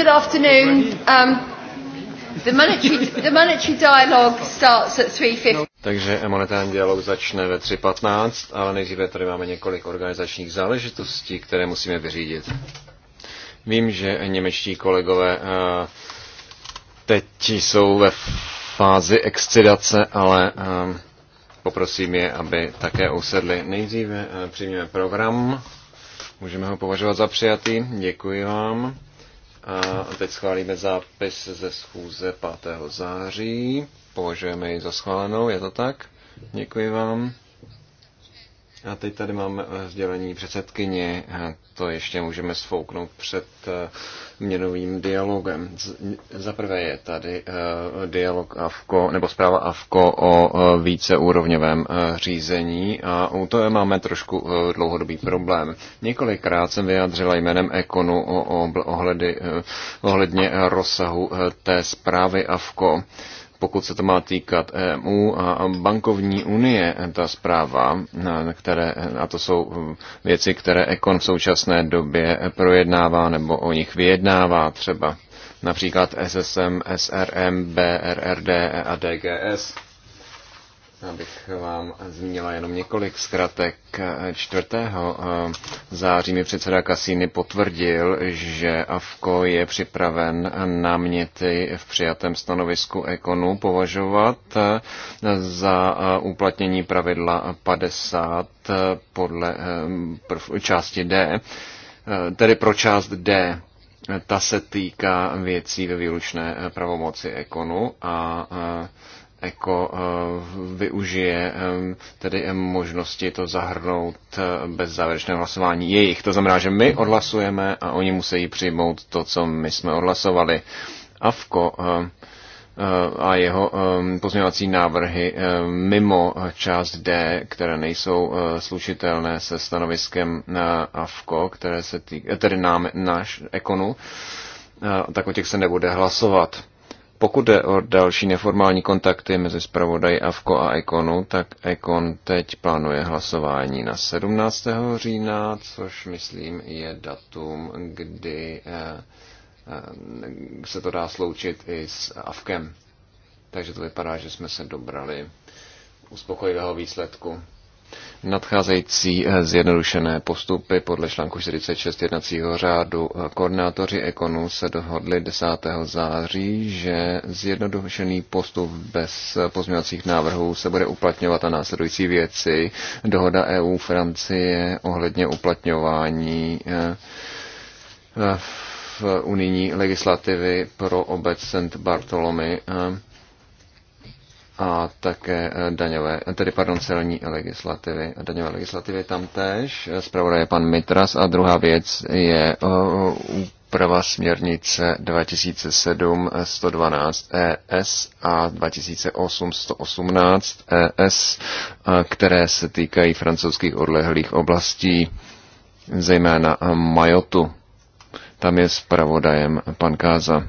Good afternoon. Um, the monetary, the monetary dialogue starts at 3.50. Takže monetární dialog začne ve 3.15, ale nejdříve tady máme několik organizačních záležitostí, které musíme vyřídit. Vím, že němečtí kolegové eh, teď jsou ve fázi excidace, ale eh, poprosím je, aby také usedli. Nejdříve eh, přijměme program. Můžeme ho považovat za přijatý. Děkuji vám. A teď schválíme zápis ze schůze 5. září. Považujeme ji za schválenou, je to tak? Děkuji vám. A teď tady máme eh, sdělení předsedkyně, eh, to ještě můžeme sfouknout před eh, měnovým dialogem. Za prvé je tady dialog AFKO, nebo zpráva AFKO o víceúrovňovém řízení a u toho máme trošku dlouhodobý problém. Několikrát jsem vyjádřila jménem Ekonu o ohledy, ohledně rozsahu té zprávy AFKO pokud se to má týkat EMU a bankovní unie, ta zpráva, které, a to jsou hm, věci, které Ekon v současné době projednává nebo o nich vyjednává třeba například SSM, SRM, BRRD e a DGS abych vám zmínila jenom několik zkratek. 4. Eh, září mi předseda Kasíny potvrdil, že AFKO je připraven náměty v přijatém stanovisku Ekonu považovat eh, za eh, uplatnění pravidla 50 podle části D, tedy pro část D ta se týká věcí ve výlučné pravomoci Ekonu a jako využije eh, tedy eh, možnosti to zahrnout bez závěrečného hlasování jejich. To znamená, že my odhlasujeme a oni musí přijmout to, co my jsme odhlasovali. AFKO a jeho pozměňovací návrhy mimo část D, které nejsou slučitelné se stanoviskem na AFKO, které se týká, tedy nám, náš ekonu, tak o těch se nebude hlasovat. Pokud jde o další neformální kontakty mezi zpravodaj AVKO a Ekonu, tak Ekon teď plánuje hlasování na 17. října, což myslím je datum, kdy eh, eh, se to dá sloučit i s AVKem. Takže to vypadá, že jsme se dobrali uspokojivého výsledku nadcházející eh, zjednodušené postupy podle článku 46 jednacího řádu. Eh, koordinátoři Ekonu se dohodli 10. září, že zjednodušený postup bez eh, pozměňovacích návrhů se bude uplatňovat a následující věci. Dohoda EU Francie ohledně uplatňování v unijní legislativy pro obec St. Bartolomy a také eh, daňové, tedy pardon, celní legislativy, daňové legislativy tam tež, Zpravodaj je pan Mitras a druhá věc je eh, úprava směrnice 2007-112 ES eh, e a 2008-118 ES, které se týkají francouzských odlehlých oblastí, zejména Majotu. Tam je zpravodajem pan Káza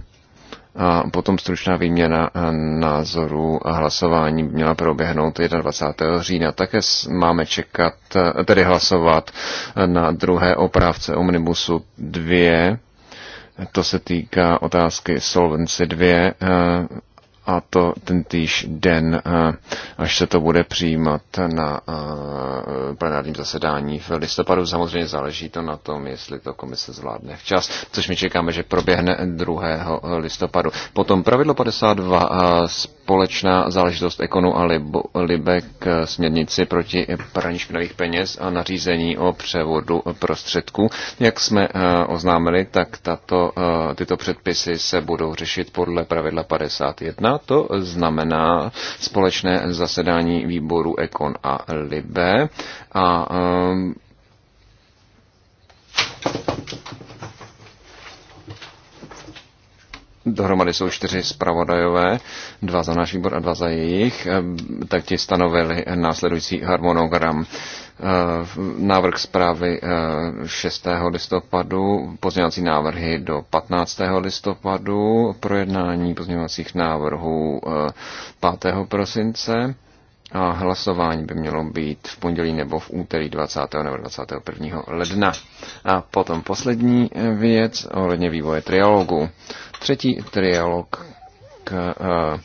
a potom stručná výměna eh, názorů a hlasování měla proběhnout 21. října. Také máme čekat, eh, tedy hlasovat eh, na druhé opravce Omnibusu 2. To se týká otázky Solvency 2 a to ten týž den, eh, až se to bude přijímat na eh, plenárním zasedání v listopadu. Samozřejmě záleží to na tom, jestli to komise zvládne včas, což my čekáme, že proběhne 2. Eh, listopadu. Potom pravidlo 52 společná záležitost Ekonu a Libe k eh, směrnici proti praní špinavých peněz a nařízení o převodu prostředků. Jak jsme eh, oznámili, tak tato, eh, tyto předpisy se budou řešit podle pravidla 51. To znamená společné zasedání výboru Ekon a Libe. A um, dohromady jsou čtyři zpravodajové, dva za náš výbor a dva za jejich, eh, tak ti stanovili následující harmonogram. Eh, návrh zprávy 6. Eh, listopadu, pozměňovací návrhy do 15. listopadu, projednání pozměňovacích návrhů 5. prosince a hlasování by mělo být v pondělí nebo v úterý 20. nebo 21. ledna. A potom poslední eh, věc ohledně vývoje trialogu. Třetí trialog k uh,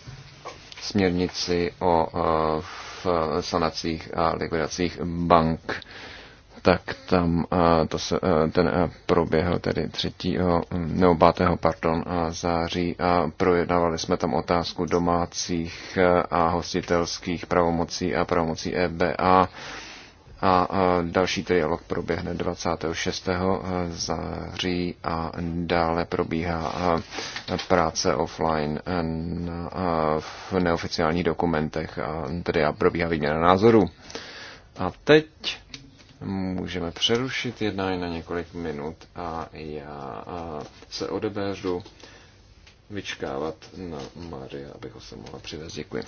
směrnici o uh, v sanacích a likvidacích bank tak tam to se, ten proběhl tedy 3. Mm, nebo 5. pardon, září a projednávali jsme tam otázku domácích a hostitelských pravomocí a pravomocí EBA a další dialog proběhne 26. září a dále probíhá práce offline v neoficiálních dokumentech, tedy a probíhá výměna názorů. A teď můžeme přerušit jednání na několik minut a já se odeberu vyčkávat na Maria, abych ho se mohla přivést. Děkuji.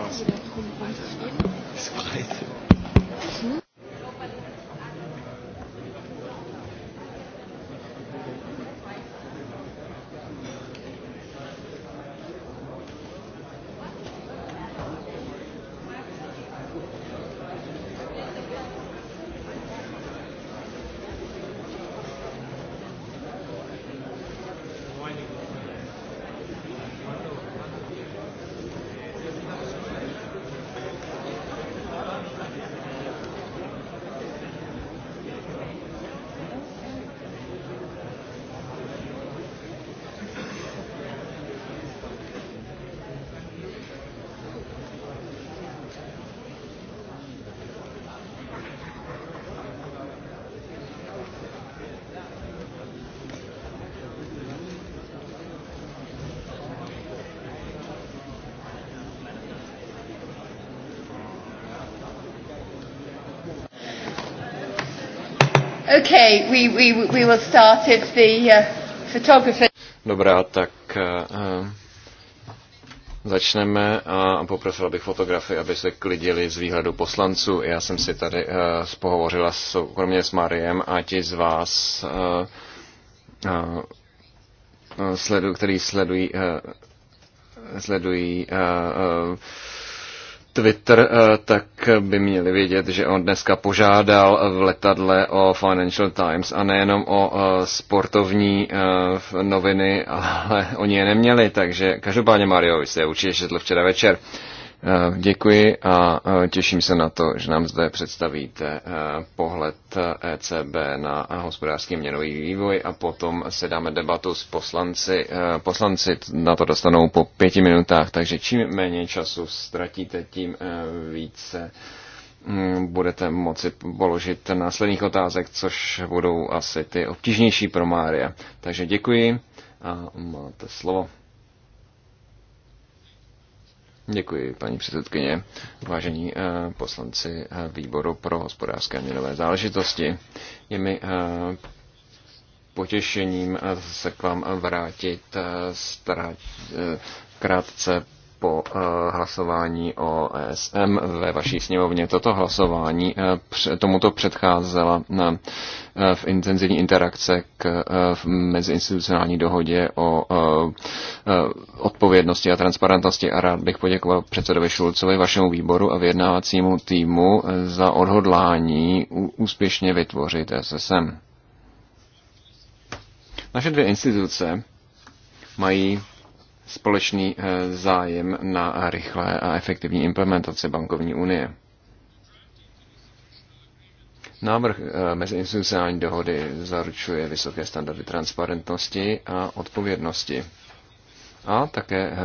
pass. Okay, we, we, we will start it, the uh, photographer. Dobrá, tak uh, uh začneme a poprosil bych fotografy, aby se klidili z výhledu poslanců. Já jsem si tady uh, spohovořila s, kromě s Mariem a ti z vás, uh, uh, uh sledu, který sledují, uh, sledují uh, uh, Twitter, eh, tak by měli vědět, že on dneska požádal v letadle o Financial Times a nejenom o eh, sportovní eh, noviny, ale oni je neměli, takže každopádně Mario, vy jste je určitě četl včera večer. Eh, děkuji a eh, těším se na to, že nám zde představíte eh, pohled ECB e na hospodářský měnový vývoj a potom se dáme debatu s poslanci. Poslanci na to dostanou po pěti minutách, takže čím méně času ztratíte, tím více hm, budete moci položit následných otázek, což budou asi ty obtížnější pro Mária. Takže děkuji a máte slovo. Děkuji, paní předsedkyně. Vážení eh, poslanci eh, výboru pro hospodářské a měnové záležitosti, je mi eh, potěšením se k vám vrátit krátce po eh, hlasování o ESM ve vaší sněmovně. Toto hlasování eh, tomuto předcházela eh, v intenzivní interakce k meziinstitucionální dohodě o odpovědnosti a transparentnosti a rád bych poděkoval předsedovi Šulcovi, vašemu výboru a vyjednávacímu týmu za odhodlání úspěšně vytvořit e SSM. Naše dvě instituce mají společný eh, zájem na rychlé a efektivní implementaci bankovní unie. Návrh eh, meziinstitucionální dohody zaručuje vysoké standardy transparentnosti a odpovědnosti a také eh,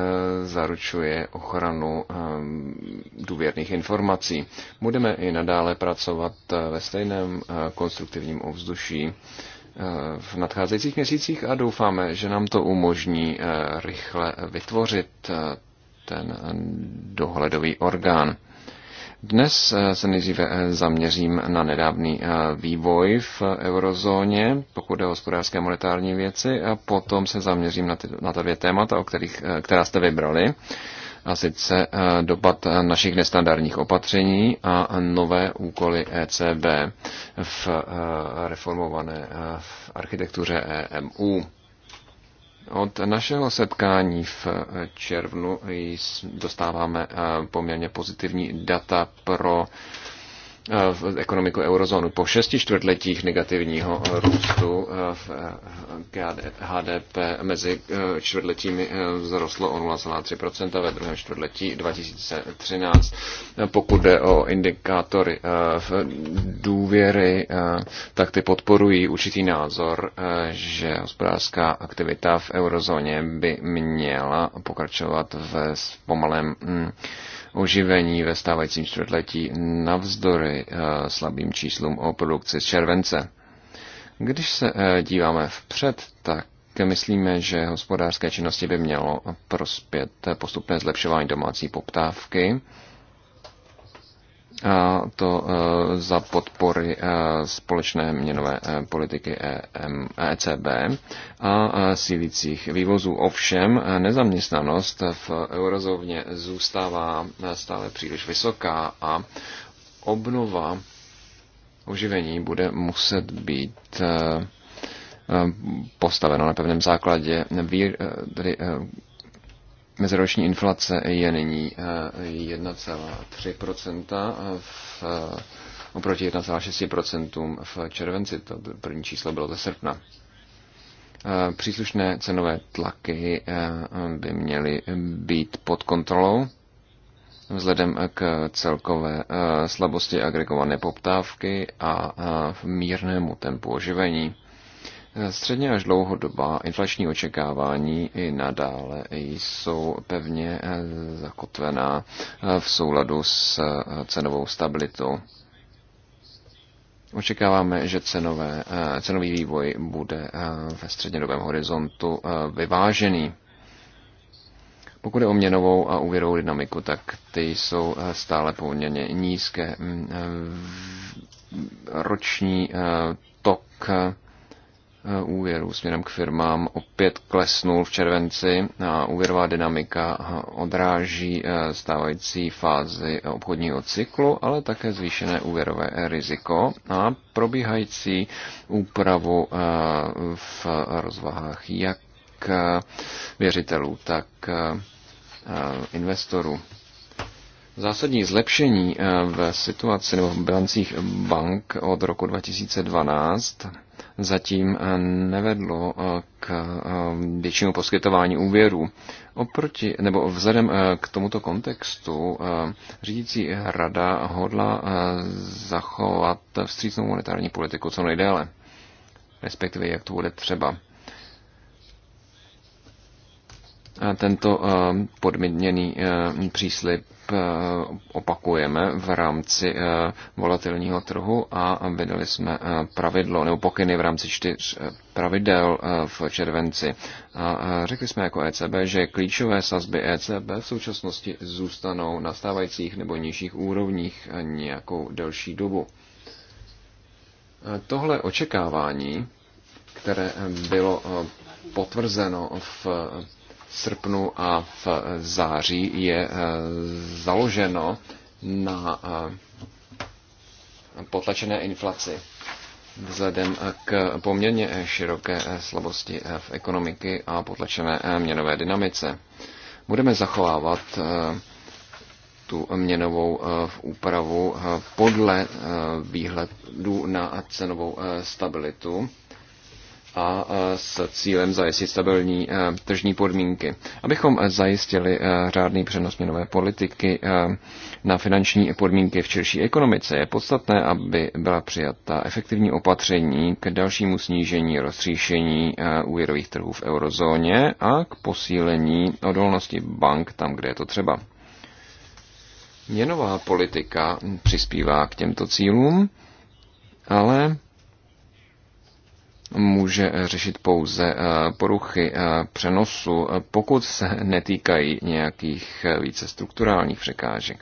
zaručuje ochranu důvěrných informací. Budeme i nadále pracovat ve stejném konstruktivním ovzduší v nadcházejících měsících a doufáme, že nám to umožní eh, rychle vytvořit eh, ten dohledový orgán. Dnes eh, se nejdříve zaměřím na nedávný vývoj v eurozóně, pokud je o hospodářské monetární věci, a potom se zaměřím na, ty, na ta dvě témata, o kterých, která jste vybrali a sice eh, dopad eh, našich nestandardních opatření a nové úkoly ECB v eh, reformované v architektuře EMU. Od našeho setkání v červnu dostáváme poměrně pozitivní data pro v ekonomiku eurozónu. Po šesti čtvrtletích negativního růstu v HDP mezi e, čtvrtletími e, vzrostlo o 0,3% ve druhém čtvrtletí 2013. Pokud jde o indikátory e, důvěry, tak ty podporují určitý názor, že hospodářská aktivita v eurozóně by měla pokračovat v pomalém mm, oživení ve stávajícím čtvrtletí navzdory eh, slabým číslům o produkci z července. Když se eh, díváme vpřed, tak myslíme, že hospodářské činnosti by mělo prospět postupné zlepšování domácí poptávky a to e, za podpory e, společné měnové e, politiky ECB a sílících vývozů. Ovšem nezaměstnanost v eurozóně zůstává stále příliš vysoká a obnova oživení bude muset být postaveno na pevném základě. Tedy Meziroční inflace je nyní 1,3% eh, v, eh, oproti 1,6% v červenci. To první číslo bylo ze srpna. Eh, příslušné cenové tlaky by měly být pod kontrolou vzhledem k celkové slabosti agregované poptávky a mírnému tempu oživení. Středně až dlouhodobá inflační očekávání i nadále jsou pevně eh, zakotvená eh, v souladu s eh, cenovou stabilitou. Očekáváme, že cenové, cenový vývoj bude ve střednědobém horizontu vyvážený. Pokud je o měnovou a úvěrovou dynamiku, tak ty jsou stále poměrně nízké. Mm, roční tok Eh, úvěrů směrem k firmám opět klesnul v červenci a úvěrová dynamika odráží eh, stávající fázi obchodního cyklu, ale také zvýšené úvěrové riziko a probíhající úpravu eh, v rozvahách jak věřitelů, tak investorů. Zásadní zlepšení eh, v situaci nebo v bilancích bank od roku 2012 zatím eh, nevedlo eh, k většímu poskytování úvěrů. Oproti, nebo vzhledem k tomuto kontextu řídící rada hodla zachovat vstřícnou monetární politiku co nejdéle, respektive jak to bude třeba. Eh, tento eh, podmíněný eh, příslip opakujeme v rámci volatilního trhu a vydali jsme pravidlo nebo pokyny v rámci čtyř pravidel v červenci. A řekli jsme jako ECB, že klíčové sazby ECB v současnosti zůstanou na stávajících nebo nižších úrovních nějakou delší dobu. Tohle očekávání, které bylo potvrzeno v srpnu a v září je eh, založeno na eh, potlačené inflaci vzhledem eh, k poměrně široké slabosti v ekonomiky a potlačené měnové dynamice. Budeme zachovávat tu měnovou úpravu podle výhledů na cenovou stabilitu a s cílem zajistit stabilní tržní podmínky. Abychom zajistili řádný přenos měnové politiky na finanční podmínky v širší ekonomice, je podstatné, aby byla přijata efektivní opatření k dalšímu snížení rozstříšení úvěrových trhů v eurozóně a k posílení odolnosti bank tam, kde je to třeba. Měnová politika přispívá k těmto cílům, ale může řešit pouze eh, poruchy eh, přenosu, eh, pokud se netýkají nějakých více strukturálních překážek.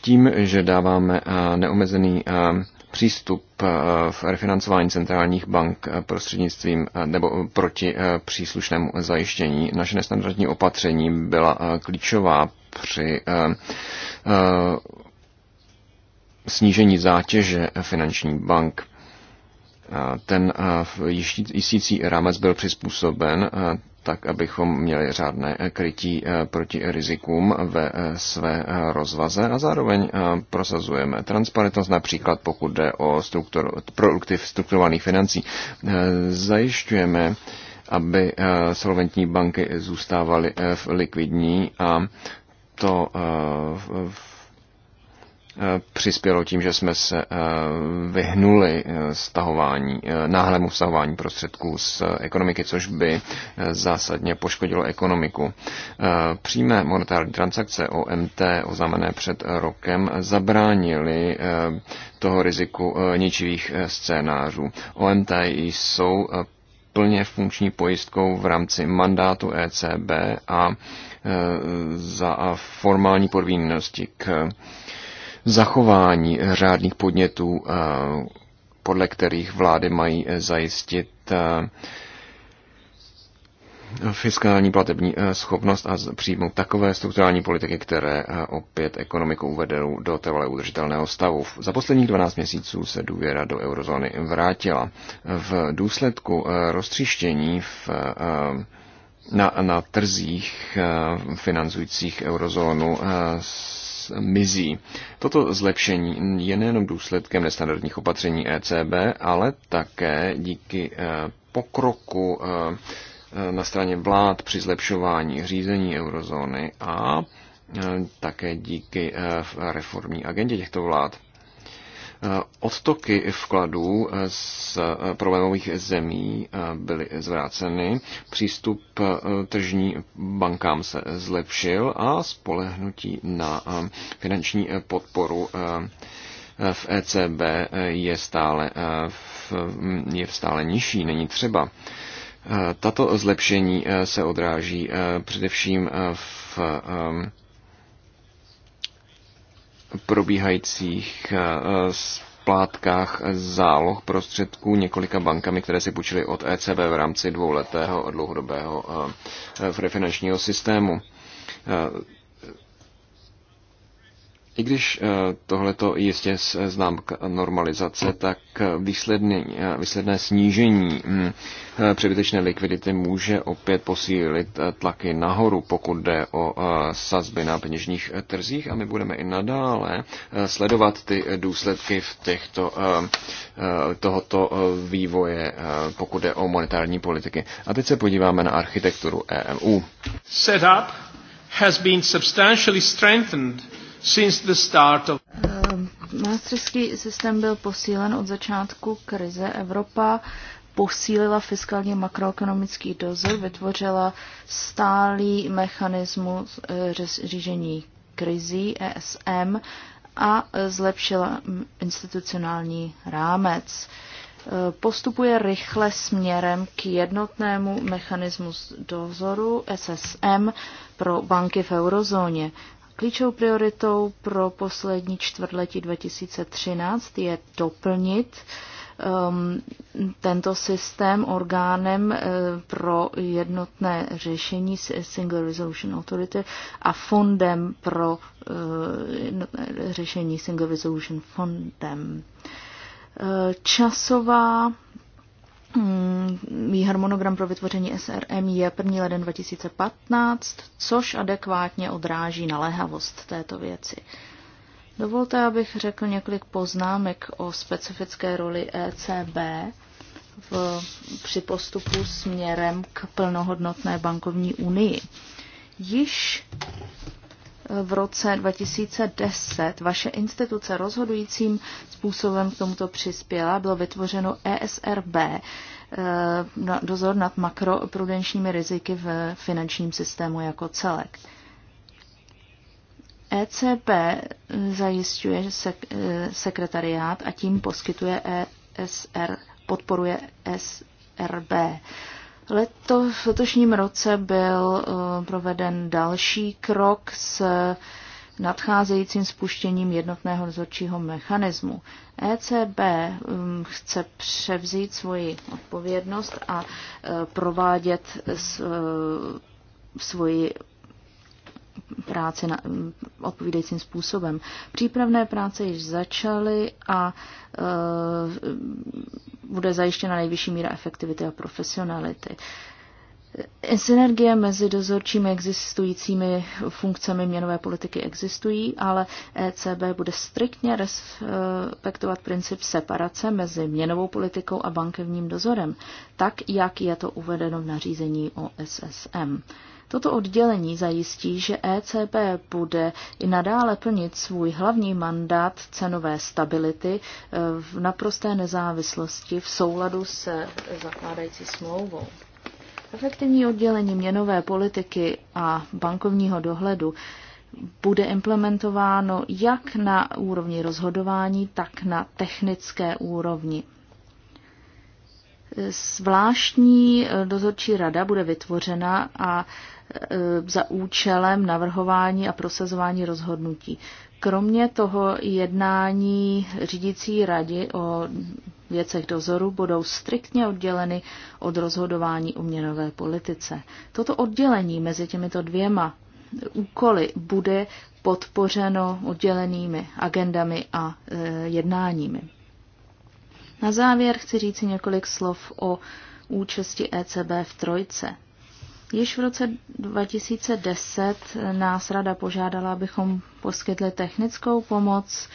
Tím, že dáváme neomezený přístup v refinancování centrálních bank prostřednictvím nebo proti příslušnému zajištění. Naše nestandardní opatření byla klíčová při snížení zátěže finanční bank. Ten jistící rámec byl přizpůsoben tak, abychom měli řádné krytí proti rizikům ve své rozvaze a zároveň prosazujeme transparentnost, například pokud jde o struktur, produktiv strukturovaných financí. Zajišťujeme aby solventní banky zůstávaly e, likvidní a to v Eh, přispělo tím, že jsme se eh, vyhnuli eh, stahování, náhlému stahování prostředků z ekonomiky, což by zásadně poškodilo ekonomiku. Přímé monetární transakce OMT oznámené před rokem zabránily toho riziku ničivých scénářů. OMT jsou plně funkční pojistkou v rámci mandátu ECB a za formální podmíněnosti k zachování řádných podnětů, eh, podle kterých vlády mají eh, zajistit eh, fiskální platební schopnost a přijmout takové strukturální politiky, které opět ekonomiku uvedou do trvalé udržitelného stavu. Za posledních 12 měsíců se důvěra do eurozóny vrátila. V důsledku roztříštění v na, na trzích financujících eurozónu mizí. Toto zlepšení je nejenom důsledkem nestandardních opatření ECB, ale také díky eh, pokroku eh, eh, na straně vlád při zlepšování řízení eurozóny a také díky reformní agendě těchto vlád. Eh, odtoky vkladů eh, z eh, problémových zemí byly zvráceny, přístup tržní bankám se zlepšil a spolehnutí na finanční podporu v ECB je stále, mm, je stále nižší, není třeba. Tato zlepšení se odráží především v probíhajících eh, splátkách záloh prostředků několika bankami, které si půjčily od ECB v rámci dvouletého dlouhodobého refinančního eh, eh, systému. I když eh, tohleto jistě známka normalizace, tak eh, výsledný, eh, výsledné snížení hm, přebytečné likvidity může opět posílit tlaky nahoru, pokud jde o sazby na peněžních trzích a my budeme i nadále sledovat ty důsledky v těchto, tohoto vývoje, pokud jde o monetární politiky. A teď se podíváme na architekturu EMU. Setup has been substantially strengthened since the start of eh, Maastrichtský systém byl posílen od začátku krize. Evropa posílila fiskálně makroekonomický dozor, vytvořila stálý mechanismus eh, řízení krizí ESM a zlepšila institucionální rámec. Eh, postupuje rychle směrem k jednotnému mechanismu dozoru SSM pro banky v eurozóně. Klíčovou prioritou pro poslední čtvrtletí 2013 je doplnit um, tento systém orgánem uh, pro jednotné řešení Single Resolution Authority a fondem pro uh, řešení Single Resolution Fondem. Uh, časová um, Mý harmonogram pro vytvoření SRM je 1. leden 2015, což adekvátně odráží naléhavost této věci. Dovolte, abych řekl několik poznámek o specifické roli ECB v, při postupu směrem k plnohodnotné bankovní unii. Již eh, v roce 2010 vaše instituce rozhodujícím způsobem k tomuto přispěla, bylo vytvořeno ESRB, Eh, dozor nad makroprudenčními riziky v finančním systému jako celek. ECB zajišťuje sek- eh, sekretariát a tím poskytuje ESR, podporuje SRB. Leto, v letošním roce byl eh, proveden další krok s nadcházejícím spuštěním jednotného rozhodčího mechanismu. ECB um, chce převzít svoji odpovědnost a e, provádět e, svoji práci na, odpovídajícím způsobem. Přípravné práce již začaly a e, bude zajištěna nejvyšší míra efektivity a profesionality. Synergie mezi dozorčími existujícími funkcemi měnové politiky existují, ale ECB bude striktně respektovat princip separace mezi měnovou politikou a bankovním dozorem, tak jak je to uvedeno v nařízení o SSM. Toto oddělení zajistí, že ECB bude i nadále plnit svůj hlavní mandát cenové stability e, v naprosté nezávislosti v souladu se zakládající smlouvou. Efektivní oddělení měnové politiky a bankovního dohledu bude implementováno jak na úrovni rozhodování, tak na technické úrovni. Zvláštní dozorčí rada bude vytvořena a e, za účelem navrhování a prosazování rozhodnutí. Kromě toho jednání řídící rady o věcech dozoru budou striktně odděleny od rozhodování o měnové politice. Toto oddělení mezi těmito dvěma úkoly bude podpořeno oddělenými agendami a e, jednáními. Na závěr chci říci několik slov o účasti ECB v trojce. Již v roce 2010 nás rada požádala, abychom poskytli technickou pomoc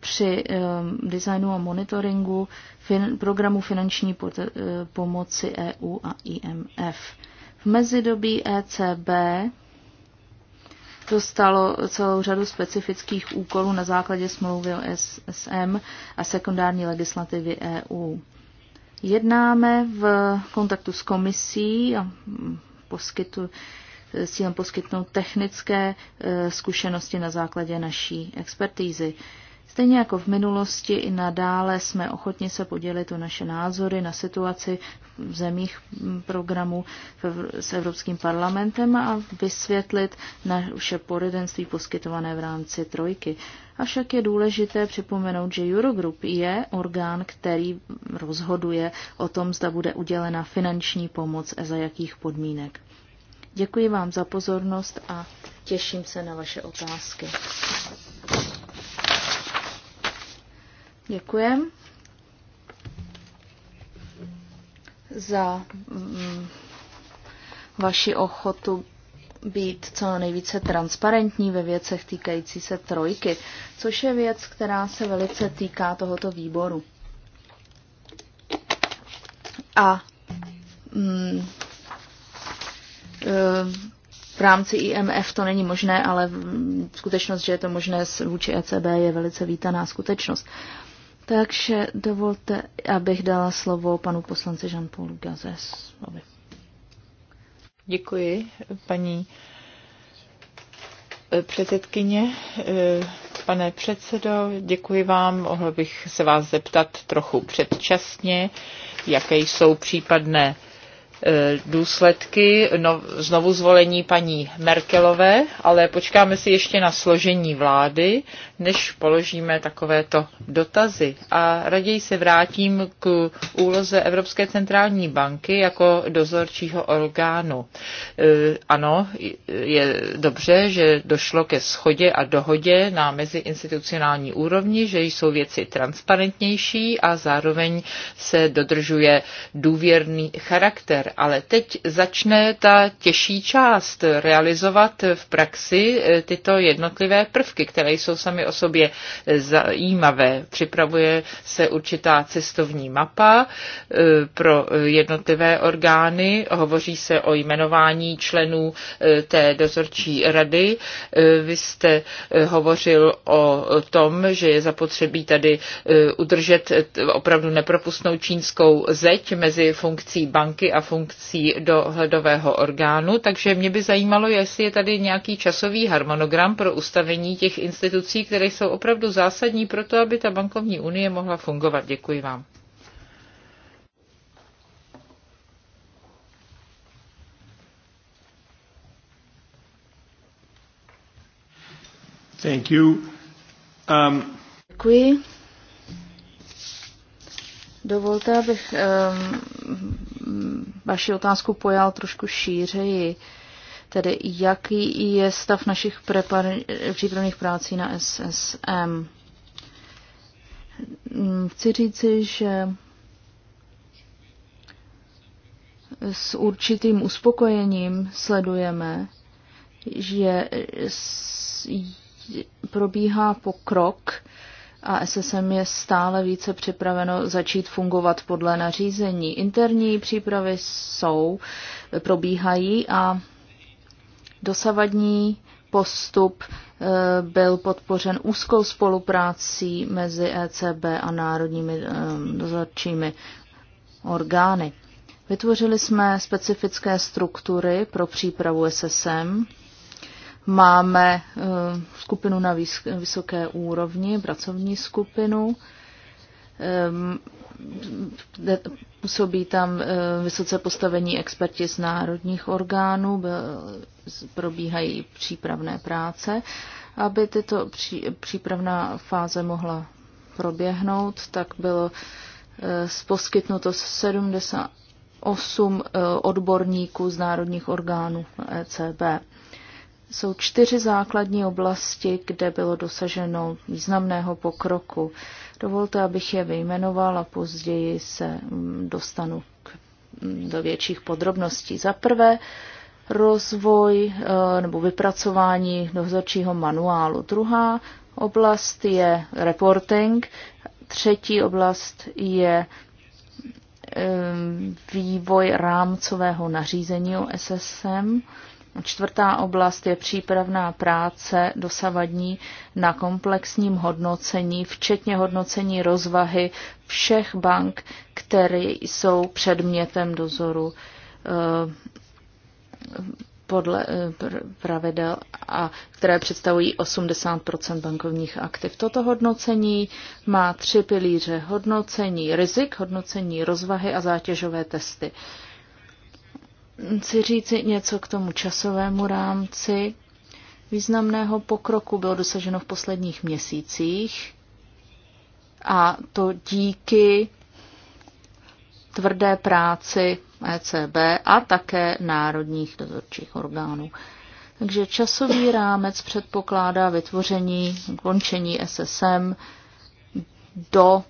při ehm, designu a monitoringu fin, programu finanční eh, pomoci EU a IMF. V mezidobí ECB dostalo celou řadu specifických úkolů na základě smlouvy o SSM a sekundární legislativy EU. Jednáme v kontaktu s komisí a mm, poskytu, s cílem poskytnout technické eh, zkušenosti na základě naší expertízy. Stejně jako v minulosti, i nadále jsme ochotni se podělit o naše názory na situaci v zemích mm, programu s Evropským parlamentem a vysvětlit naše poradenství poskytované v rámci trojky. Avšak je důležité připomenout, že Eurogroup je orgán, který rozhoduje o tom, zda bude udělena finanční pomoc a za jakých podmínek. Děkuji vám za pozornost a těším se na vaše otázky. Děkujem za mm, vaši ochotu být co nejvíce transparentní ve věcech týkající se trojky, což je věc, která se velice týká tohoto výboru. A mm, eh, v rámci IMF to není možné, ale skutečnost, že je to možné vůči ECB, je velice vítaná skutečnost. Takže dovolte, abych dala slovo panu poslanci jean paul Gazesovi. Děkuji, paní eh, předsedkyně. Eh, pane předsedo, děkuji vám. Mohla bych se vás zeptat trochu předčasně, jaké jsou případné E, důsledky no, znovu zvolení paní Merkelové, ale počkáme si ještě na složení vlády, než položíme takovéto dotazy. A raději se vrátím k úloze Evropské centrální banky jako dozorčího orgánu. E, ano, je dobře, že došlo ke schodě a dohodě na meziinstitucionální úrovni, že jsou věci transparentnější a zároveň se dodržuje důvěrný charakter ale teď začne ta těžší část realizovat v praxi eh, tyto jednotlivé prvky, které jsou sami o sobě zajímavé. Připravuje se určitá cestovní mapa eh, pro jednotlivé orgány, hovoří se o jmenování členů eh, té dozorčí rady. Vy jste hovořil o tom, že je zapotřebí tady udržet opravdu nepropustnou čínskou zeď mezi funkcí banky a funkcí funkcí do hledového orgánu, takže mě by zajímalo, jestli je tady nějaký časový harmonogram pro ustavení těch institucí, které jsou opravdu zásadní pro to, aby ta bankovní unie mohla fungovat. Děkuji vám. Thank you. Um... Děkuji. Dovolte, abych um, vaši otázku pojal trošku šířeji, tedy jaký je stav našich přípravných prácí na SSM. Mm, chci říci, že s určitým uspokojením sledujeme, že probíhá pokrok a SSM je stále více připraveno začít fungovat podle nařízení. Interní přípravy jsou, probíhají a dosavadní postup eh, byl podpořen úzkou spoluprácí mezi ECB a národními eh, dozorčími orgány. Vytvořili jsme specifické struktury pro přípravu SSM, Máme eh, skupinu na vysoké úrovni, pracovní skupinu. Ehm, eh, působí tam eh, vysoce postavení experti z národních orgánů, probíhají přípravné práce. Aby tyto přípravná fáze mohla proběhnout, tak bylo poskytnuto 78 odborníků z národních orgánů ECB. Jsou čtyři základní oblasti, kde bylo dosaženo významného pokroku. Dovolte, abych je vyjmenoval a později se mm, dostanu k, mm, do větších podrobností. Za prvé, rozvoj eh, nebo vypracování dozorčího manuálu. Druhá oblast je reporting. Třetí oblast je eh, vývoj rámcového nařízení o SSM. Čtvrtá oblast je přípravná práce dosavadní na komplexním hodnocení, včetně hodnocení rozvahy všech bank, které jsou předmětem dozoru eh, podle eh, pravidel a které představují 80 bankovních aktiv. Toto hodnocení má tři pilíře hodnocení rizik, hodnocení rozvahy a zátěžové testy. Uh, chci říci něco k tomu časovému rámci. Významného pokroku bylo dosaženo v posledních měsících a to díky tvrdé práci ECB a také národních dozorčích orgánů. Takže časový rámec předpokládá vytvoření, končení SSM do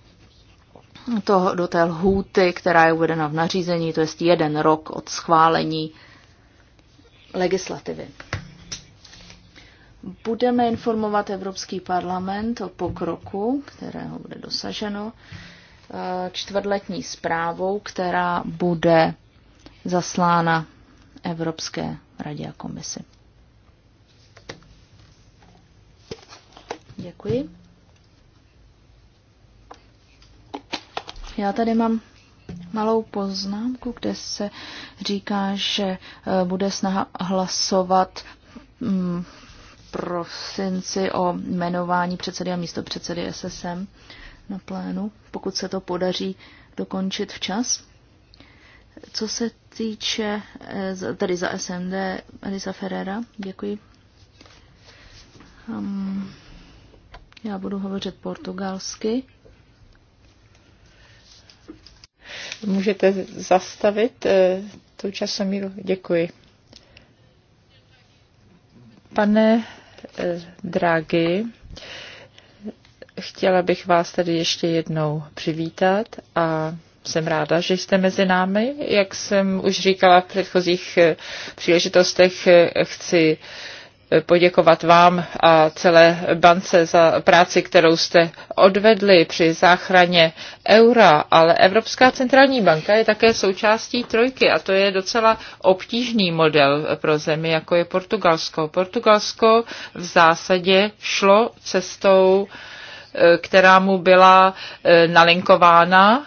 to do té lhůty, která je uvedena v nařízení, to je jeden rok od schválení legislativy. Budeme informovat Evropský parlament o pokroku, kterého bude dosaženo, e, čtvrtletní zprávou, která bude zaslána Evropské radě a komisi. Děkuji. Já tady mám malou poznámku, kde se říká, že eh, bude snaha hlasovat mm, prosinci o jmenování předsedy a místo předsedy SSM na plénu, pokud se to podaří dokončit včas. Co se týče, tady eh, za SMD, Elisa Ferrera, děkuji. Um, já budu hovořit portugalsky. Můžete zastavit eh, tu časomíru? Děkuji. Pane eh, Drágy, chtěla bych vás tady ještě jednou přivítat a jsem ráda, že jste mezi námi. Jak jsem už říkala v předchozích eh, příležitostech, chci poděkovat vám a celé bance za práci, kterou jste odvedli při záchraně eura, ale Evropská centrální banka je také součástí trojky a to je docela obtížný model pro zemi, jako je Portugalsko. Portugalsko v zásadě šlo cestou, e, která mu byla e, nalinkována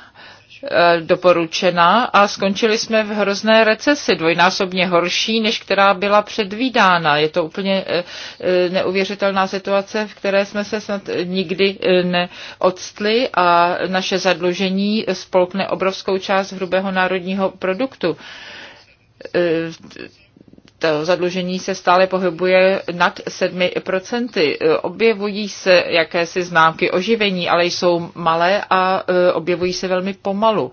E, doporučena a skončili jsme v hrozné recesi, dvojnásobně horší, než která byla předvídána. Je to úplně e, e, neuvěřitelná situace, v které jsme se snad nikdy neodstli a naše zadlužení spolkne obrovskou část hrubého národního produktu to zadlužení se stále pohybuje nad 7%. E, objevují se jakési známky oživení, ale jsou malé a e, objevují se velmi pomalu.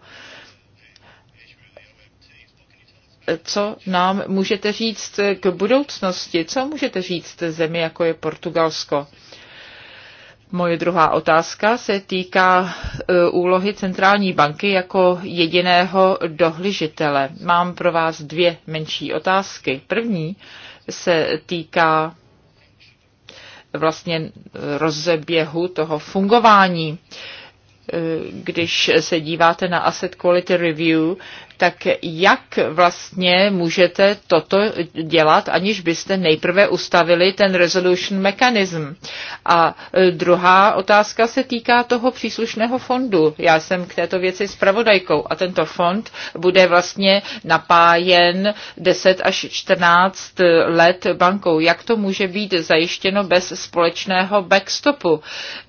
Co nám můžete říct k budoucnosti? Co můžete říct zemi, jako je Portugalsko? Moje druhá otázka se týká e, úlohy centrální banky jako jediného dohlížitele. Mám pro vás dvě menší otázky. První se týká vlastně rozeběhu toho fungování e, když se díváte na Asset Quality Review, tak jak vlastně můžete toto dělat, aniž byste nejprve ustavili ten resolution mechanism? A e, druhá otázka se týká toho příslušného fondu. Já jsem k této věci zpravodajkou a tento fond bude vlastně napájen 10 až 14 let bankou. Jak to může být zajištěno bez společného backstopu?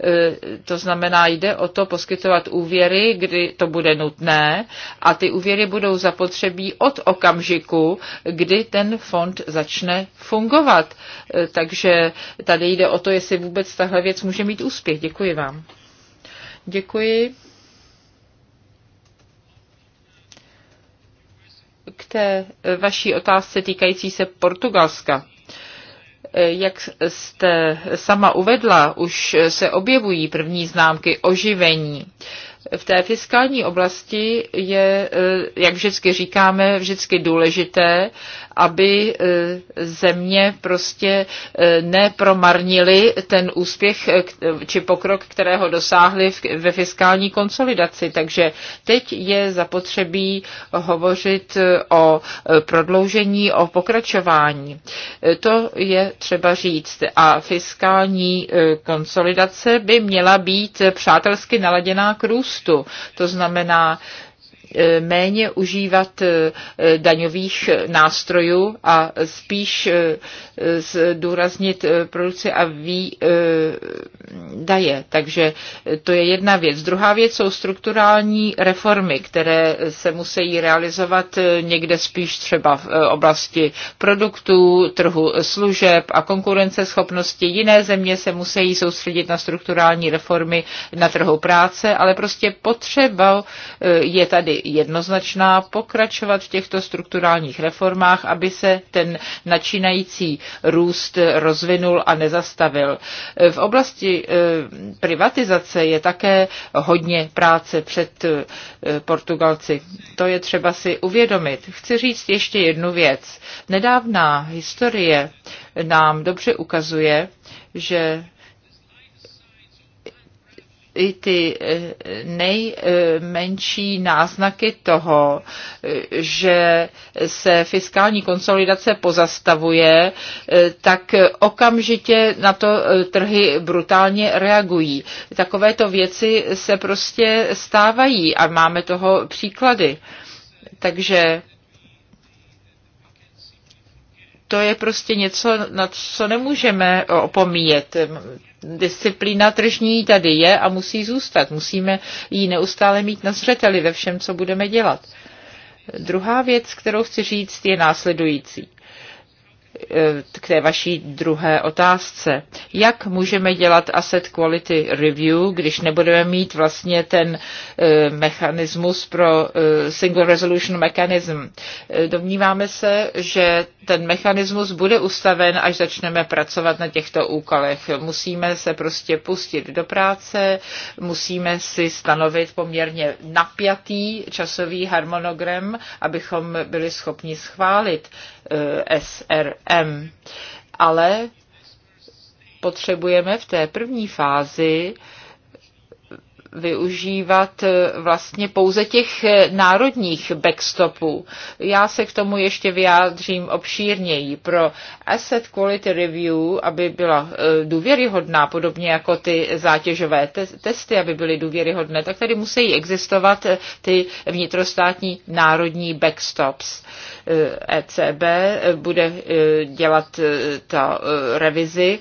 E, to znamená, jde o to poskytovat úvěry, kdy to bude nutné a ty úvěry budou budou zapotřebí od okamžiku, kdy ten fond začne fungovat. Eh, takže tady jde o to, jestli vůbec tahle věc může mít úspěch. Děkuji vám. Děkuji. K té eh, vaší otázce týkající se Portugalska eh, jak jste sama uvedla, už se objevují první známky oživení. V té fiskální oblasti je, eh, jak vždycky říkáme, vždycky důležité, aby eh, země prostě eh, nepromarnili ten úspěch či pokrok, kterého dosáhli ve fiskální konsolidaci. Takže teď je zapotřebí hovořit o prodloužení, o pokračování. To je třeba říct. A fiskální konsolidace by měla být přátelsky naladěná k růstu růstu. To znamená E, méně užívat e, daňových nástrojů a spíš e, zdůraznit produkci a výdaje. Takže to je jedna věc. Druhá věc jsou strukturální reformy, které se musí realizovat někde spíš třeba v oblasti produktů, trhu služeb a konkurenceschopnosti. Jiné země se musí soustředit na strukturální reformy na trhu práce, ale prostě potřeba je tady jednoznačná, pokračovat v těchto strukturálních reformách, aby se ten načínající růst rozvinul a nezastavil. V oblasti eh, privatizace je také hodně práce před eh, Portugalci. To je třeba si uvědomit. Chci říct ještě jednu věc. Nedávná historie nám dobře ukazuje, že i ty eh, nejmenší náznaky toho, eh, že se fiskální konsolidace pozastavuje, eh, tak okamžitě na to trhy brutálně reagují. Takovéto věci se prostě stávají a máme toho příklady. Takže to je prostě něco, na co nemůžeme opomíjet. Disciplína tržní tady je a musí zůstat. Musíme ji neustále mít na zřeteli ve všem, co budeme dělat. Druhá věc, kterou chci říct, je následující k té vaší druhé otázce. Jak můžeme dělat asset quality review, když nebudeme mít vlastně ten e, mechanismus pro e, single resolution mechanism? E, domníváme se, že ten mechanismus bude ustaven, až začneme pracovat na těchto úkolech. Musíme se prostě pustit do práce, musíme si stanovit poměrně napjatý časový harmonogram, abychom byli schopni schválit Eh, SRM. Ale potřebujeme v té první fázi využívat eh, vlastně pouze těch eh, národních backstopů. Já se k tomu ještě vyjádřím obšírněji. Pro asset quality review, aby byla eh, důvěryhodná, podobně jako ty zátěžové te- testy, aby byly důvěryhodné, tak tady musí existovat ty vnitrostátní národní backstops. ECB e bude dělat ta revizi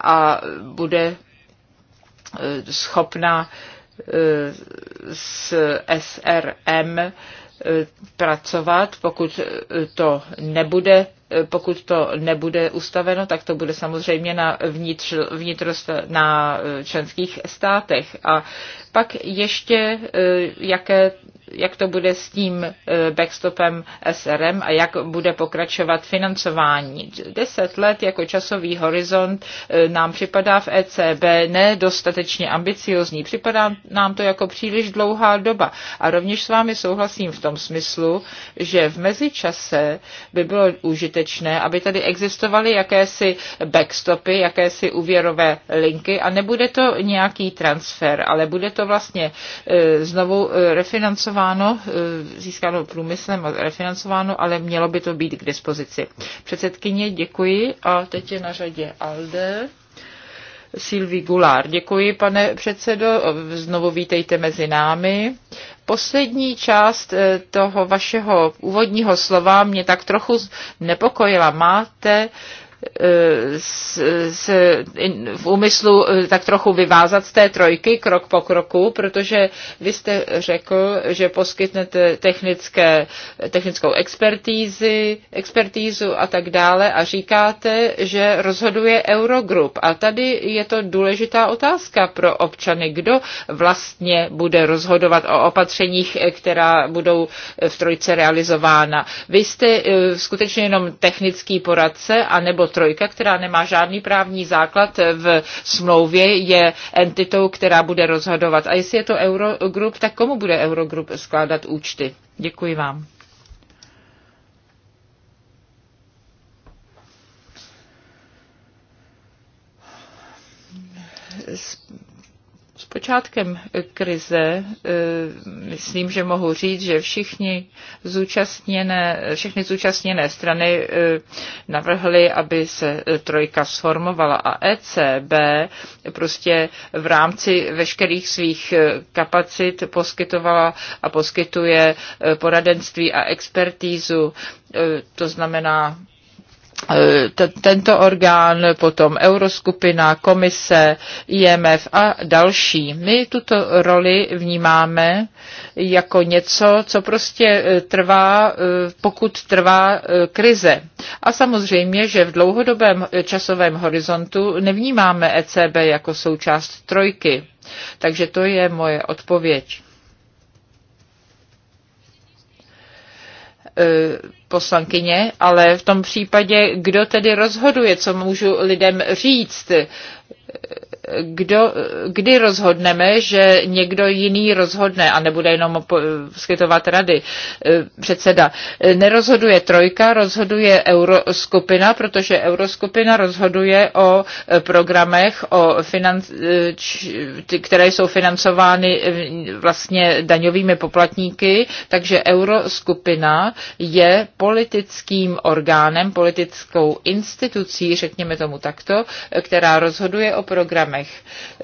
a bude Eh, schopna eh, s SRM eh, pracovat, pokud to nebude pokud to nebude ustaveno, tak to bude samozřejmě na, vnitř, vnitrost, na eh, členských státech. A pak ještě, eh, jaké, jak to bude s tím eh, backstopem SRM a jak bude pokračovat financování. Deset let jako časový horizont nám připadá v ECB nedostatečně ambiciozní. Připadá nám to jako příliš dlouhá doba. A rovněž s vámi souhlasím v tom smyslu, že v mezičase by bylo užitečné, užitečné, aby tady existovaly jakési backstopy, jakési úvěrové linky a nebude to nějaký transfer, ale bude to vlastně e, znovu e, refinancováno, e, získáno průmyslem a refinancováno, ale mělo by to být k dispozici. Předsedkyně, děkuji a teď je na řadě Alde. Sylvie Goulart. Děkuji, pane předsedo. Znovu vítejte mezi námi. Poslední část eh, toho vašeho úvodního slova mě tak trochu nepokojila. Máte in, v úmyslu eh, tak trochu vyvázat z té trojky krok po kroku, protože vy jste řekl, že poskytnete technické, technickou expertízy, expertízu a tak dále a říkáte, že rozhoduje Eurogroup. A tady je to důležitá otázka pro občany, kdo vlastně bude rozhodovat o opatřeních, eh, která budou eh, v trojce realizována. Vy jste skutečně jenom technický poradce, anebo trojka, která nemá žádný právní základ v smlouvě, je entitou, která bude rozhodovat. A jestli je to Eurogroup, tak komu bude Eurogroup skládat účty? Děkuji vám počátkem krize eh, myslím, že mohu říct, že všichni zúčastněné, všechny zúčastněné strany eh, navrhly, aby se eh, trojka sformovala a ECB prostě v rámci veškerých svých kapacit poskytovala a poskytuje poradenství a expertízu to znamená Eh, tento orgán, potom Euroskupina, komise, IMF a další. My tuto roli vnímáme jako něco, co prostě eh, trvá, eh, pokud trvá krize. A samozřejmě, že v dlouhodobém časovém horizontu nevnímáme ECB jako součást trojky. Takže to je moje odpověď poslankyně, ale v tom případě, kdo tedy rozhoduje, co můžu lidem říct? kdo, kdy rozhodneme, že někdo jiný rozhodne a nebude jenom skytovat rady e, předseda. E, nerozhoduje trojka, rozhoduje euroskupina, protože euroskupina rozhoduje o e, programech, o financ, které jsou financovány vlastně daňovými poplatníky, takže euroskupina je politickým orgánem, politickou institucí, řekněme tomu takto, která rozhoduje o programech systémech.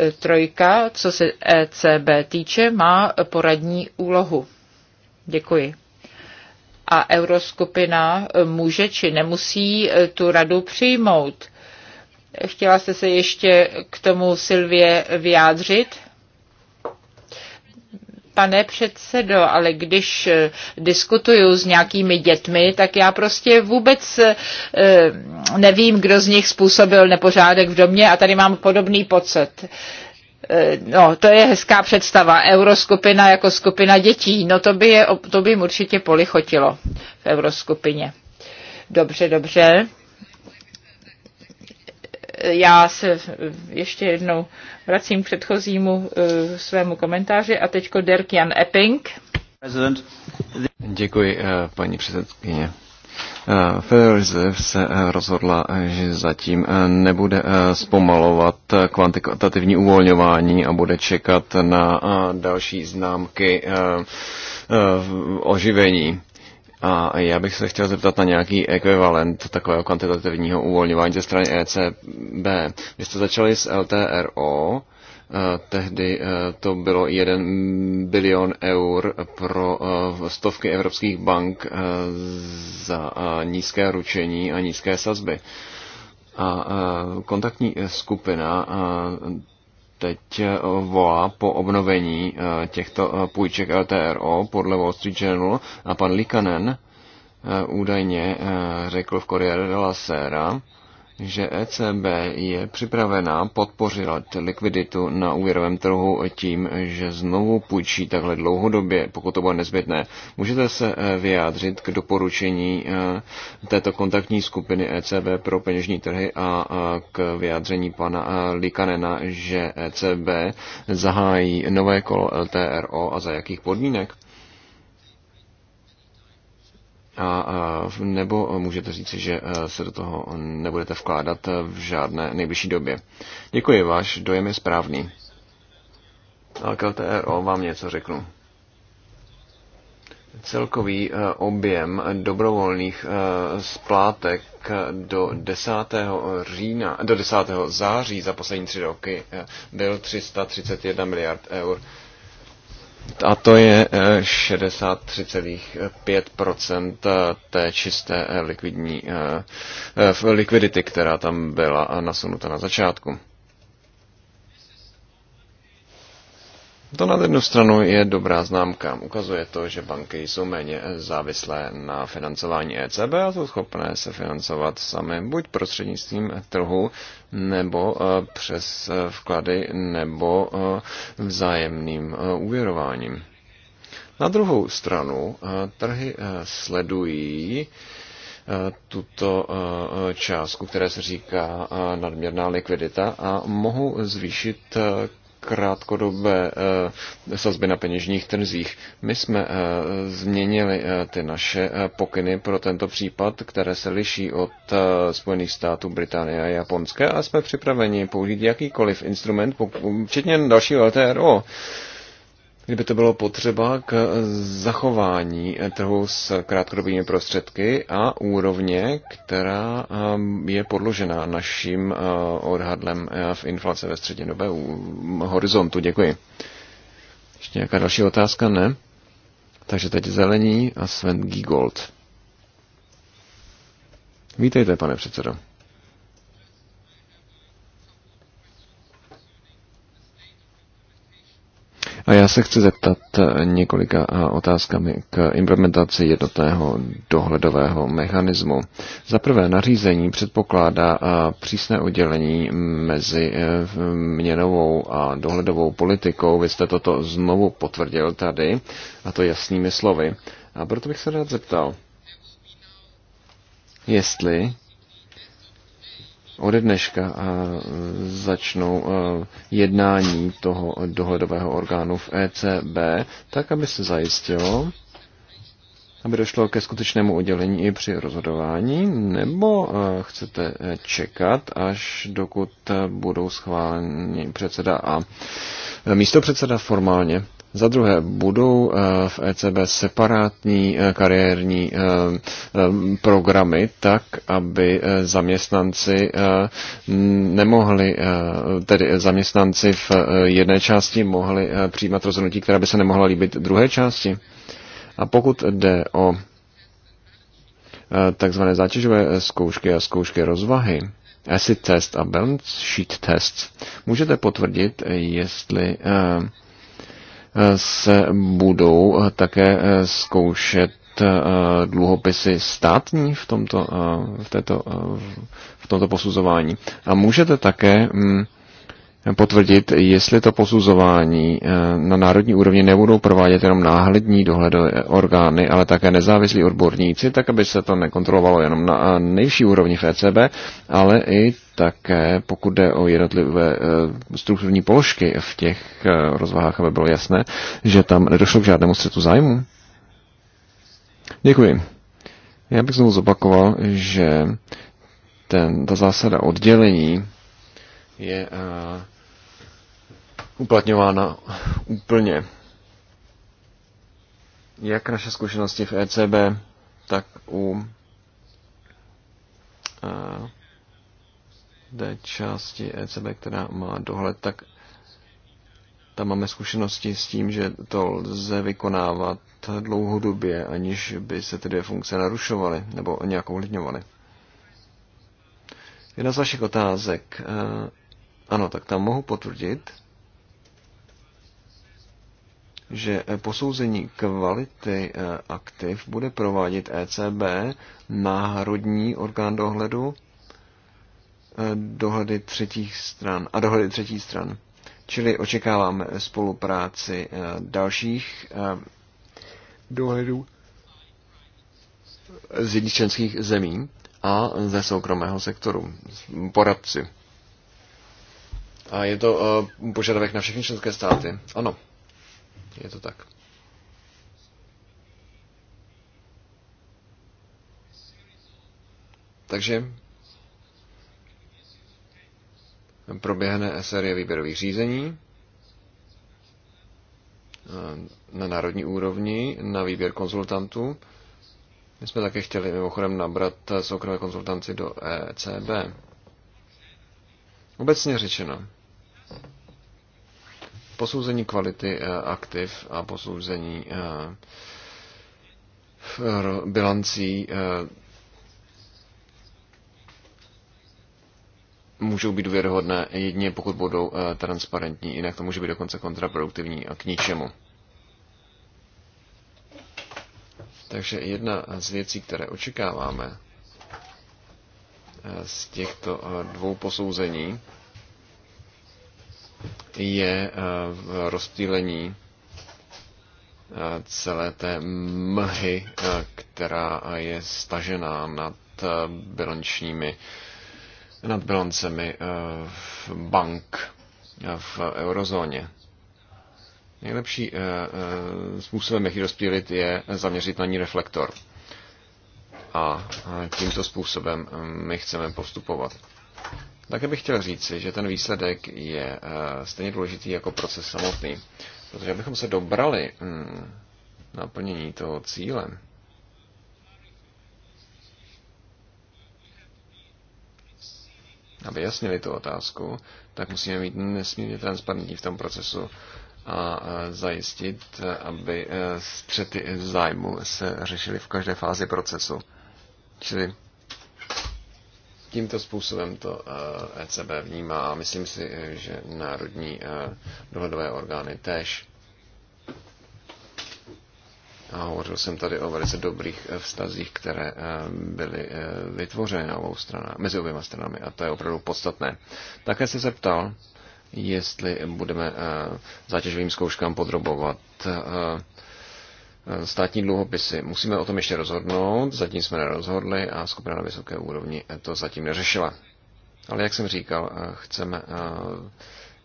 E, trojka, co se ECB týče, má poradní úlohu. Děkuji a euroskupina může či nemusí e, tu radu přijmout. Chtěla jste se ještě k tomu Silvě vyjádřit? pane předsedo, ale když eh, diskutuju s nějakými dětmi, tak já prostě vůbec eh, nevím, kdo z nich způsobil nepořádek v domě a tady mám podobný pocit eh, no, to je hezká představa. Euroskupina jako skupina dětí. No to by, je, to by jim určitě polichotilo v euroskupině. Dobře, dobře já se ještě jednou vracím k předchozímu eh, svému komentáři a teďko Dirk Jan Epping. Děkuji, eh, paní předsedkyně. Eh, Federal Reserve se rozhodla, že zatím nebude zpomalovat kvantitativní uvolňování a bude čekat na další známky oživení. A já bych se chtěl zeptat na nějaký ekvivalent takového kvantitativního uvolňování ze strany ECB. Vy jste začali s LTRO, eh, tehdy eh, to bylo 1 bilion eur pro eh, stovky evropských bank za nízké ručení a nízké sazby. A kontaktní skupina teď eh, volá po obnovení eh, těchto eh, půjček LTRO podle Wall Street Journal a pan Likanen údajně řekl v Corriere della Sera, že ECB je připravená podpořit likviditu na úvěrovém trhu tím, že znovu půjčí takhle dlouhodobě, pokud to bude nezbytné. Můžete se eh, vyjádřit k doporučení eh, této kontaktní skupiny ECB pro peněžní trhy a eh, k vyjádření pana Likanena, že ECB zahájí nové kolo LTRO a za jakých podmínek? A, a nebo můžete říct, že e, se do toho nebudete vkládat v žádné nejbližší době. Děkuji, váš dojem je správný. LKTRO vám něco řeknu. Celkový e, objem dobrovolných e, splátek do 10. října, do 10. září za poslední tři roky byl 331 miliard eur a to je 63,5% eh, eh, té čisté eh, likvidní likvidity, která tam byla nasunuta na začátku. To na jednu stranu je dobrá známka. Ukazuje to, že banky jsou méně závislé na financování ECB a jsou schopné se financovat sami buď prostřednictvím trhu nebo eh, přes eh, vklady nebo eh, vzájemným úvěrováním. Na druhou stranu trhy sledují tuto částku, které se říká nadměrná likvidita a mohou zvýšit krátkodobé eh, sazby na peněžních trzích. My jsme eh, změnili eh, ty naše pokyny pro tento případ, které se liší od Spojených států Británie a Japonské a jsme připraveni použít jakýkoliv instrument, včetně dalšího LTRO kdyby to bylo potřeba k eh, zachování eh, trhu s krátkodobými prostředky a úrovně, která eh, je podložena naším odhadlem v inflace ve střednědobém horizontu. Děkuji. Ještě nějaká další otázka? Ne? Takže teď zelení a Sven Gigold. Vítejte, pane předsedo. A já se chci zeptat eh, několika eh, otázkami k implementaci jednotného dohledového mechanismu. Za prvé, nařízení předpokládá eh, přísné oddělení mezi měnovou a dohledovou politikou. Vy jste toto znovu potvrdil tady, a to jasnými slovy. A proto bych se rád zeptal, jestli ode dneška e, začnou e, jednání toho dohledového orgánu v ECB, tak aby se zajistilo, aby došlo ke skutečnému oddělení i při rozhodování, nebo e, chcete čekat, až dokud budou schváleni předseda a místo předseda formálně? Za druhé, budou eh, v ECB separátní eh, kariérní eh, programy tak, aby zaměstnanci nemohli, tedy zaměstnanci v jedné části mohli přijímat rozhodnutí, která by se nemohla líbit druhé části? A pokud jde o takzvané zátěžové zkoušky a zkoušky rozvahy, acid test a balance sheet test, můžete potvrdit, jestli se budou eh, také eh, zkoušet eh, dluhopisy státní v tomto, v této, v tomto posuzování. A můžete také mm, potvrdit, jestli to posuzování eh, na národní úrovni nebudou provádět jenom náhlední dohledové orgány, ale také nezávislí odborníci, tak aby se to nekontrolovalo jenom na eh, nejvyšší úrovni v ECB, ale i také, pokud jde o jednotlivé eh, strukturní položky v těch rozvahách, aby bylo jasné, že tam nedošlo k žádnému střetu zájmu. Děkuji. Já bych znovu zopakoval, že ten, ta zásada oddělení je uh, uplatňována úplně. Jak naše zkušenosti v ECB, tak u eh, té části ECB, která má dohled, tak tam máme zkušenosti s tím, že to lze vykonávat dlouhodobě, aniž by se ty dvě funkce narušovaly nebo nějak ovlivňovaly. Jedna z vašich otázek. Eh, ano, tak tam mohu potvrdit, že eh, posouzení kvality eh, aktiv bude provádět ECB, národní orgán dohledu, eh, dohledy třetích stran a dohledy třetí stran. Čili očekáváme spolupráci dalších dohledů z jedničenských zemí a ze soukromého sektoru, poradci. A je to požadavek na všechny členské státy? Ano je to tak. Takže proběhne série výběrových řízení eh, na národní úrovni na výběr konzultantů. My jsme také chtěli mimochodem nabrat soukromé konzultanci do ECB. Obecně řečeno, posouzení kvality eh, aktiv a posouzení eh, bilancí eh, můžou být věrohodné jedině pokud budou transparentní, jinak to může být dokonce kontraproduktivní a k ničemu. Takže jedna z věcí, které očekáváme z těchto dvou posouzení, je eh, rozptýlení eh, celé té mlhy, eh, která je stažená nad bilančními, nad bilancemi bank v eurozóně. Nejlepší způsobem, jak ji rozptýlit, je zaměřit na ní reflektor. A tímto způsobem my chceme postupovat. Také bych chtěl říci, že ten výsledek je eh, stejně důležitý jako proces samotný. Protože abychom se dobrali hmm, naplnění toho cíle, aby jasnili tu otázku, tak musíme být nesmírně transparentní v tom procesu a eh, zajistit, aby eh, střety zájmu se řešily v každé fázi procesu. Čili tímto způsobem to ECB eh, e vnímá a myslím si, eh, že národní eh, dohledové orgány též. A hovořil jsem tady o velice dobrých vztazích, které byly vytvořeny na obou strana mezi oběma stranami a to je opravdu podstatné. Také se zeptal, jestli budeme zátěžovým zkouškám podrobovat státní dluhopisy. Musíme o tom ještě rozhodnout, zatím jsme nerozhodli a skupina na vysoké úrovni to zatím neřešila. Ale jak jsem říkal, eh, chceme eh,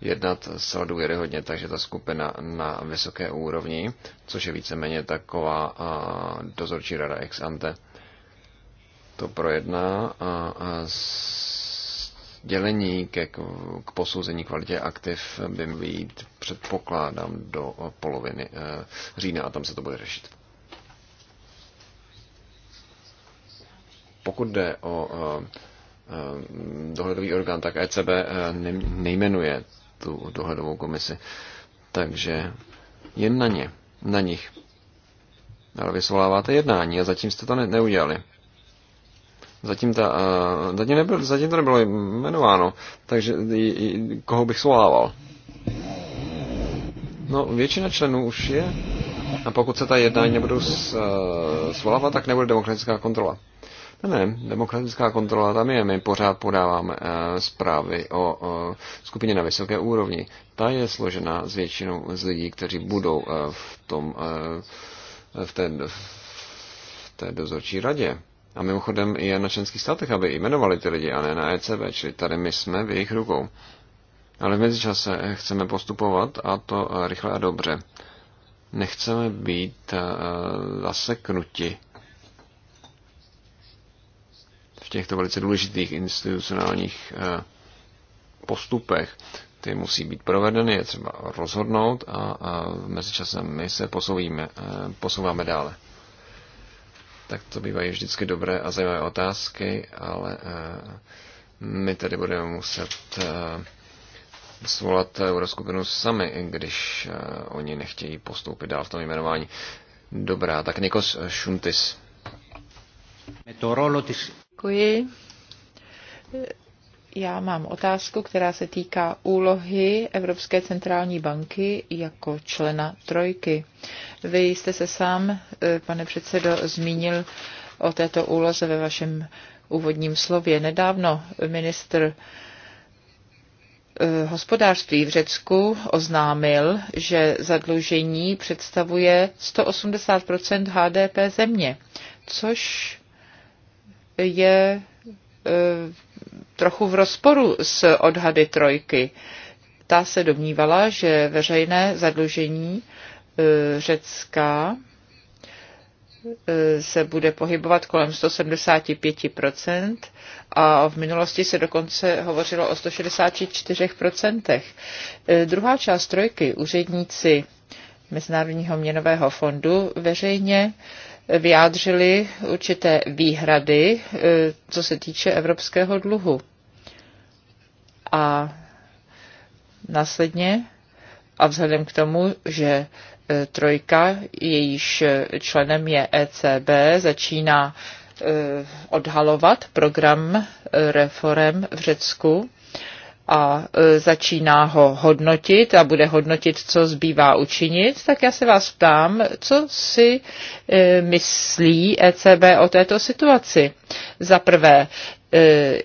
jednat zcela důvěryhodně, takže ta skupina na vysoké úrovni, což je víceméně taková eh, dozorčí rada ex ante, to projedná a dělení ke, k posouzení kvalitě aktiv by měl být předpokládám do poloviny eh, října a tam se to bude řešit. Pokud jde o eh, eh, dohledový orgán, tak ECB nejmenuje tu dohledovou komisi. Takže jen na ně, na nich. Ale vysvoláváte jednání a zatím jste to ne- neudělali. Zatím, ta, zatím, nebyl, zatím to nebylo jmenováno, takže koho bych svolával? No, většina členů už je. A pokud se ta jednání nebudou eh, svolávat, tak nebude demokratická kontrola. Ne, no ne, demokratická kontrola tam je. My pořád podáváme eh, zprávy o eh, skupině na vysoké úrovni. Ta je složena z většinou z lidí, kteří budou v, tom, v, té, v té dozorčí radě. A mimochodem je na členských státech, aby jmenovali ty lidi, a ne na ECB, čili tady my jsme v jejich rukou. Ale v mezičase chceme postupovat a to rychle a dobře. Nechceme být eh, zaseknuti v těchto velice důležitých institucionálních eh, postupech. Ty musí být provedeny, je třeba rozhodnout a, v mezičasem my se posouvíme, eh, posouváme dále. Tak to bývají vždycky dobré a zajímavé otázky, ale my tedy budeme muset svolat euroskupinu sami, když eh, oni nechtějí postoupit dál v tom jmenování. Dobrá, tak Nikos Šuntis. Děkuji. Já mám otázku, která se týká úlohy Evropské centrální banky jako člena trojky. Vy jste se sám, eh, pane předsedo, zmínil o této úloze ve vašem úvodním slově. Nedávno ministr uh, Eh, hospodářství v Řecku oznámil, že zadlužení představuje 180 HDP země, což je eh, trochu v rozporu s odhady trojky. Ta se domnívala, že veřejné zadlužení eh, Řecka Eh, se bude pohybovat kolem 175% a v minulosti se dokonce hovořilo o 164%. Eh, druhá část trojky, úředníci Mezinárodního měnového fondu, veřejně vyjádřili určité výhrady, eh, co se týče evropského dluhu. A následně a vzhledem k tomu, že trojka, jejíž členem je ECB, začíná e, odhalovat program e, reform v Řecku a e, začíná ho hodnotit a bude hodnotit, co zbývá učinit, tak já se vás ptám, co si myslí ECB o této situaci. Za prvé,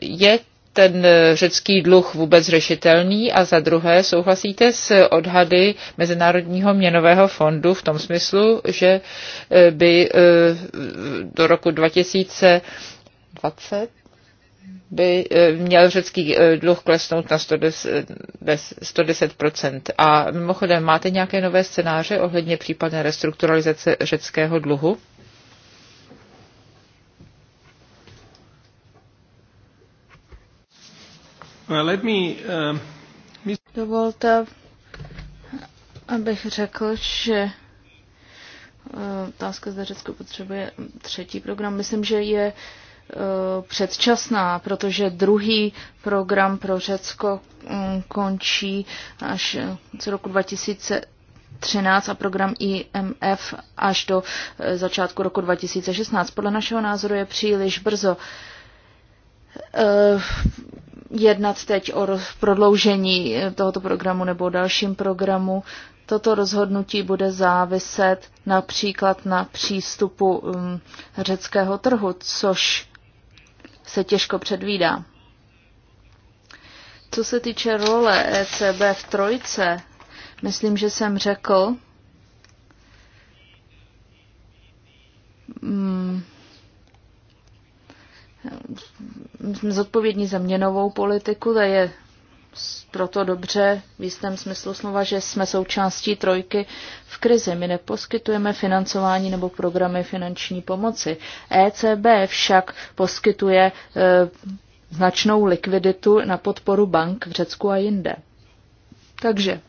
je ten eh, řecký dluh vůbec řešitelný a za druhé souhlasíte s odhady Mezinárodního měnového fondu v tom smyslu, že eh, by eh, do roku 2020 by měl řecký dluh klesnout na 110, A mimochodem, máte nějaké nové scénáře ohledně případné restrukturalizace řeckého dluhu? Uh, Dovolte, abych řekl, že uh, otázka, zda Řecko potřebuje třetí program, myslím, že je uh, předčasná, protože druhý program pro Řecko um, končí až z roku 2013 a program IMF až do začátku roku 2016. Podle našeho názoru je příliš brzo jednat teď o prodloužení eh, tohoto programu nebo o dalším programu. Toto rozhodnutí bude záviset například na přístupu mm, řeckého trhu, což se těžko předvídá. Co se týče role ECB v trojce, myslím, že jsem řekl, mm, Eh, jsme zodpovědní za měnovou politiku, to je proto dobře v jistém smyslu slova, že jsme součástí trojky v krizi. My neposkytujeme financování nebo programy finanční pomoci. ECB však poskytuje e, značnou likviditu na podporu bank v Řecku a jinde. Takže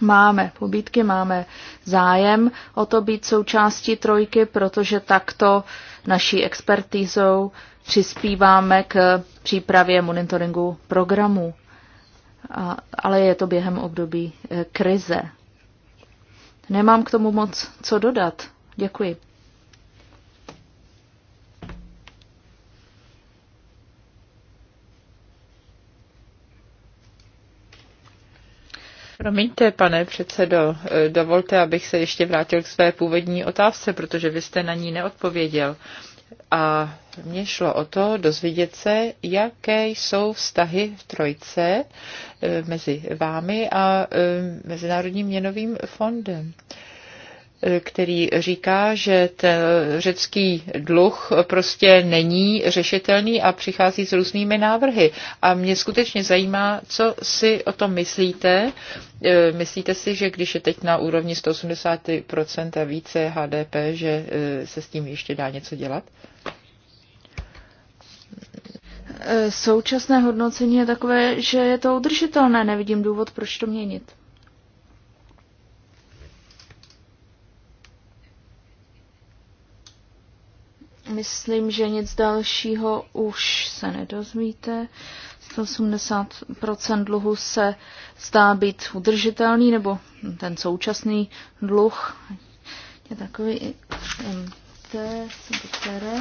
Máme pobídky, máme zájem o to být součástí trojky, protože takto naší expertízou přispíváme k přípravě monitoringu programů. Ale je to během období eh, krize. Nemám k tomu moc co dodat. Děkuji. Promiňte, pane předsedo, eh, dovolte, abych se ještě vrátil k své původní otázce, protože vy jste na ní neodpověděl. A mně šlo o to dozvědět se, jaké jsou vztahy v trojce eh, mezi vámi a eh, Mezinárodním měnovým fondem který říká, že ten řecký dluh prostě není řešitelný a přichází s různými návrhy. A mě skutečně zajímá, co si o tom myslíte. E, myslíte si, že když je teď na úrovni 180% a více HDP, že e, se s tím ještě dá něco dělat? E, současné hodnocení je takové, že je to udržitelné. Nevidím důvod, proč to měnit. Myslím, že nic dalšího už se nedozvíte. 180% dluhu se zdá být udržitelný, nebo ten současný dluh je takový MT, které.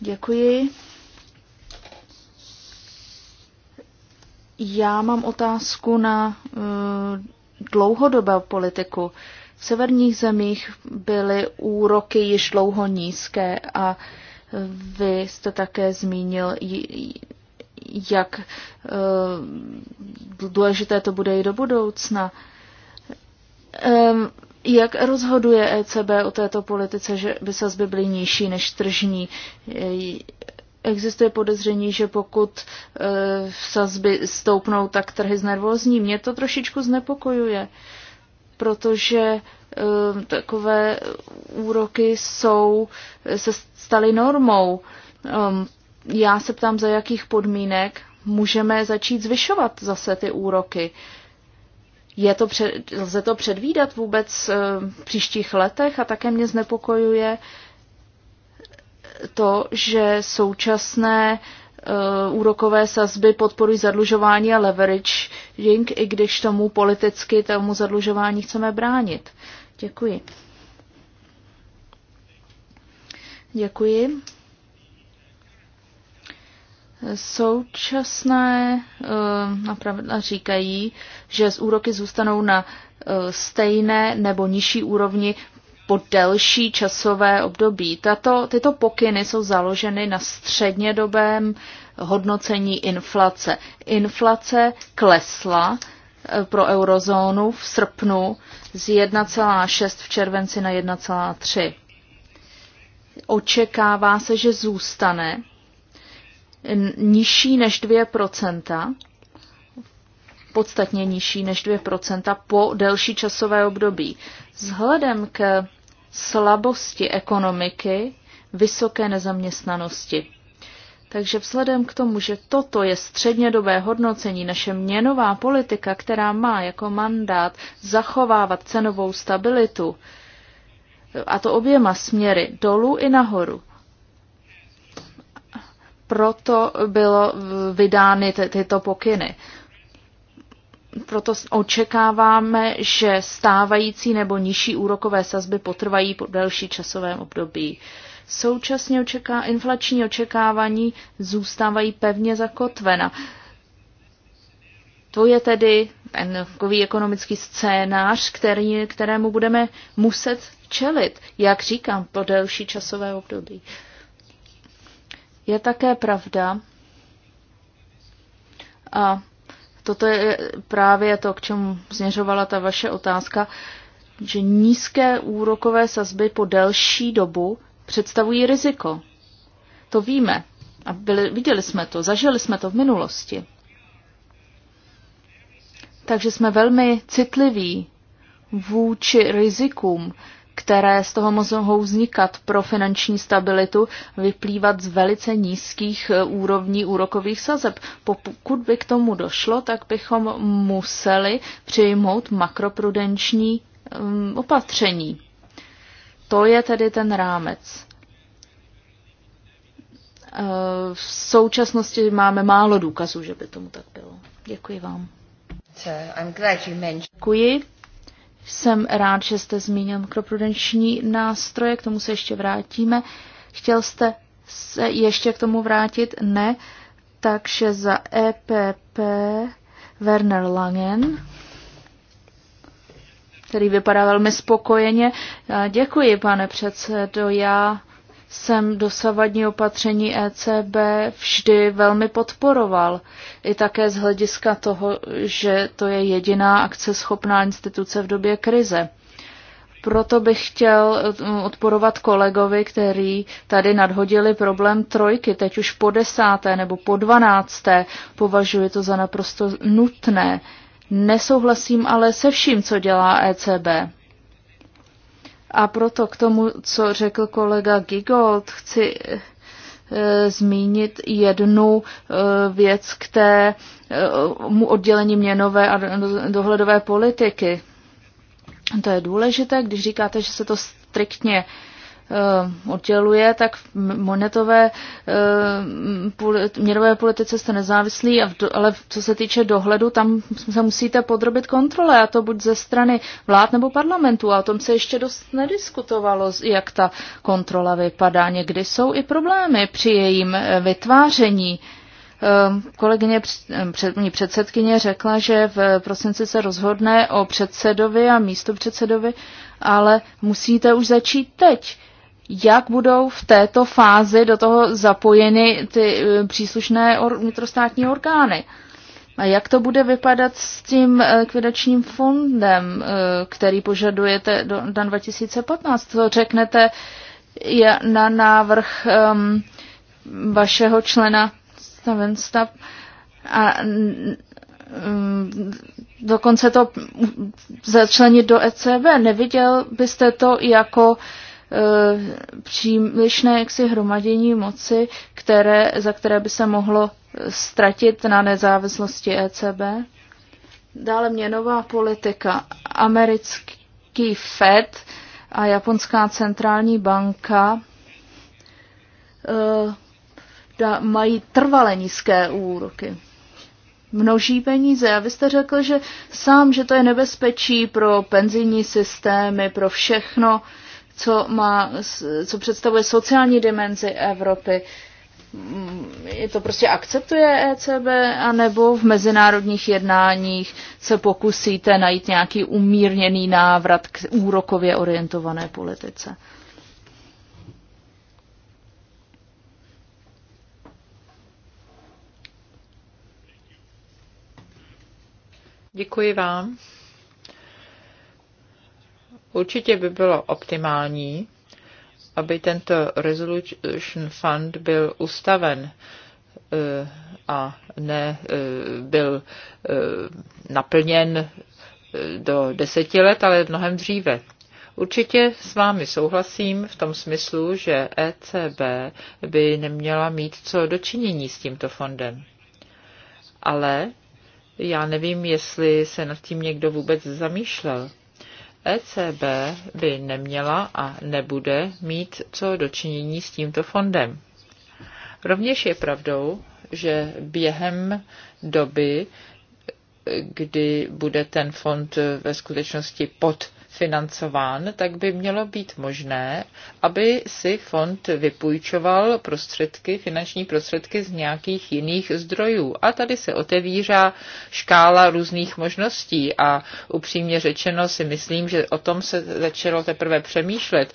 Děkuji. Já mám otázku na uh, dlouhodobou politiku. Uh, v severních zemích byly úroky již dlouho nízké a vy jste také zmínil, jak eh, důležité to bude i do budoucna. Jak rozhoduje ECB o této politice, že by sazby byly nižší než tržní? Existuje podezření, že pokud eh, sazby stoupnou, tak trhy znervózní. Mě to trošičku znepokojuje. Uh, protože eh, takové úroky jsou, se staly normou. Ehm, já se ptám, za jakých podmínek můžeme začít zvyšovat zase ty úroky. Je to před, lze to předvídat vůbec eh, v příštích letech a také mě znepokojuje to, že současné Eh, úrokové sazby podporují zadlužování a leveraging, i když tomu politicky, tomu zadlužování chceme bránit. Děkuji. Děkuji. Současné uh, říkají, že z úroky zůstanou na eh, stejné nebo nižší úrovni po delší časové období. Tato, tyto pokyny jsou založeny na střednědobém hodnocení inflace. Inflace klesla eh, pro eurozónu v srpnu z 1,6 v červenci na 1,3. Očekává se, že zůstane nižší než 2 podstatně nižší než 2 po delší časové období. Vzhledem k slabosti ekonomiky, vysoké nezaměstnanosti. Takže vzhledem k tomu, že toto je střednědobé hodnocení, naše měnová politika, která má jako mandát zachovávat cenovou stabilitu, a to oběma směry, dolů i nahoru, proto bylo vydány ty, tyto pokyny proto očekáváme, že stávající nebo nižší úrokové sazby potrvají po delší časovém období. Současně očeká, inflační očekávání zůstávají pevně zakotvena. To je tedy ten ekonomický scénář, který, kterému budeme muset čelit, jak říkám, po delší časové období. Je také pravda, a toto je právě to, k čemu směřovala ta vaše otázka, že nízké úrokové sazby po delší dobu představují riziko. To víme a byli, viděli jsme to, zažili jsme to v minulosti. Takže jsme velmi citliví vůči rizikům, které z toho mohou vznikat pro finanční stabilitu, vyplývat z velice nízkých e, úrovní úrokových sazeb. Pokud by k tomu došlo, tak bychom museli přijmout makroprudenční mm, opatření. To je tedy ten rámec. E, v současnosti máme málo důkazů, že by tomu tak bylo. Děkuji vám. Děkuji. Jsem rád, že jste zmínil mikroprudenční nástroje, k tomu se ještě vrátíme. Chtěl jste se ještě k tomu vrátit? Ne. Takže za EPP Werner Langen, který vypadá velmi spokojeně. Děkuji, pane předsedo. Já jsem dosavadní opatření ECB vždy velmi podporoval. I také z hlediska toho, že to je jediná akceschopná instituce v době krize. Proto bych chtěl eh, odporovat kolegovi, který tady nadhodili problém trojky, teď už po desáté nebo po dvanácté. Považuji to za naprosto nutné. Nesouhlasím ale se vším, co dělá ECB. A proto k tomu, co řekl kolega Gigold, chci eh, zmínit jednu eh, věc k té eh, mu oddělení měnové a dohledové politiky. To je důležité, když říkáte, že se to striktně Eh, odděluje, tak v monetové eh, měnové politice jste nezávislí, ale co se týče dohledu, tam se musíte podrobit kontrole, a to buď ze strany vlád nebo parlamentu. A o tom se ještě dost nediskutovalo, jak ta kontrola vypadá. Někdy jsou i problémy při jejím eh, vytváření kolegyně před, předsedkyně řekla, že v prosinci se rozhodne o předsedovi a místo předsedovi, ale musíte už začít teď jak budou v této fázi do toho zapojeny ty eh, příslušné or, vnitrostátní orgány. A jak to bude vypadat s tím eh, likvidačním fondem, eh, který požadujete do, 2015? To řeknete na návrh um, vašeho člena Stavensta a um, dokonce to začlenit do ECB? Neviděl byste to jako uh, přílišné jaksi hromadění moci, které, za které by se mohlo ztratit na nezávislosti ECB. Dále měnová politika. Americký FED a Japonská centrální banka eh, mají trvale nízké úroky množí peníze. A vy jste řekl, že sám, že to je nebezpečí pro penzijní systémy, pro všechno, co, má, co představuje sociální dimenzi Evropy. Je to prostě akceptuje ECB, anebo v mezinárodních jednáních se pokusíte najít nějaký umírněný návrat k úrokově orientované politice? Děkuji vám. Určitě by bylo optimální, aby tento Resolution Fund byl ustaven eh, a ne eh, byl eh, naplněn do deseti let, ale mnohem dříve. Určitě s vámi souhlasím v tom smyslu, že ECB by neměla mít co dočinění s tímto fondem. Ale já nevím, jestli se nad tím někdo vůbec zamýšlel. ECB by neměla a nebude mít co dočinění s tímto fondem. Rovněž je pravdou, že během doby, kdy bude ten fond ve skutečnosti pod financován, tak by mělo být možné, aby si fond vypůjčoval prostředky, finanční prostředky z nějakých jiných zdrojů. A tady se otevírá škála různých možností a upřímně řečeno si myslím, že o tom se začalo teprve přemýšlet.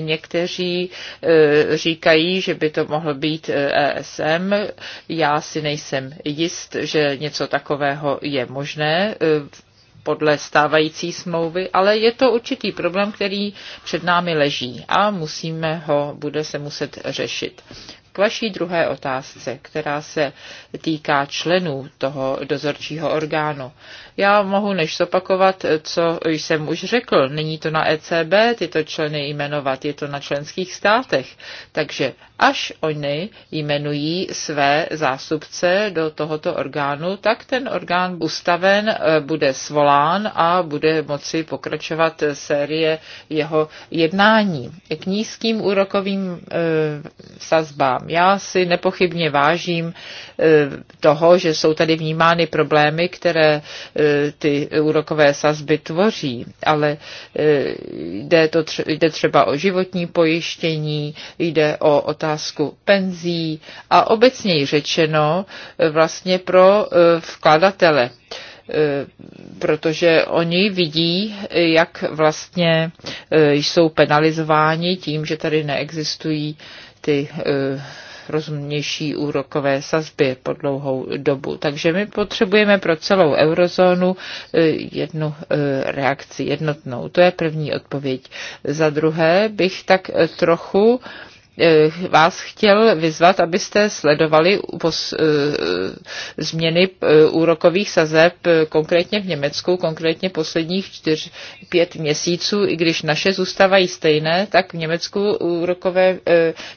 Někteří eh, říkají, že by to mohl být ESM. Eh, e Já si nejsem jist, že něco takového je možné. V eh, podle stávající smlouvy, ale je to určitý problém, který před námi leží a musíme ho, bude se muset řešit. K vaší druhé otázce, která se týká členů toho dozorčího orgánu. Já mohu než zopakovat, co jsem už řekl. Není to na ECB tyto členy jmenovat, je to na členských státech. Takže až oni jmenují své zástupce do tohoto orgánu, tak ten orgán ustaven eh, bude svolán a bude moci pokračovat série jeho jednání k nízkým úrokovým e, sazbám. Já si nepochybně vážím e, toho, že jsou tady vnímány problémy, které E, ty úrokové sazby tvoří, ale e, jde, to tře- jde třeba o životní pojištění, jde o otázku penzí a obecněji řečeno e, vlastně pro vkladatele protože oni vidí, jak vlastně jsou penalizováni tím, že tady neexistují ty rozumnější úrokové sazby po dlouhou dobu. Takže my potřebujeme pro celou eurozónu e, jednu e, reakci jednotnou. To je první odpověď. Za druhé bych tak e, trochu Eh, vás chtěl vyzvat, abyste sledovali eh, změny eh, úrokových sazeb konkrétně v Německu, konkrétně posledních 4-5 měsíců, i když naše zůstávají stejné, tak v Německu úrokové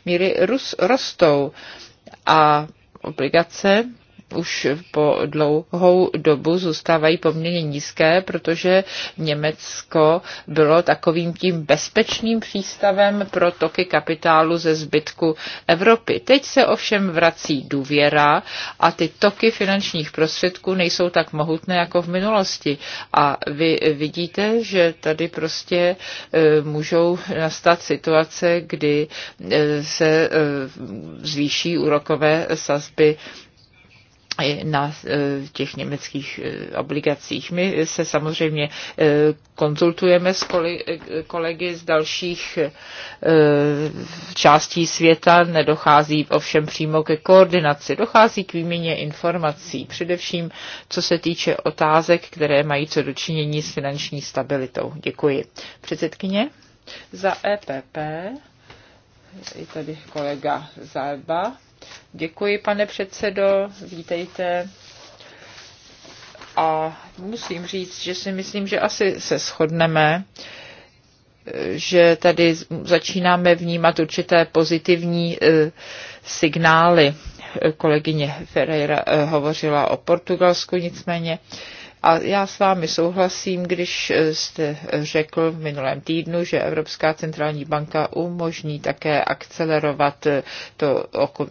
míry rostou. A obligace už po dlouhou dobu zůstávají poměrně nízké, protože Německo bylo takovým tím bezpečným přístavem pro toky kapitálu ze zbytku Evropy. Teď se ovšem vrací důvěra a ty toky finančních prostředků nejsou tak mohutné jako v minulosti. A vy vidíte, že tady prostě e, můžou nastat situace, kdy e, se e, zvýší úrokové sazby na e, těch německých e, obligacích. My se samozřejmě e, konzultujeme s kolegy z dalších částí světa, nedochází ovšem přímo ke koordinaci, dochází k výměně informací, především co se týče otázek, které mají co dočinění s finanční stabilitou. Děkuji. Předsedkyně za EPP, je tady kolega Zalba. Děkuji, pane předsedo, vítejte. A musím říct, že si myslím, že asi se shodneme, že tady začínáme vnímat určité pozitivní e, signály. Kolegyně Ferreira e, hovořila o Portugalsku, nicméně a já s vámi souhlasím, když eh, jste řekl v minulém týdnu, že Evropská centrální banka umožní také akcelerovat eh, to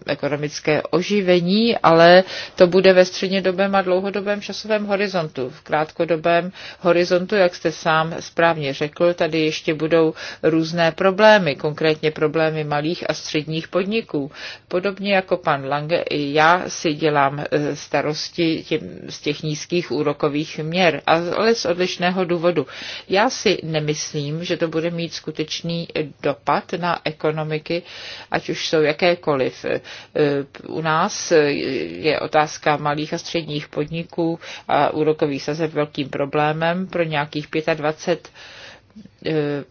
ekonomické oživení, ale to bude ve střednědobém a dlouhodobém časovém horizontu. V krátkodobém horizontu, jak jste sám správně řekl, tady ještě budou různé problémy, konkrétně problémy malých a středních podniků. Podobně jako pan Lange, i já si dělám eh, starosti tím, z těch nízkých úrokových finančních měr, ale z odlišného důvodu. Já si nemyslím, že to bude mít skutečný dopad na ekonomiky, ať už jsou jakékoliv. E, u nás je otázka malých a středních podniků a úrokových sazeb velkým problémem pro nějakých 25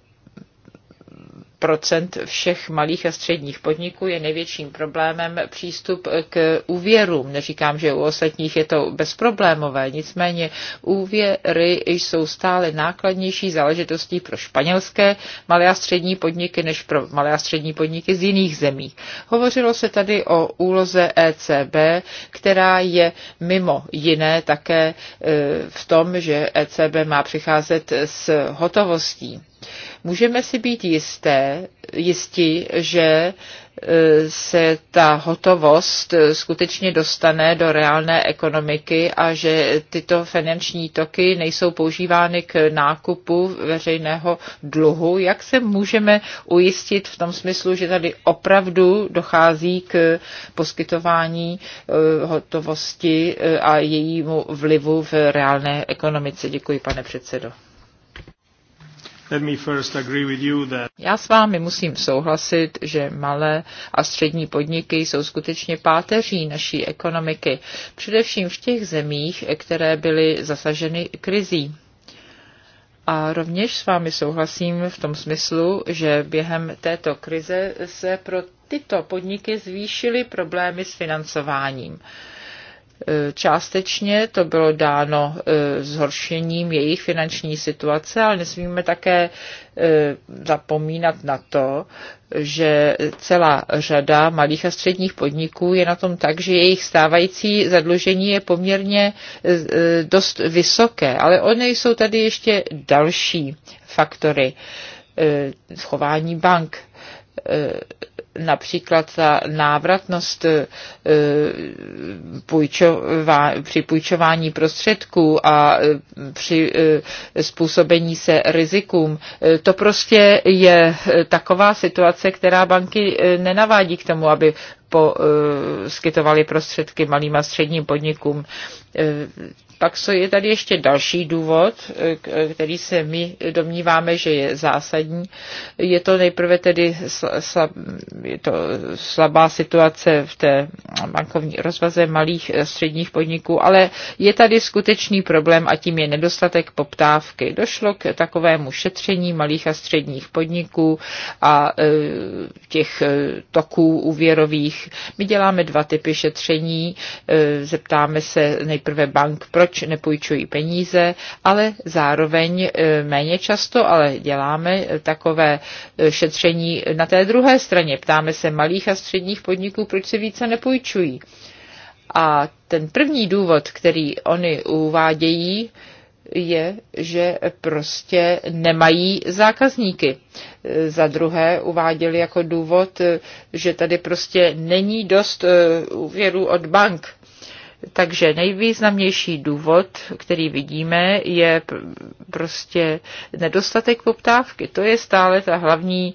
Procent všech malých a středních podniků je největším problémem přístup k úvěrům. Neříkám, že u ostatních je to bezproblémové, nicméně úvěry jsou stále nákladnější záležitostí pro španělské malé a střední podniky než pro malé a střední podniky z jiných zemí. Hovořilo se tady o úloze ECB, která je mimo jiné také e, v tom, že ECB má přicházet s hotovostí. Můžeme si být jisté, jistí, že e, se ta hotovost e, skutečně dostane do reálné ekonomiky a že tyto finanční toky nejsou používány k nákupu veřejného dluhu. Jak se můžeme ujistit v tom smyslu, že tady opravdu dochází k poskytování e, hotovosti a jejímu vlivu v reálné ekonomice? Děkuji, pane předsedo. Já s vámi musím souhlasit, že malé a střední podniky jsou skutečně páteří naší ekonomiky, především v těch zemích, které byly zasaženy krizí. A rovněž s vámi souhlasím v tom smyslu, že během této krize se pro tyto podniky zvýšily problémy s financováním. Částečně to bylo dáno e, zhoršením jejich finanční situace, ale nesmíme také e, zapomínat na to, že celá řada malých a středních podniků je na tom tak, že jejich stávající zadlužení je poměrně e, dost vysoké, ale oni jsou tady ještě další faktory. Schování bank, například ta návratnost e, půjčová, při půjčování prostředků a e, při e, způsobení se rizikům. To prostě je taková situace, která banky nenavádí k tomu, aby poskytovali prostředky malým a středním podnikům. Pak je tady ještě další důvod, eh, eh, který se my domníváme, že je zásadní. Je to nejprve tedy slab, je to slabá situace v té bankovní rozvaze malých eh, středních podniků, ale je tady skutečný problém a tím je nedostatek poptávky. Došlo k takovému šetření malých a středních podniků a těch toků úvěrových. My děláme dva typy šetření. Zeptáme se nejprve bank, proč proč nepůjčují peníze, ale zároveň e, méně často, ale děláme e, takové e, šetření na té druhé straně. Ptáme se malých a středních podniků, proč si více nepůjčují. A ten první důvod, který oni uvádějí, je, že prostě nemají zákazníky. Za druhé uváděli jako důvod, že tady prostě není dost úvěru od bank. Takže nejvýznamnější důvod, který vidíme, je prostě nedostatek poptávky. To je stále ta hlavní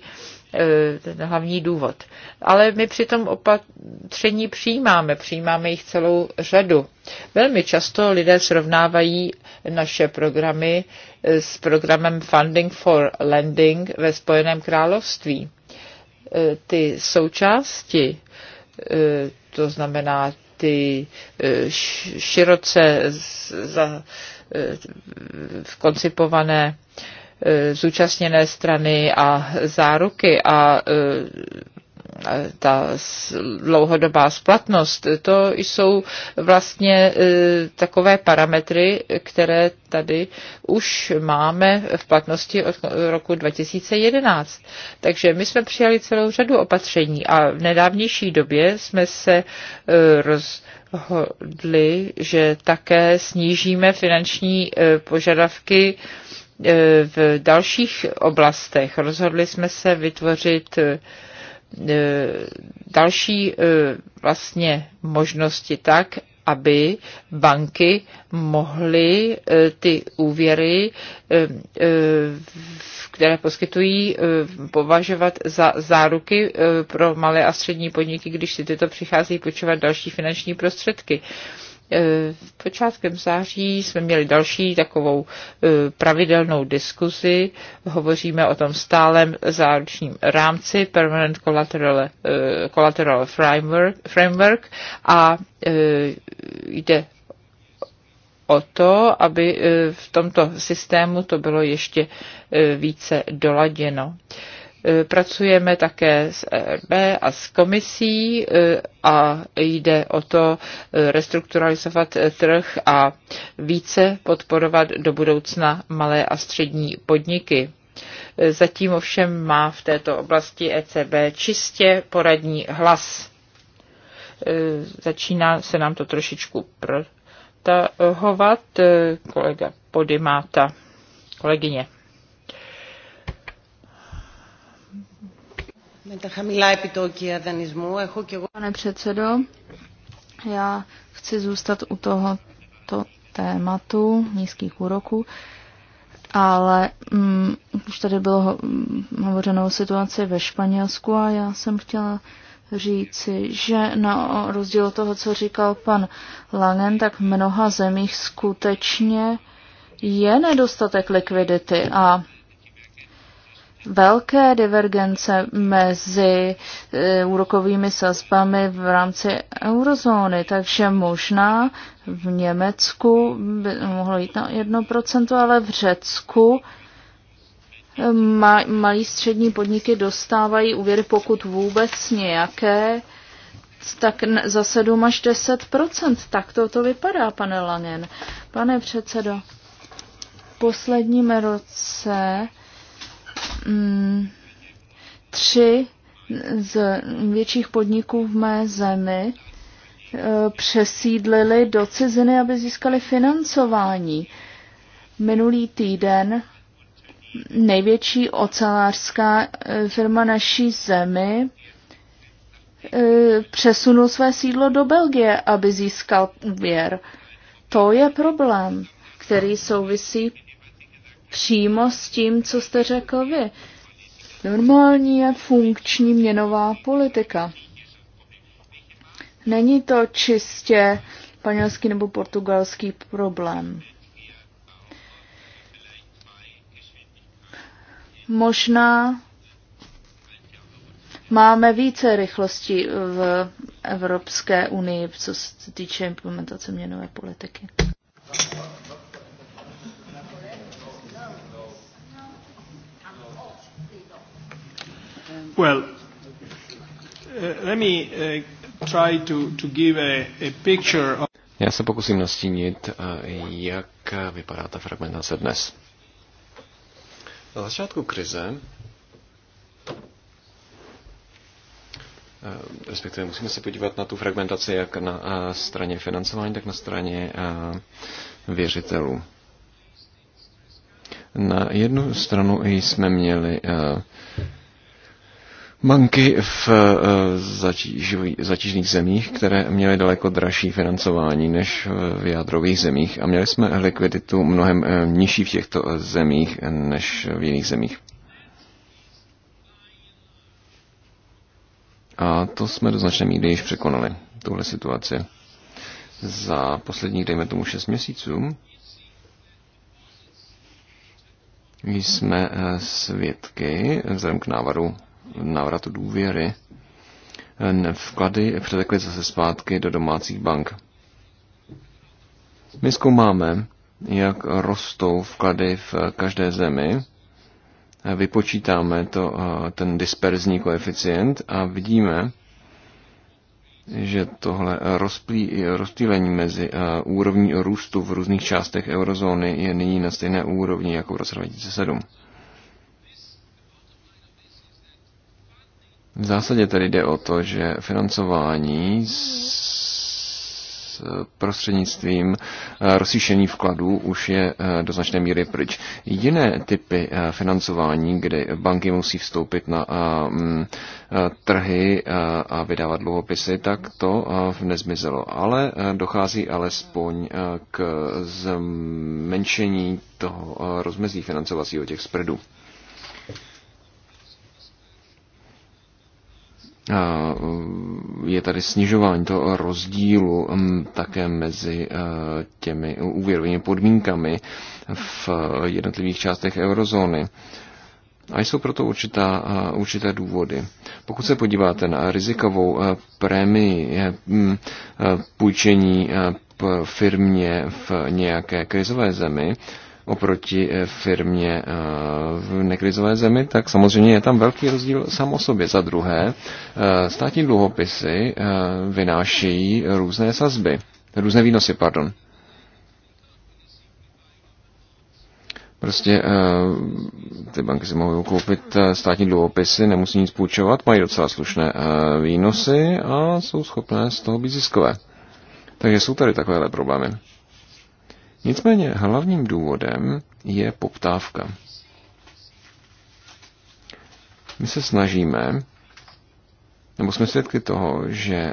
e, ten hlavní důvod. Ale my při tom opatření přijímáme, přijímáme jich celou řadu. Velmi často lidé srovnávají naše programy e, s programem Funding for Lending ve Spojeném království. E, ty součásti, to znamená ty eh, široce za, eh, koncipované eh, zúčastněné strany a záruky a Eh, ta dlouhodobá splatnost, to jsou vlastně eh, takové parametry, které tady už máme v platnosti od roku 2011. Takže my jsme přijali celou řadu opatření a v nedávnější době jsme se eh, rozhodli, že také snížíme finanční požadavky v dalších oblastech. Rozhodli jsme se vytvořit E, další e, vlastně možnosti tak, aby banky mohly e, ty úvěry, které poskytují, považovat za záruky pro malé a střední podniky, když si tyto přichází půjčovat další finanční prostředky. V eh, počátkem září jsme měli další takovou eh, pravidelnou diskuzi. Hovoříme o tom stálem záručním rámci Permanent Collateral, eh, collateral framework, framework a jde o to, aby v tomto systému to bylo ještě více doladěno. E, pracujeme také s ERB a s komisí e, a jde o to e, restrukturalizovat trh a více podporovat do budoucna malé a střední podniky. Zatím ovšem má v této oblasti ECB čistě poradní hlas. Začíná se nám to trošičku protahovat kolega Podimáta, kolegyně. Pane předsedo, já chci zůstat u tohoto tématu nízkých úroků, ale mm, už tady bylo mm, hovořeno o situaci ve Španělsku a já jsem chtěla říci, že na rozdíl od toho, co říkal pan Langen, tak v mnoha zemích skutečně je nedostatek likvidity a velké divergence mezi e, úrokovými sazbami v rámci eurozóny, takže možná v Německu by mohlo jít na 1%, ale v Řecku e, malí střední podniky dostávají úvěry, pokud vůbec nějaké, tak za 7 až 10%. Tak to, to vypadá, pane Langen. Pane předsedo, v posledním roce Mm, tři z větších podniků v mé zemi e, přesídlili do ciziny, aby získali financování. Minulý týden největší ocelářská e, firma naší zemi e, přesunul své sídlo do Belgie, aby získal úvěr. To je problém, který souvisí přímo s tím, co jste řekl vy. Normální je funkční měnová politika. Není to čistě španělský nebo portugalský problém. Možná máme více rychlosti v Evropské unii, co se týče implementace měnové politiky. Well, uh, let me uh, try to, to give a, a picture of... Já se pokusím nastínit, uh, jak vypadá ta fragmentace dnes. Na začátku krize, uh, respektive musíme se podívat na tu fragmentaci jak na uh, straně financování, tak na straně věřitelů. Na jednu stranu jsme měli banky v eh, zatížených zemích, které měly daleko dražší financování než v jádrových zemích a měli jsme likviditu mnohem eh, nižší v těchto eh, zemích než v jiných zemích. A to jsme do značné míry již překonali, tuhle situaci. Za posledních, dejme tomu, 6 měsíců jsme svědky vzhledem k návaru návratu důvěry, vklady přetekly zase zpátky do domácích bank. My zkoumáme, jak rostou vklady v každé zemi, vypočítáme to, eh, ten disperzní koeficient a vidíme, že tohle rozptýlení mezi eh, úrovní růstu v různých částech eurozóny je nyní na stejné úrovni jako v roce 2007. V zásadě tedy jde o to, že financování s prostřednictvím eh, rozšíšení vkladů už je eh, do značné míry pryč. Jiné typy eh, financování, kdy banky musí vstoupit na mm, trhy a vydávat dluhopisy, tak to nezmizelo. Ale dochází alespoň k zmenšení toho rozmezí financovacího těch spredů. E, je tady snižování toho rozdílu také mezi e, těmi úvěrovými podmínkami v jednotlivých částech eurozóny. A jsou proto určitá, e, určité důvody. Pokud se podíváte na rizikovou prémii půjčení firmě v nějaké krizové zemi, oproti eh, firmě eh, v nekrizové zemi, tak samozřejmě je tam velký rozdíl sam o sobě. Za druhé, eh, státní dluhopisy vynášejí různé sazby, různé výnosy, pardon. Prostě ty banky si mohou koupit státní dluhopisy, nemusí nic půjčovat, mají docela slušné výnosy a jsou schopné z toho být ziskové. Takže jsou tady takovéhle problémy. Nicméně hlavním důvodem je poptávka. My se snažíme, nebo jsme svědky toho, že eh,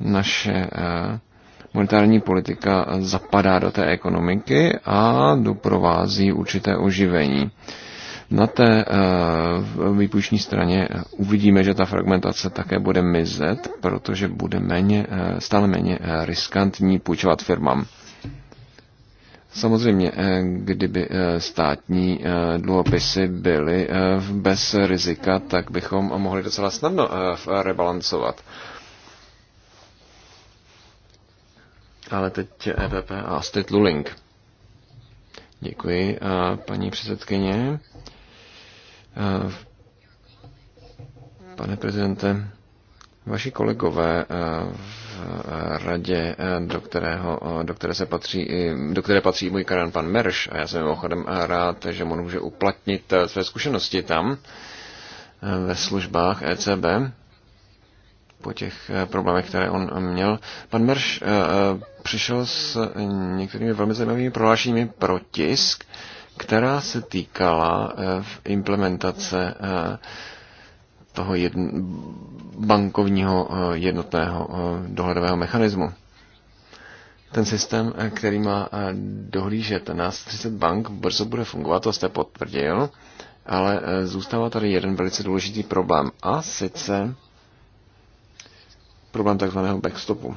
naše eh, monetární politika zapadá do té ekonomiky a doprovází určité oživení. Na té eh, výpůjční straně uvidíme, že ta fragmentace také bude mizet, protože bude méně, stále méně riskantní půjčovat firmám. Samozřejmě, eh, kdyby eh, státní eh, dluhopisy byly bez rizika, tak bychom mohli docela snadno rebalancovat. Ale teď EVP a Astrid Luling. Děkuji, paní předsedkyně. Pane prezidente, vaši kolegové v radě, eh, do, kterého, eh, do, které se patří, do které patří můj karan pan Merš a já jsem mimochodem eh, rád, že on může uplatnit své zkušenosti tam ve službách ECB po těch problémech, které on měl. Pan Merš přišel s některými velmi zajímavými prohlášeními pro tisk, která se týkala v implementace toho jedn, bankovního eh, jednotného eh, dohledového mechanismu. Ten systém, eh, který má dohlížet na 30 bank, brzo bude fungovat, to jste potvrdil, ale zůstává tady jeden velice důležitý problém, a sice problém takzvaného backstopu.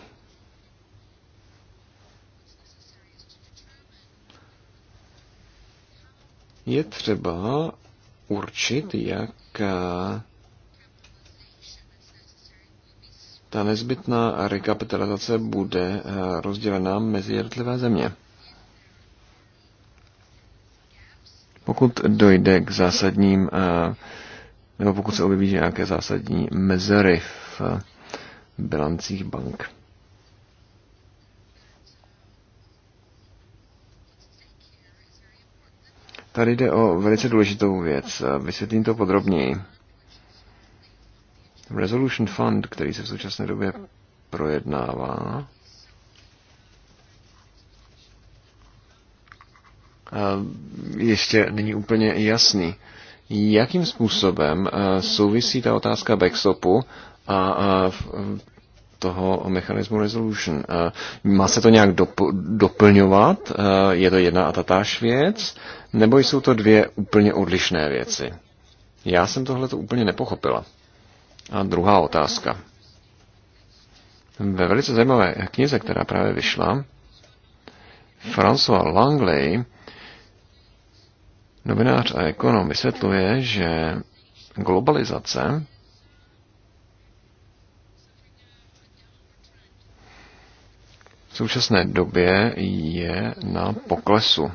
Je třeba určit, jak ta nezbytná rekapitalizace bude eh, rozdělená mezi jednotlivé země. Pokud dojde k zásadním, eh, nebo pokud se objeví nějaké zásadní mezery v eh, bilancích bank. Tady jde o velice důležitou věc. Vysvětlím to podrobněji. Resolution Fund, který se v současné době projednává, eh, ještě není úplně jasný. Jakým způsobem eh, souvisí ta otázka backstopu a eh, toho mechanismu resolution? Má se to nějak doplňovat? Je to jedna a tatáž věc? Nebo jsou to dvě úplně odlišné věci? Já jsem tohle to úplně nepochopila. A druhá otázka. Ve velice zajímavé knize, která právě vyšla, François Langley, novinář a ekonom, vysvětluje, že globalizace v současné době je na poklesu.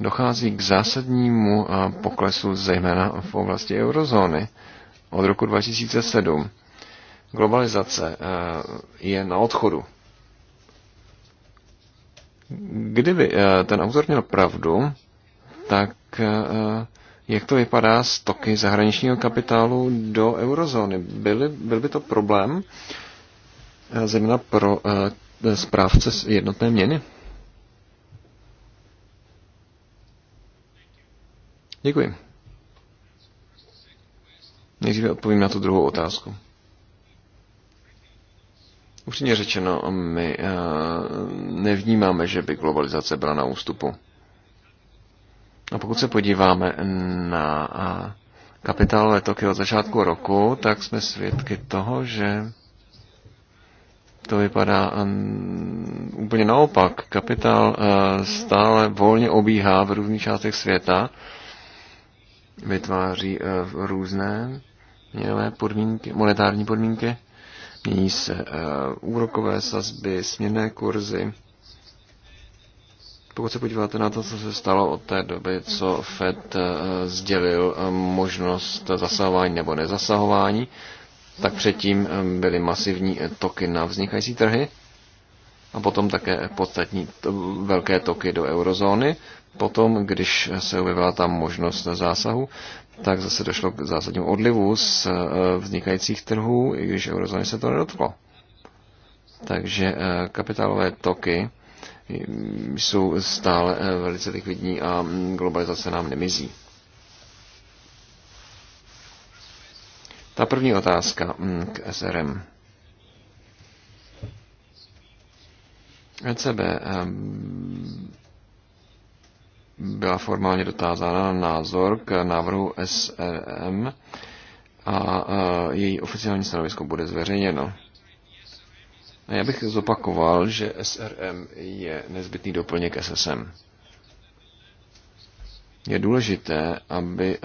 Dochází k zásadnímu poklesu zejména v oblasti eurozóny od roku 2007 globalizace eh, je na odchodu. Kdyby eh, ten autor měl pravdu, tak eh, jak to vypadá s toky zahraničního kapitálu do eurozóny? Byl, byl by to problém, zejména pro správce jednotné měny? Děkuji. Nejdříve odpovím na tu druhou otázku. Upřímně řečeno, my eh, nevnímáme, že by globalizace byla na ústupu. A pokud se podíváme na eh, kapitálové toky od začátku roku, tak jsme svědky toho, že to vypadá eh, úplně naopak. Kapitál stále volně obíhá v různých částech světa, vytváří různé měnové podmínky, monetární podmínky, mění se uh, úrokové sazby, směrné kurzy. Pokud se podíváte na to, co se stalo od té doby, co Fed uh, sdělil uh, možnost zasahování nebo nezasahování, tak předtím byly masivní toky na vznikající trhy a potom také podstatní velké toky do eurozóny. Potom, když se objevila tam možnost zásahu, tak zase došlo k zásadnímu odlivu z eh, vznikajících trhů, i když eurozóny se to nedotklo. Takže eh, kapitálové toky hm, jsou stále eh, velice likvidní a hm, globalizace nám nemizí. Ta první otázka hm, k SRM. ECB byla formálně dotázána na názor k návrhu SRM a její oficiální stanovisko bude zveřejněno. A já bych zopakoval, že SRM je nezbytný doplněk SSM. Je důležité, aby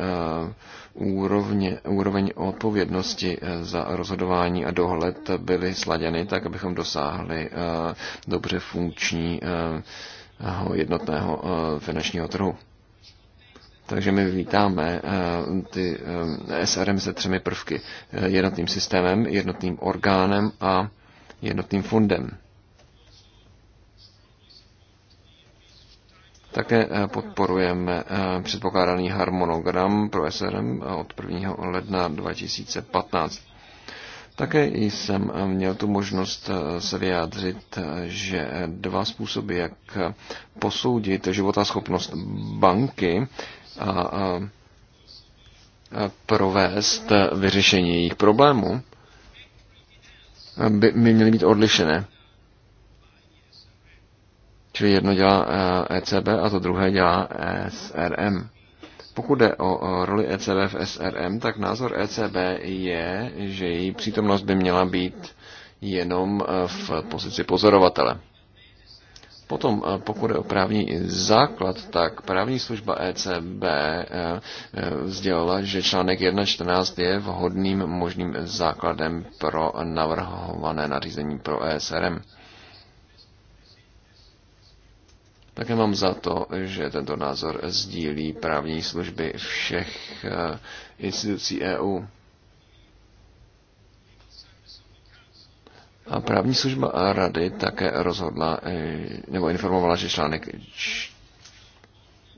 úrovně, úroveň odpovědnosti za rozhodování a dohled byly sladěny tak, abychom dosáhli dobře funkční jednotného eh, finančního trhu. Takže my vítáme eh, ty eh, SRM se třemi prvky. Jednotným systémem, jednotným orgánem a jednotným fundem. Také podporujeme předpokládaný harmonogram pro SRM od 1. ledna 2015. Také jsem měl tu možnost eh, se vyjádřit, eh, že dva způsoby, jak posoudit životaschopnost banky a, provést vyřešení jejich problémů, by, by měly být odlišené. Čili jedno dělá ECB eh, e a to druhé dělá SRM. Pokud jde o roli ECB v SRM, tak názor ECB je, že její přítomnost by měla být jenom e, v pozici pozorovatele. Potom, e, pokud je o právní základ, tak právní služba ECB vzdělala, e, že článek 1.14 je vhodným možným základem pro navrhované nařízení pro ESRM. Také mám za to, že tento názor sdílí právní služby všech eh, institucí EU. A právní služba a rady také rozhodla, eh, nebo informovala, že článek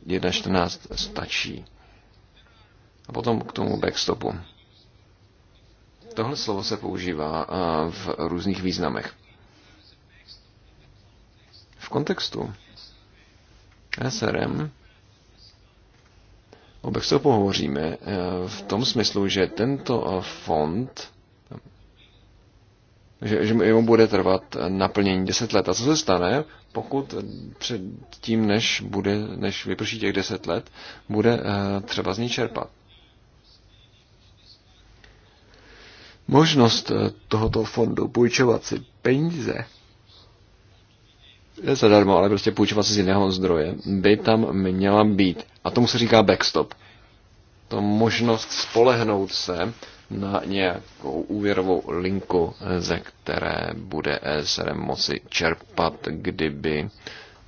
1.14 stačí. A potom k tomu backstopu. Tohle slovo se používá eh, v různých významech. V kontextu SRM, o Bexu pohovoříme eh, v tom smyslu, že tento eh, fond že, že mu bude trvat eh, naplnění 10 let. A co se stane, pokud před tím, než, bude, než vyprší těch 10 let, bude třeba z ní čerpat? Možnost tohoto fondu půjčovat si peníze zadarmo, ale prostě půjčovat se z jiného zdroje, by tam měla být. A tomu se říká backstop. To možnost spolehnout se na nějakou úvěrovou linku, ze které bude ESRM moci čerpat, kdyby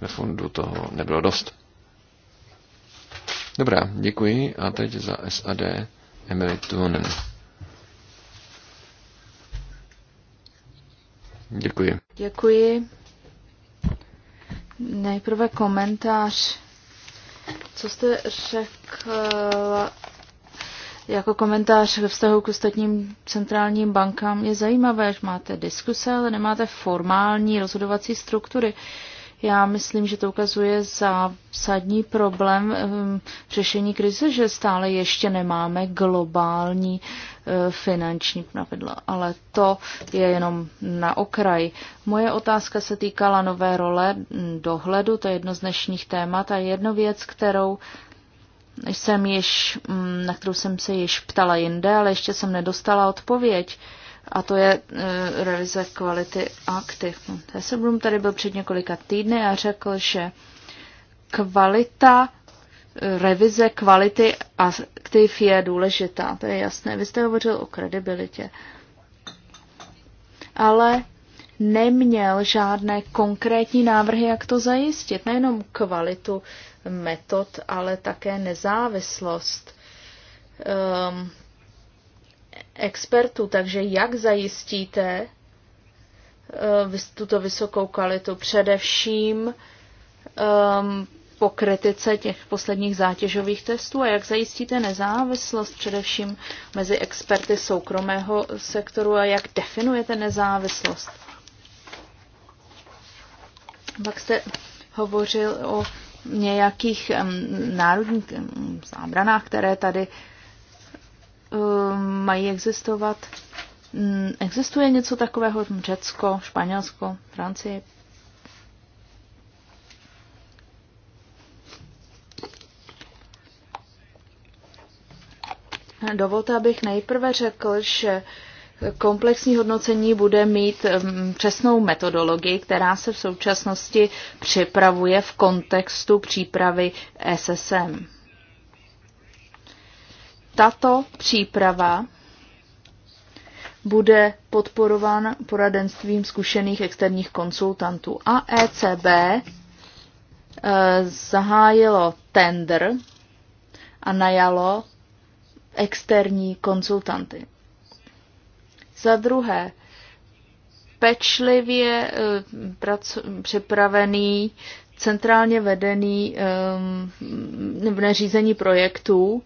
ve fondu toho nebylo dost. Dobrá, děkuji a teď za SAD Emily Tuonen. Děkuji. Děkuji. Nejprve komentář. Co jste řekl jako komentář ve vztahu k ostatním centrálním bankám je zajímavé, že máte diskuse, ale nemáte formální rozhodovací struktury. Uh, já myslím, že to ukazuje zásadní problém ehm, řešení krize, že stále ještě nemáme globální eh, finanční pravidla. Ale to je jenom na okraj. Moje otázka se týkala nové role hm, dohledu, to je jedno z dnešních témat a jedno věc, kterou jsem již, hm, na kterou jsem se již ptala jinde, ale ještě jsem nedostala odpověď a to je e, revize kvality aktiv. Tesselblum tady byl před několika týdny a řekl, že kvalita e, revize kvality aktiv je důležitá. To je jasné. Vy jste hovořil o kredibilitě. Ale neměl žádné konkrétní návrhy, jak to zajistit. Nejenom kvalitu metod, ale také nezávislost. Um, expertů, takže jak zajistíte eh, tuto vysokou kvalitu, především um, po kritice těch posledních zátěžových testů a jak zajistíte nezávislost především mezi experty soukromého sektoru a jak definujete nezávislost. Pak jste hovořil o nějakých um, národních um, zábranách, které tady Eh, mají existovat. Mm, existuje něco takového jako Řecko, Španělsko, Francie? Dovolte, abych nejprve řekl, že komplexní hodnocení bude mít mm, přesnou metodologii, která se v současnosti připravuje v kontextu přípravy SSM tato příprava bude podporován poradenstvím zkušených externích konsultantů. A ECB eh, zahájilo tender a najalo externí konsultanty. Za druhé, pečlivě eh, připravený centrálně vedený um, v projektů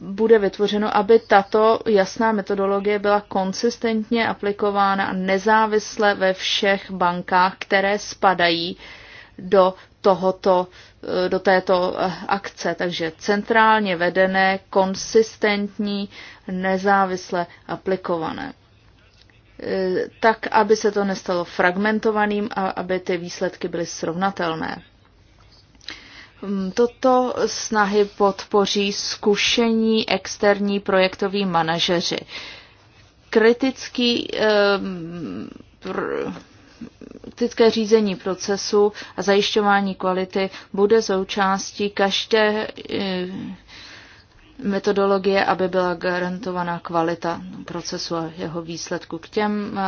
bude vytvořeno, aby tato jasná metodologie byla konsistentně aplikována a nezávisle ve všech bankách, které spadají do tohoto, eh, do této eh, akce. Takže centrálně vedené, konsistentní, nezávisle aplikované. Eh, tak, aby se to nestalo fragmentovaným a aby ty výsledky byly srovnatelné. Mm, toto snahy podpoří zkušení externí projektoví manažeři. Kritický, kritické řízení procesu a zajišťování kvality bude součástí každé e, metodologie, aby byla garantovaná kvalita procesu a jeho výsledku k těm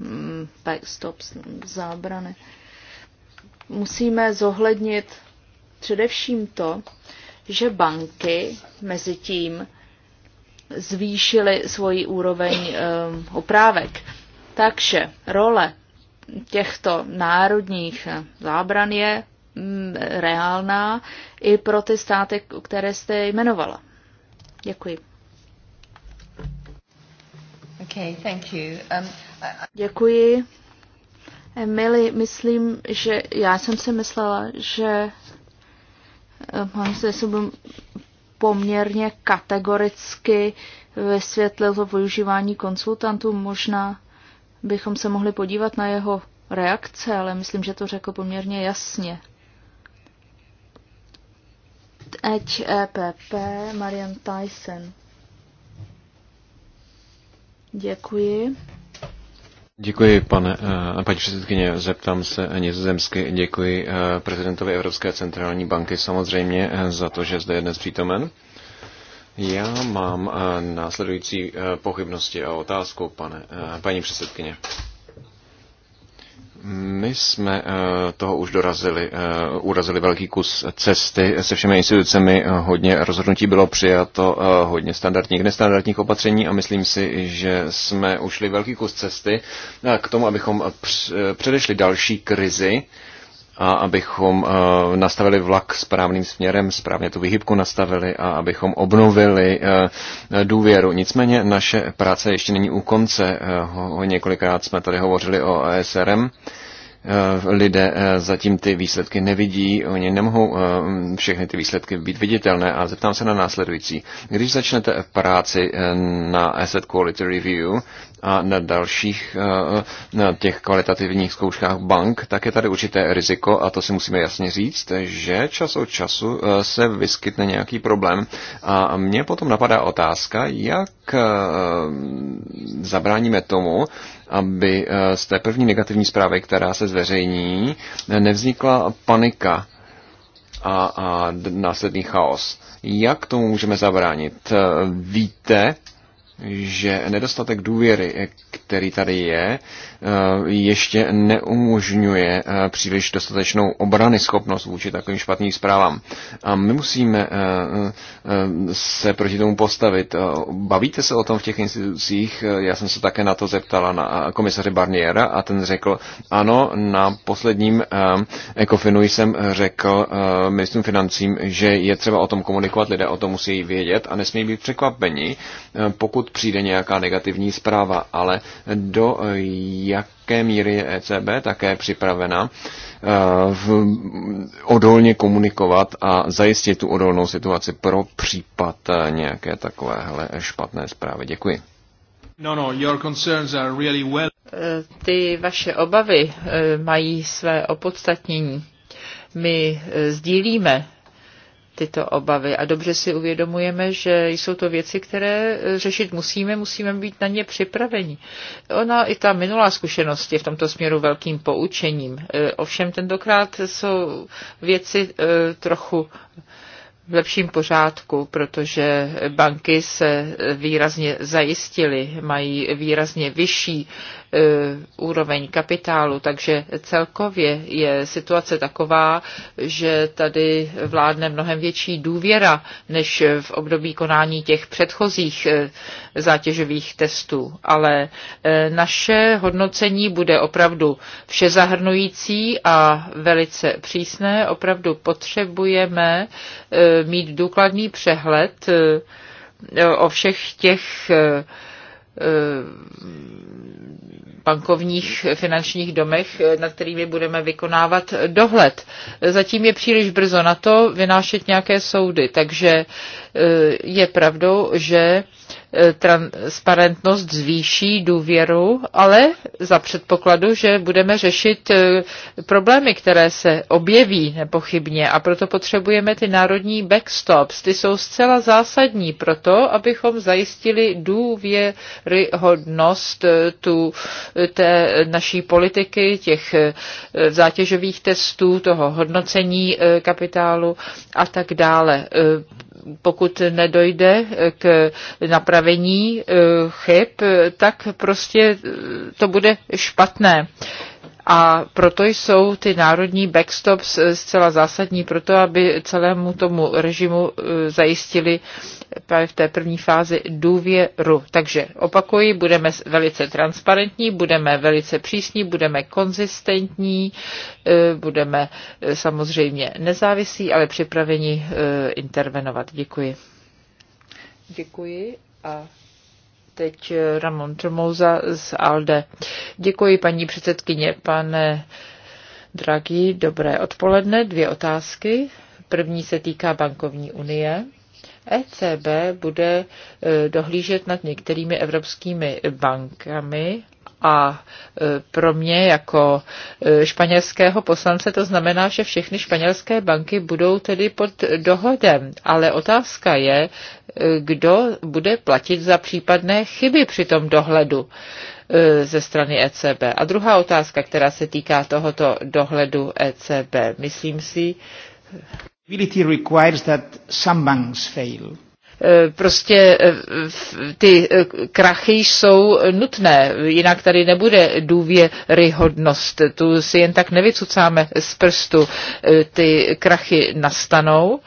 um, backstops, zábrany. Musíme zohlednit Především to, že banky mezi tím zvýšily svoji úroveň ehm, oprávek. Takže role těchto národních zábran je mm, reálná i pro ty státy, které jste jmenovala. Děkuji. Okay, thank you. Um, I... Děkuji. Emily, myslím, že já jsem si myslela, že Pan Sesubem poměrně kategoricky vysvětlil to využívání konsultantů. Možná bychom se mohli podívat na jeho reakce, ale myslím, že to řekl poměrně jasně. Teď EPP Marian Tyson. Děkuji. Děkuji, pane, eh, paní předsedkyně. Zeptám se nizozemsky. Děkuji eh, prezidentovi Evropské centrální banky samozřejmě eh, za to, že zde je dnes přítomen. Já mám následující pochybnosti a otázku, pane, paní předsedkyně. My jsme eh, toho už dorazili, eh, urazili velký kus cesty se všemi institucemi, hodně rozhodnutí bylo přijato, eh, hodně standardních, nestandardních opatření a myslím si, že jsme ušli velký kus cesty k tomu, abychom předešli další krizi, a abychom eh, nastavili vlak správným směrem, správně tu vyhybku nastavili a abychom obnovili eh, důvěru. Nicméně naše práce ještě není u konce. Eh, několikrát jsme tady hovořili o ESRM. Eh, lidé eh, zatím ty výsledky nevidí, oni nemohou eh, všechny ty výsledky být viditelné a zeptám se na následující. Když začnete práci na Asset Quality Review a na dalších na těch kvalitativních zkouškách bank, tak je tady určité riziko a to si musíme jasně říct, že čas od času se vyskytne nějaký problém a mě potom napadá otázka, jak zabráníme tomu, aby eh, z té první negativní zprávy, která se zveřejní, nevznikla panika a, a následný chaos. Jak tomu můžeme zabránit? Eh, víte, že nedostatek důvěry, který tady je, eh, ještě neumožňuje eh, příliš dostatečnou obrany schopnost vůči takovým špatným zprávám. A my musíme eh, se proti tomu postavit. Bavíte se o tom v těch institucích? Já jsem se také na to zeptala na komisaře Barniera a ten řekl, ano, na posledním ECOFINu jsem řekl ministrům financím, že je třeba o tom komunikovat, lidé o tom musí vědět a nesmí být překvapeni, pokud pokud přijde nějaká negativní zpráva, ale do jaké míry je ECB také připravena eh, v, odolně komunikovat a zajistit tu odolnou situaci pro případ eh, nějaké takovéhle špatné zprávy. Děkuji. No, no, your concerns are really well. Eh, ty vaše obavy mají své opodstatnění. My sdílíme tyto obavy. A dobře si uvědomujeme, že jsou to věci, které eh, řešit musíme, musíme být na ně připraveni. Ona i ta minulá zkušenost je v tomto směru velkým poučením. Eh, ovšem tentokrát jsou věci eh, trochu v lepším pořádku, protože banky se výrazně zajistily, mají výrazně vyšší E, úroveň kapitálu. Takže celkově je situace taková, že tady vládne mnohem větší důvěra než v období konání těch předchozích e, zátěžových testů. Ale e, naše hodnocení bude opravdu všezahrnující a velice přísné. Opravdu potřebujeme mít důkladný přehled o všech těch bankovních finančních domech, eh, nad kterými budeme vykonávat dohled. Zatím je příliš brzo na to vynášet nějaké soudy, takže eh, je pravdou, že E, transparentnost zvýší důvěru, ale za předpokladu, že budeme řešit e, problémy, které se objeví nepochybně a proto potřebujeme ty národní backstops. Ty jsou zcela zásadní pro to, abychom zajistili důvěryhodnost e, tu, té naší politiky, těch zátěžových testů, toho hodnocení kapitálu a tak dále pokud nedojde k napravení eh, chyb, eh, tak prostě eh, to bude špatné. A proto jsou ty národní backstops eh, zcela zásadní pro to, aby celému tomu režimu eh, zajistili právě v té první fázi důvěru. Takže opakuji, budeme velice transparentní, budeme velice přísní, budeme konzistentní, eh, budeme samozřejmě nezávislí, ale připraveni intervenovat. Děkuji. Děkuji a Teď Ramon Tromouza z ALDE. Děkuji paní předsedkyně, pane Draghi, dobré odpoledne. Dvě otázky. První se týká bankovní unie. ECB bude eh, dohlížet nad některými evropskými bankami a e, pro mě jako e, španělského poslance to znamená, že všechny španělské banky budou tedy pod dohodem. Ale otázka je, e, kdo bude platit za případné chyby při tom dohledu ze strany ECB. A druhá otázka, která se týká tohoto dohledu ECB. Myslím si, requires that some banks fail. Eh, prostě eh, ty eh, krachy jsou nutné, jinak tady nebude důvěryhodnost. Tu si jen tak nevycucáme z prstu. Ty krachy nastanou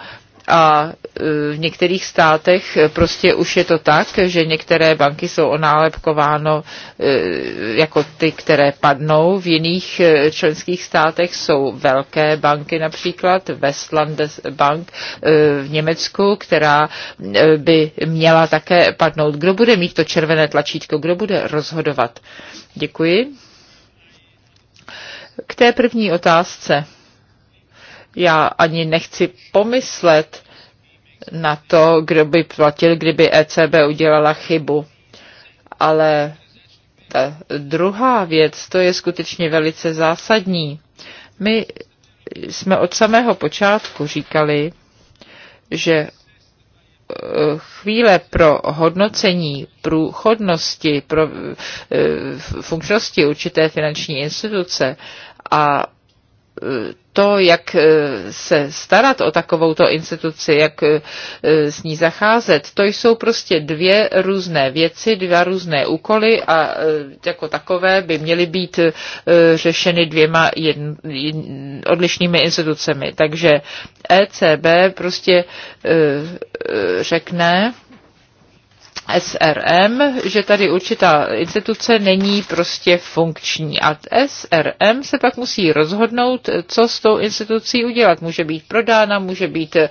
a e, v některých státech prostě už je to tak, že některé banky jsou onálepkováno e, jako ty, které padnou. V jiných e, členských státech jsou velké banky, například Westland Bank v Německu, která by měla také padnout. Kdo bude mít to červené tlačítko? Kdo bude rozhodovat? Děkuji. K té první otázce já ani nechci pomyslet na to, kdo by platil, kdyby ECB udělala chybu. Ale ta druhá věc, to je skutečně velice zásadní. My jsme od samého počátku říkali, že eh, chvíle pro hodnocení průchodnosti, pro eh, funkčnosti určité finanční instituce a to, jak eh, se starat o takovouto instituci, jak eh, s ní zacházet, to jsou prostě dvě různé věci, dva různé úkoly a eh, jako takové by měly být řešeny dvěma jedn, jedn, odlišnými institucemi. Takže ECB prostě řekne, SRM, že tady určitá instituce není prostě funkční. A SRM se pak musí rozhodnout, co s tou institucí udělat. Může být prodána, může být e,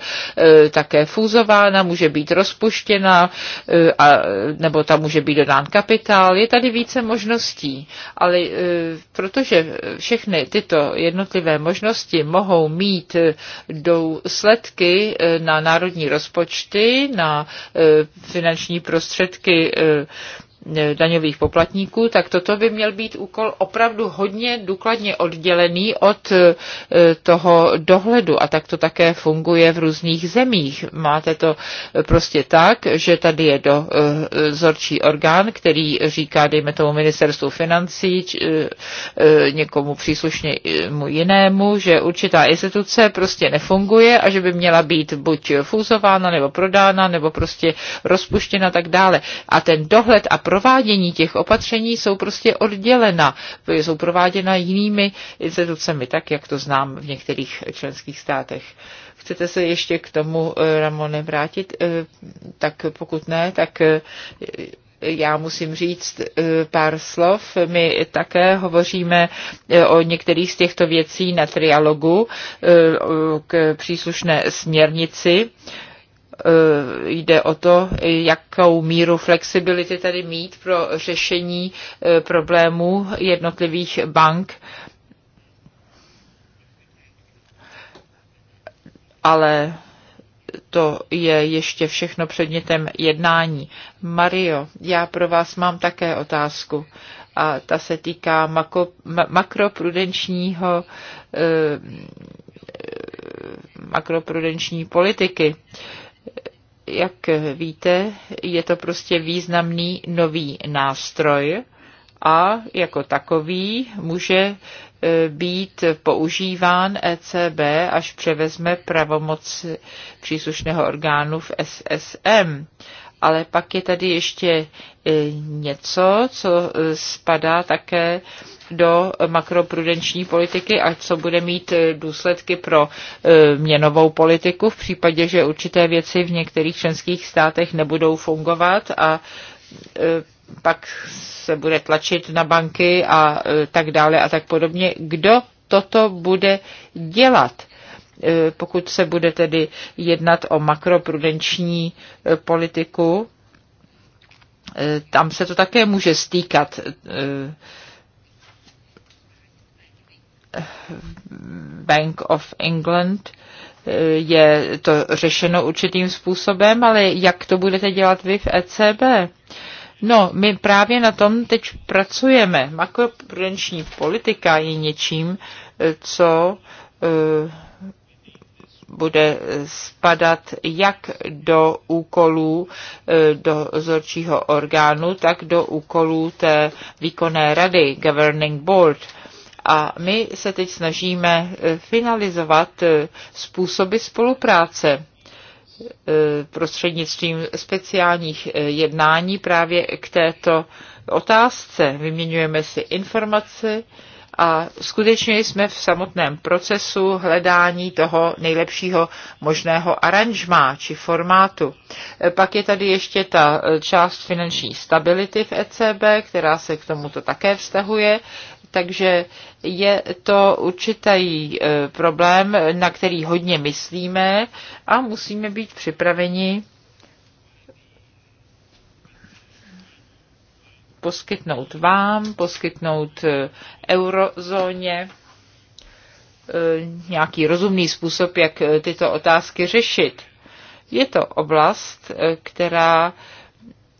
také fúzována, může být rozpuštěna, e, a, nebo tam může být dodán kapitál. Je tady více možností, ale e, protože všechny tyto jednotlivé možnosti mohou mít e, důsledky e, na národní rozpočty, na e, finanční prostředky, prostředky eh, E, daňových poplatníků, tak toto by měl být úkol opravdu hodně důkladně oddělený od e, toho dohledu. A tak to také funguje v různých zemích. Máte to prostě tak, že tady je dozorčí e, orgán, který říká, dejme tomu ministerstvu financí, či, někomu příslušnému jinému, že určitá instituce prostě nefunguje a že by měla být buď fúzována nebo prodána nebo prostě rozpuštěna a tak dále. A ten dohled a provádění těch opatření jsou prostě oddělena, jsou prováděna jinými institucemi, tak jak to znám v některých členských státech. Chcete se ještě k tomu, eh, Ramone, vrátit? Eh, tak pokud ne, tak eh, já musím říct pár slov. My také hovoříme o některých z těchto věcí na trialogu k příslušné směrnici Eh, jde o to, jakou míru flexibility tady mít pro řešení eh, problémů jednotlivých bank. Ale to je ještě všechno předmětem jednání. Mario, já pro vás mám také otázku a ta se týká mako, ma, makroprudenčního eh, makroprudenční politiky. Eh, jak víte, je to prostě významný nový nástroj a jako takový může e, být používán ECB, až převezme pravomoc příslušného orgánu v SSM. Ale pak je tady ještě e, něco, co e, spadá také do makroprudenční politiky a co bude mít e, důsledky pro e, měnovou politiku v případě, že určité věci v některých členských státech nebudou fungovat a e, pak se bude tlačit na banky a tak dále a tak podobně. Kdo toto bude dělat? Pokud se bude tedy jednat o makroprudenční politiku, tam se to také může stýkat Bank of England, eh, je to řešeno určitým způsobem, ale jak to budete dělat vy v ECB? No, my právě na tom teď pracujeme. Makroprudenční politika je něčím, eh, co eh, bude spadat jak do úkolů dozorčího orgánu, tak do úkolů té výkonné rady, Governing Board – a my se teď snažíme eh, finalizovat eh, způsoby spolupráce eh, prostřednictvím speciálních jednání právě k této otázce. Vyměňujeme si informace a skutečně jsme v samotném procesu hledání toho nejlepšího možného aranžma či formátu. Pak je tady ještě ta část finanční stability v ECB, která se k tomuto také vztahuje. Takže je to určitý e, problém, na který hodně myslíme a musíme být připraveni poskytnout vám, poskytnout e, eurozóně e, nějaký rozumný způsob, jak tyto otázky řešit. Je to oblast, která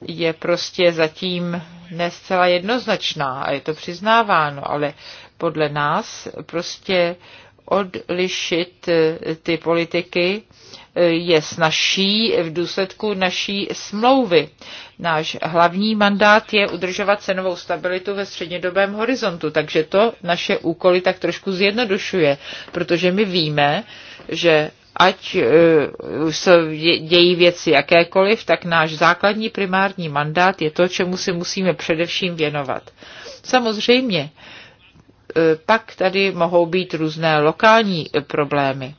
je prostě zatím ne zcela jednoznačná a je to přiznáváno, ale podle nás prostě odlišit eh, ty politiky eh, je snažší v důsledku naší smlouvy. Náš hlavní mandát je udržovat cenovou stabilitu ve střednědobém horizontu, takže to naše úkoly tak trošku zjednodušuje, protože my víme, že ať e, se dějí věci jakékoliv, tak náš základní primární mandát je to, čemu si musíme především věnovat. Samozřejmě, e, pak tady mohou být různé lokální problémy.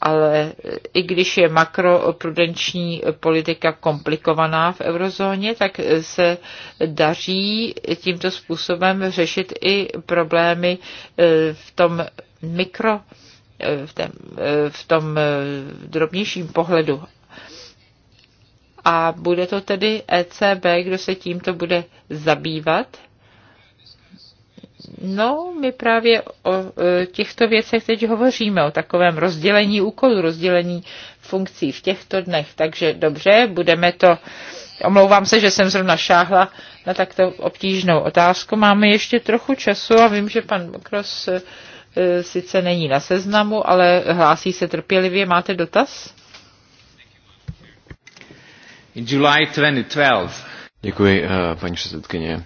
Ale e, i když je makroprudenční politika komplikovaná v eurozóně, tak se daří tímto způsobem řešit i problémy v tom mikro Eh, v, tém, eh, v tom eh, drobnějším pohledu. A bude to tedy ECB, kdo se tímto bude zabývat? No, my právě o těchto věcech teď hovoříme, o takovém rozdělení úkolů, rozdělení funkcí v těchto dnech. Takže dobře, budeme to. Omlouvám se, že jsem zrovna šáhla na takto obtížnou otázku. Máme ještě trochu času a vím, že pan Kros E, sice není na seznamu, ale hlásí se trpělivě. Máte dotaz? In July 2012. Děkuji, e, paní předsedkyně.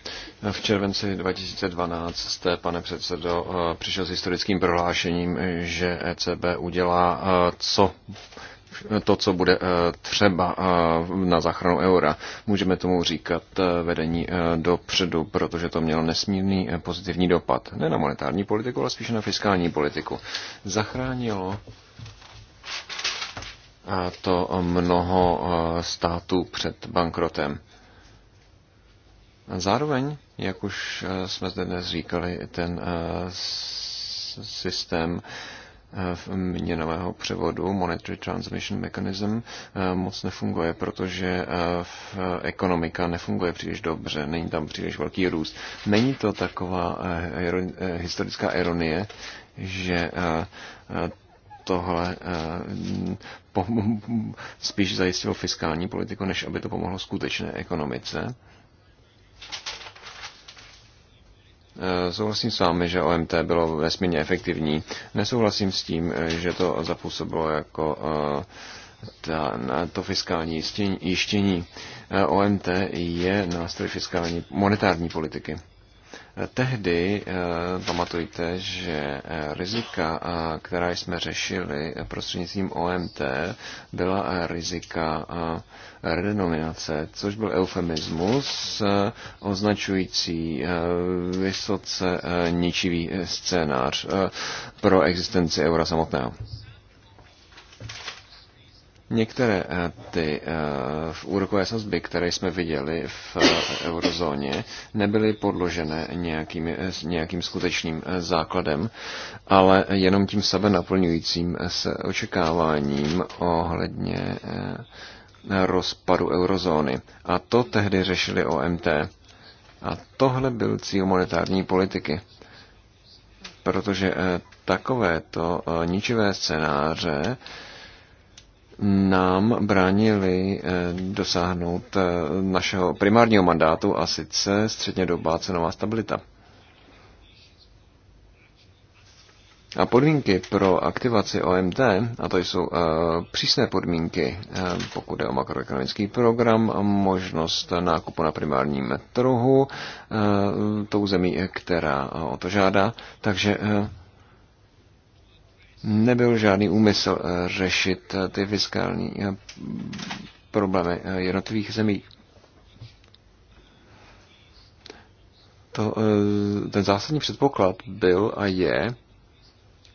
V červenci 2012 jste, pane předsedo, e, přišel s historickým prohlášením, že ECB udělá co to, co bude eh, třeba eh, na záchranu eura. Můžeme tomu říkat eh, vedení dopředu, protože to mělo nesmírný pozitivní dopad. Ne na monetární politiku, ale spíše na fiskální politiku. Zachránilo to mnoho států před bankrotem. Zároveň, jak už jsme zde dnes říkali, ten systém měnového převodu, Monetary Transmission Mechanism, eh, moc nefunguje, protože eh, ekonomika nefunguje příliš dobře, není tam příliš velký růst. Není to taková eh, historická ironie, že tohle spíš zajistilo fiskální politiku, než aby to pomohlo skutečné ekonomice. Eh, souhlasím s vámi, že OMT bylo nesmírně efektivní. Nesouhlasím s tím, eh, že to zapůsobilo jako eh, ta, to fiskální jištění. OMT je nástroj fiskální monetární politiky. Tehdy eh, pamatujte, že eh, rizika, eh, která jsme řešili prostřednictvím OMT, byla rizika redenominace, což byl eufemismus označující vysoce ničivý scénář pro existenci eura samotného. Některé eh, ty uh, úrokové sazby, které jsme viděli v eh, eurozóně, nebyly podložené nějakým, nějakým skutečným základem, ale jenom tím sebe naplňujícím se očekáváním ohledně rozpadu eurozóny. A to tehdy řešili OMT. A tohle byl cíl monetární politiky. Protože takovéto ničivé scénáře nám bránili eh, dosáhnout eh, našeho primárního mandátu a sice střednědobá cenová stabilita. A podmínky pro aktivaci OMT, a to jsou eh, přísné podmínky, pokud je o makroekonomický program, možnost nákupu na primárním trhu tou zemí, která o to žádá, takže nebyl žádný úmysl eh, řešit eh, ty fiskální eh, problémy jednotlivých zemí. To, ten zásadní předpoklad byl a je,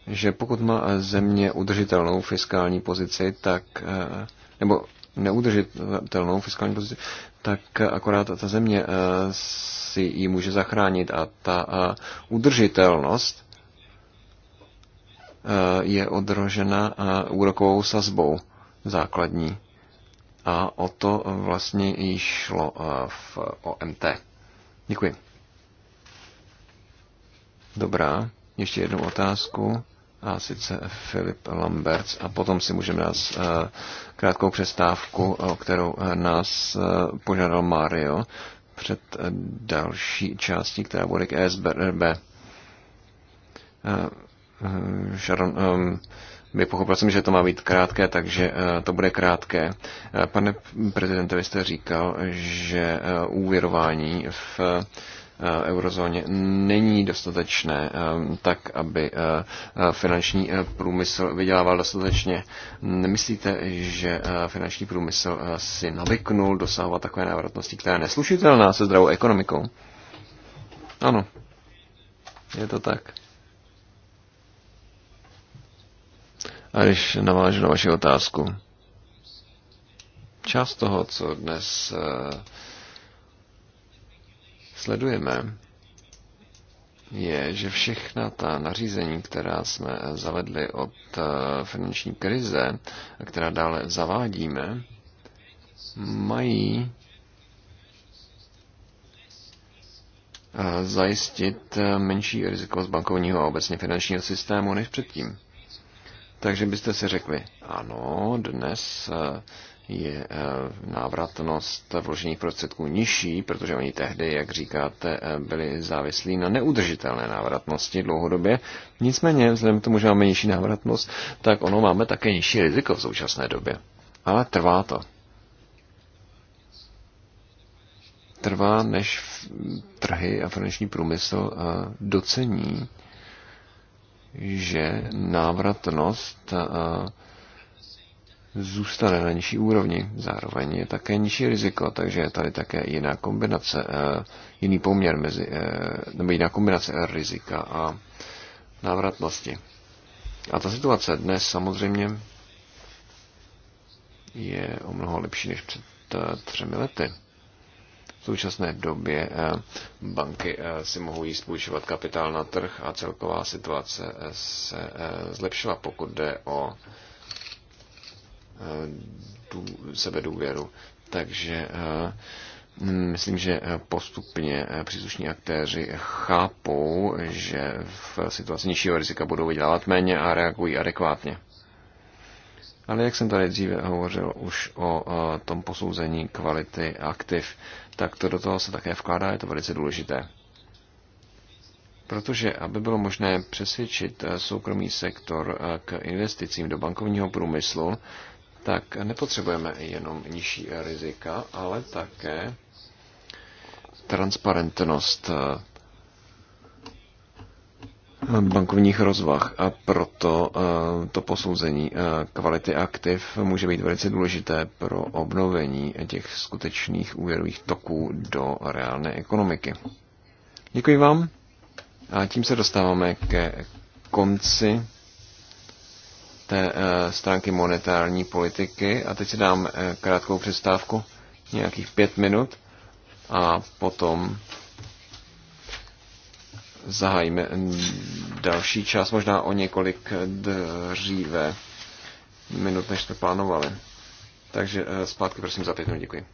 že pokud má země udržitelnou fiskální pozici, tak nebo neudržitelnou fiskální pozici, tak akorát ta země si ji může zachránit a ta udržitelnost Eh, je odrožena eh, úrokovou sazbou základní. A o to vlastně již šlo eh, v OMT. Děkuji. Dobrá, ještě jednu otázku a sice Filip Lamberts a potom si můžeme dát krátkou přestávku, o kterou nás požádal Mario před další částí, která bude k ESBRB. Eh, Sharon, um, my pochopil jsem, že to má být krátké, takže eh, to bude krátké. Eh, pane prezidente, vy jste říkal, že úvěrování v eurozóně není dostatečné ehm, tak, aby finanční průmysl vydělával dostatečně. Nemyslíte, že finanční průmysl si navyknul dosahovat takové návratnosti, která je neslušitelná se zdravou ekonomikou? Ano, je to tak. A když navážu na vaši otázku, část toho, co dnes eh, sledujeme, je, že všechna ta nařízení, která jsme eh, zavedli od eh, finanční krize, a která dále zavádíme, mají zajistit menší riziko z bankovního a obecně finančního systému než předtím. Takže byste si řekli, ano, dnes eh, je eh, návratnost vložených prostředků nižší, protože oni tehdy, jak říkáte, eh, byli závislí na neudržitelné návratnosti dlouhodobě. Nicméně, vzhledem k tomu, že máme nižší návratnost, tak ono máme také nižší riziko v současné době. Ale trvá to. Trvá, než trhy a finanční průmysl docení že návratnost eh, zůstane na nižší úrovni. Zároveň je také nižší riziko, takže je tady také jiná kombinace, eh, jiný poměr mezi, eh, nebo jiná kombinace rizika a návratnosti. A ta situace dnes samozřejmě je o mnoho lepší než před třemi lety. V současné době eh, banky eh, si mohou jíst půjčovat kapitál na trh a celková situace eh, se zlepšila, pokud jde o sebedůvěru. Takže myslím, že postupně příslušní aktéři chápou, že v situaci nižšího rizika budou vydělávat méně a reagují adekvátně. Ale jak jsem tady dříve hovořil už o tom posouzení kvality aktiv, tak to do toho se také vkládá, je to velice důležité. Protože aby bylo možné přesvědčit eh, soukromý sektor eh, k investicím do bankovního průmyslu, tak nepotřebujeme jenom nižší rizika, ale také transparentnost eh, bankovních rozvah a proto eh, to posouzení eh, kvality aktiv může být velice důležité pro obnovení těch skutečných úvěrových toků do reálné ekonomiky. Děkuji vám a tím se dostáváme ke konci té eh, stránky monetární politiky a teď si dám krátkou přestávku, nějakých pět minut a potom zahájíme další čas, možná o několik dříve minut, než jsme plánovali. Takže eh, zpátky prosím za pět minut, děkuji.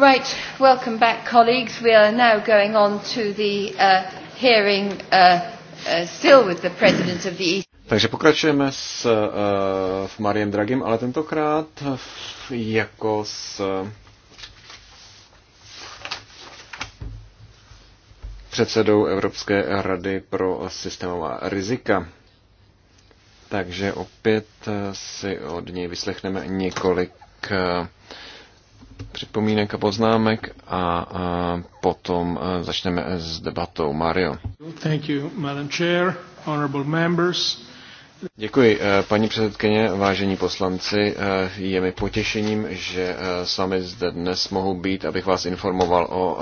Right, welcome back, colleagues. We are now going on to the uh, hearing uh, uh, still with the president of the takže pokračujeme s uh, s Mariem Dragim, ale tentokrát jako s předsedou Evropské rady pro systémová rizika. Takže opět uh, si od něj vyslechneme několik uh, připomínek a poznámek a, a potom začneme s debatou. Mario. Thank you, Madam Chair, honorable members. Děkuji, eh, paní předsedkyně, vážení poslanci. Eh, je mi potěšením, že eh, s vámi zde dnes mohu být, abych vás informoval o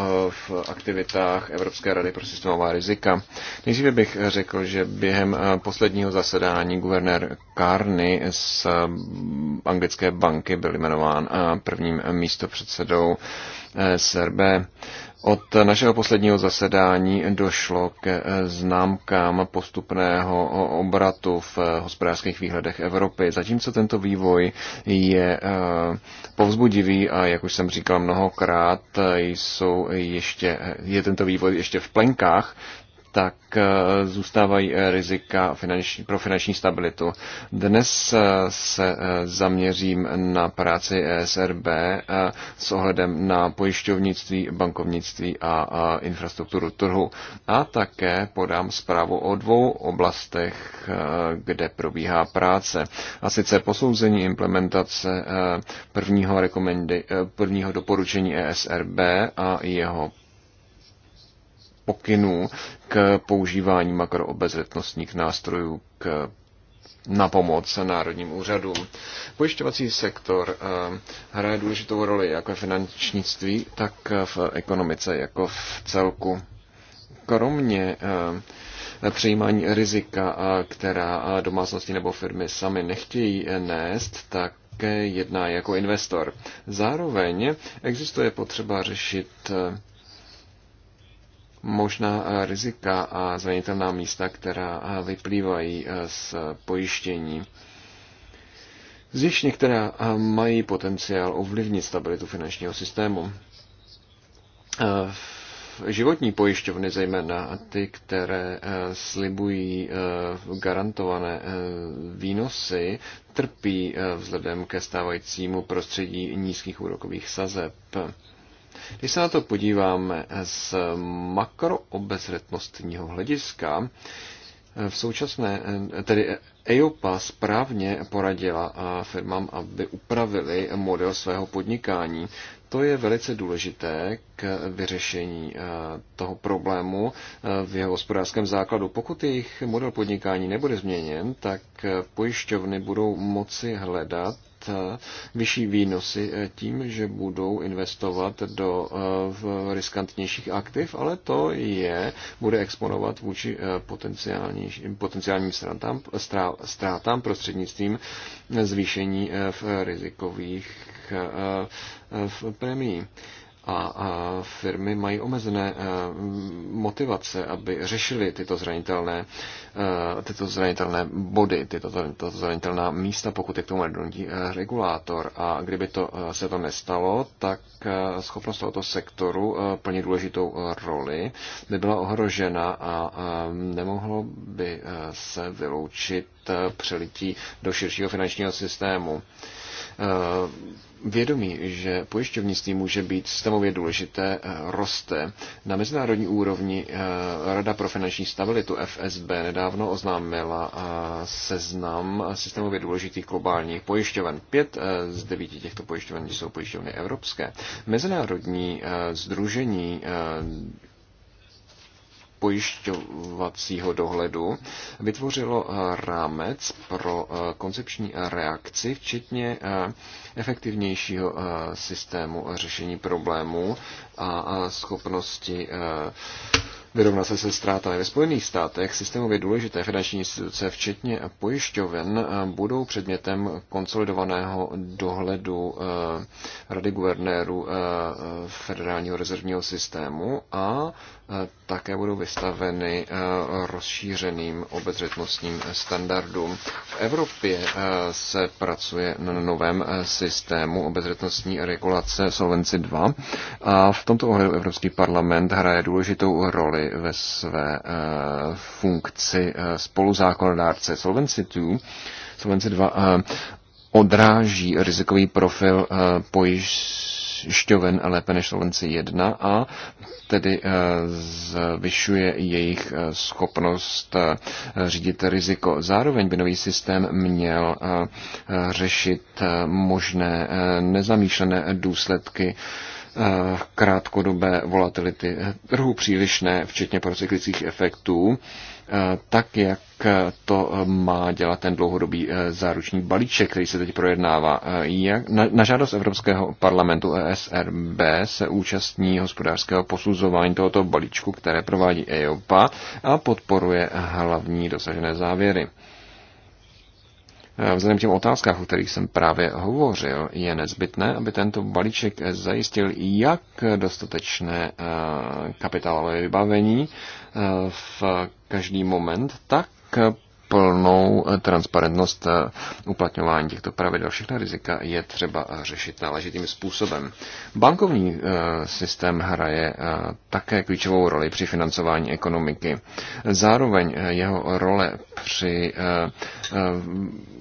aktivitách Evropské rady pro systémová rizika. Nejdříve bych řekl, že během posledního zasedání guvernér Kárny z anglické banky byl jmenován prvním místopředsedou SRB. Od našeho posledního zasedání došlo k eh, známkám postupného obratu v eh, hospodářských výhledech Evropy. Zatímco tento vývoj je eh, povzbudivý a jak už jsem říkal mnohokrát, jsou ještě, je tento vývoj ještě v plenkách, tak eh, zůstávají eh, rizika finanční, pro finanční stabilitu. Dnes eh, se zaměřím na práci ESRB s ohledem na pojišťovnictví, bankovnictví a infrastrukturu trhu. A také podám zprávu o dvou oblastech, kde probíhá práce. A sice posouzení implementace prvního, prvního doporučení ESRB a jeho pokynů k používání makroobezřetnostních nástrojů k na pomoc národním úřadům. Pojišťovací sektor eh, hraje důležitou roli jak ve finančnictví, tak v ekonomice jako v celku. Kromě eh, přijímání rizika, která domácnosti nebo firmy sami nechtějí eh, nést, tak jedná jako investor. Zároveň existuje potřeba řešit možná eh, rizika a zranitelná místa, která eh, vyplývají eh, z pojištění. Z nich některá mají potenciál ovlivnit stabilitu finančního systému. Životní pojišťovny zejména, ty, které slibují garantované výnosy, trpí vzhledem ke stávajícímu prostředí nízkých úrokových sazeb. Když se na to podíváme z makroobezřetnostního hlediska, v současné, tedy EIOPA správně poradila firmám, aby upravili model svého podnikání. To je velice důležité k vyřešení eh, toho problému eh, v jeho hospodářském základu. Pokud jejich model podnikání nebude změněn, tak eh, pojišťovny budou moci hledat vyšší výnosy eh, tím, že budou investovat do eh, v riskantnějších aktiv, ale to je bude exponovat vůči eh, potenciálním ztrátám, ztrátám prostřednictvím zvýšení v rizikových v premií a firmy mají omezené eh, motivace, aby řešili tyto zranitelné, eh, tyto zranitelné body, tyto, tyto zranitelná místa, pokud je k tomu nedonutí eh, regulátor. A kdyby to se to nestalo, tak schopnost tohoto sektoru plnit důležitou roli by byla ohrožena a nemohlo by se vyloučit přelití do širšího finančního systému Vědomí, že pojišťovnictví může být systémově důležité, eh, roste. Na mezinárodní úrovni eh, Rada pro finanční stabilitu FSB nedávno oznámila eh, seznam systémově důležitých globálních pojišťoven. Pět z devíti těchto pojišťoven jsou pojišťovny evropské. Mezinárodní združení pojišťovacího dohledu vytvořilo eh, rámec pro eh, koncepční reakci, včetně eh, efektivnějšího systému řešení problémů a schopnosti vyrovnat se se ztrátami. Ve Spojených státech systémově důležité finanční instituce, včetně pojišťoven, budou předmětem konsolidovaného dohledu e, Rady guvernérů e, Federálního rezervního systému a e, také budou vystaveny rozšířeným obezřetnostním standardům. V Evropě se pracuje na novém systému obezřetnostní regulace Solvency 2 a v tomto ohledu Evropský parlament hraje důležitou roli roli ve své eh, funkci eh, spoluzákonodárce. Solvency 2, Solvency 2 eh, odráží rizikový profil pojišťoven lépe než Solvency 1 a tedy zvyšuje jejich schopnost řídit riziko. Zároveň by nový systém měl řešit možné nezamýšlené důsledky Eh, krátkodobé volatility trhu přílišné, včetně procyklických efektů, eh, tak jak to má dělat ten dlouhodobý eh, záruční balíček, který se teď projednává. Jak, na, na žádost Evropského parlamentu ESRB se účastní hospodářského posuzování tohoto balíčku, které provádí EIOPA a podporuje hlavní dosažené závěry. Eh, vzhledem k těm otázkách, o kterých jsem právě hovořil, je nezbytné, aby tento balíček eh, zajistil jak dostatečné eh, kapitálové vybavení v každý moment, tak plnou eh, transparentnost eh, uplatňování těchto pravidel. Všechna rizika je třeba eh, řešit náležitým způsobem. Bankovní systém hraje také klíčovou roli při financování ekonomiky. Zároveň jeho role při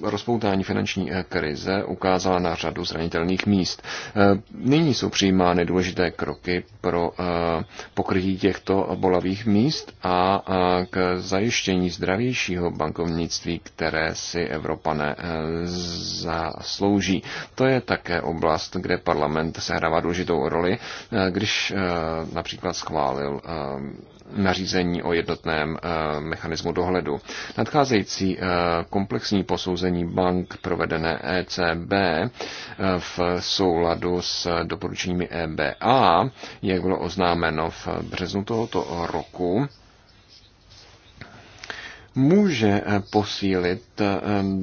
rozpoutání finanční krize ukázala na řadu zranitelných míst. Nyní jsou přijímány důležité kroky pro pokrytí těchto bolavých míst a k zajištění zdravějšího bankovního bankovnictví, které si Evropané eh, zaslouží. To je také oblast, kde parlament sehrává důležitou roli, eh, když eh, například schválil nařízení o jednotném mechanismu dohledu. Nadcházející komplexní posouzení bank provedené ECB v souladu s doporučeními EBA, jak bylo oznámeno v březnu tohoto roku, může eh, posílit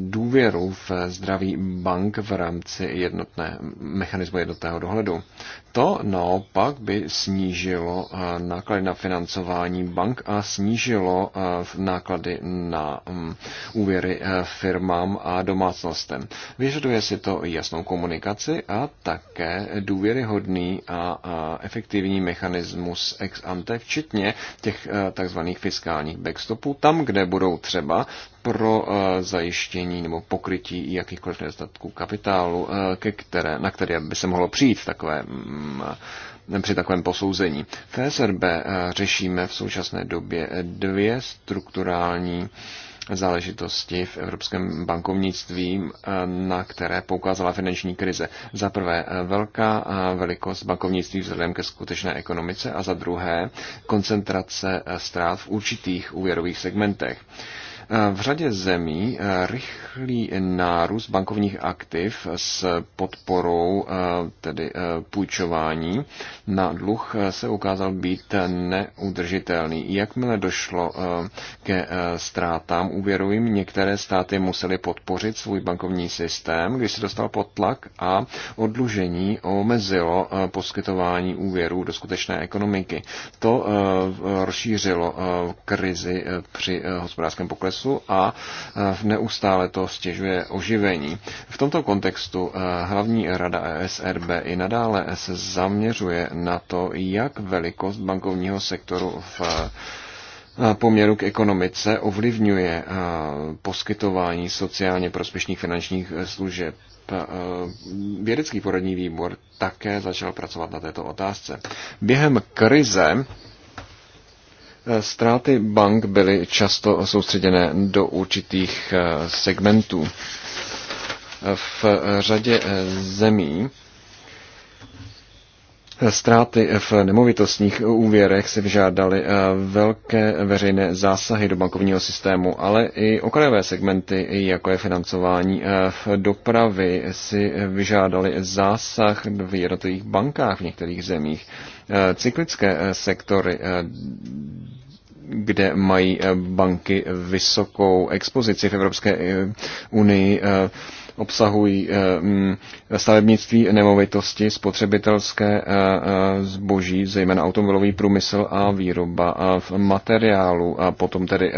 důvěru v zdraví bank v rámci jednotné, mechanismu jednotného dohledu. To naopak by snížilo eh, náklady na financování bank a snížilo eh, náklady na mm, úvěry eh, firmám a domácnostem. Vyžaduje si to jasnou komunikaci a také důvěryhodný a efektivní mechanismus ex ante, včetně těch takzvaných fiskálních backstopů, tam, kde budou třeba, pro eh, zajištění nebo pokrytí jakýchkoliv nedostatků kapitálu, eh, ke které, na které by se mohlo přijít v takovém, mm, při takovém posouzení. V SRB eh, řešíme v současné době dvě strukturální záležitosti v evropském bankovnictví, na které poukázala finanční krize. Za prvé velká velikost bankovnictví vzhledem ke skutečné ekonomice a za druhé koncentrace ztrát v určitých úvěrových segmentech. Eh, v řadě zemí eh, rychlý nárůst bankovních aktiv s podporou eh, tedy půjčování na dluh se ukázal být neudržitelný. Jakmile došlo ke ztrátám úvěrovým, některé státy musely podpořit svůj bankovní systém, když se dostal pod tlak a odlužení omezilo poskytování úvěrů do skutečné ekonomiky. To rozšířilo krizi při hospodářském poklesu procesu a eh, neustále to stěžuje oživení. V tomto kontextu eh, hlavní rada ESRB i nadále se zaměřuje na to, jak velikost bankovního sektoru v eh, poměru k ekonomice ovlivňuje poskytování sociálně prospěšných finančních služeb vědecký poradní výbor také začal pracovat na této otázce. Během krize Eh, ztráty bank byly často soustředěné do určitých eh, segmentů. Eh, v řadě zemí Ztráty v nemovitostních úvěrech si vyžádaly velké veřejné zásahy do bankovního systému, ale i okrajové segmenty, jako je financování v dopravy, si vyžádali zásah v jednotlivých bankách v některých zemích. Eh, cyklické eh, sektory, eh, kde mají banky vysokou expozici v Evropské unii, obsahují mm, stavebnictví, nemovitosti, spotřebitelské zboží, zejména automobilový průmysl a výroba a v materiálu a potom tedy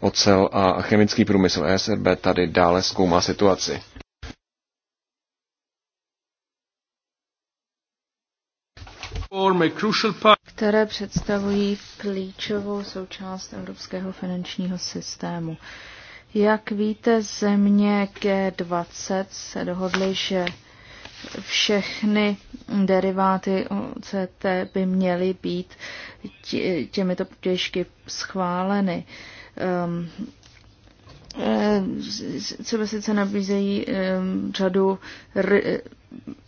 ocel a chemický průmysl ESRB tady dále zkoumá situaci. které představují klíčovou součást evropského finančního systému. Jak víte, země G20 se dohodly, že všechny deriváty OCT by měly být těmito těžky schváleny. Um, eh, třeba sice nabízejí um, řadu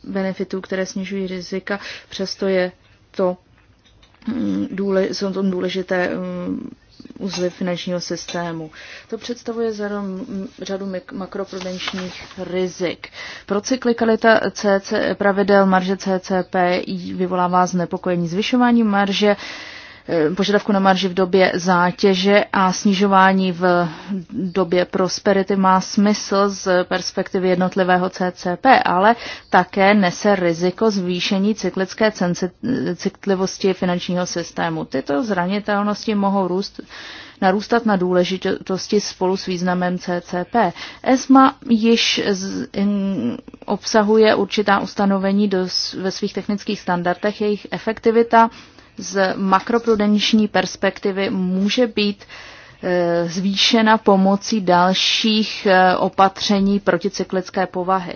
benefitů, které snižují rizika, přesto je to, mm, důle, jsou to důležité mm, uzly finančního systému. To představuje zároveň mm, řadu makroprudenčních rizik. Procyklikalita CC, pravidel marže CCP vyvolává znepokojení. Zvyšování marže Eh, požadavku na marži v době zátěže a snižování v době prosperity má smysl z perspektivy jednotlivého CCP, ale také nese riziko zvýšení cyklické citlivosti finančního systému. Tyto zranitelnosti mohou růst narůstat na důležitosti spolu s významem CCP. ESMA již z, in, obsahuje určitá ustanovení do, ve svých technických standardech, jejich efektivita z makroprudenční perspektivy může být e, zvýšena pomocí dalších e, opatření proticyklické povahy.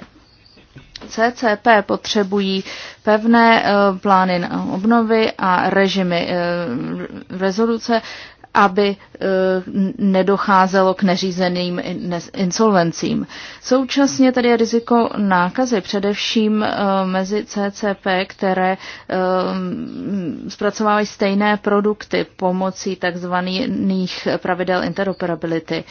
CCP potřebují pevné e, plány na obnovy a režimy rezoluce aby eh, nedocházelo k neřízeným insolvencím. Současně tady je riziko nákazy, především eh, mezi CCP, které eh, zpracovávají stejné produkty pomocí takzvaných pravidel interoperability.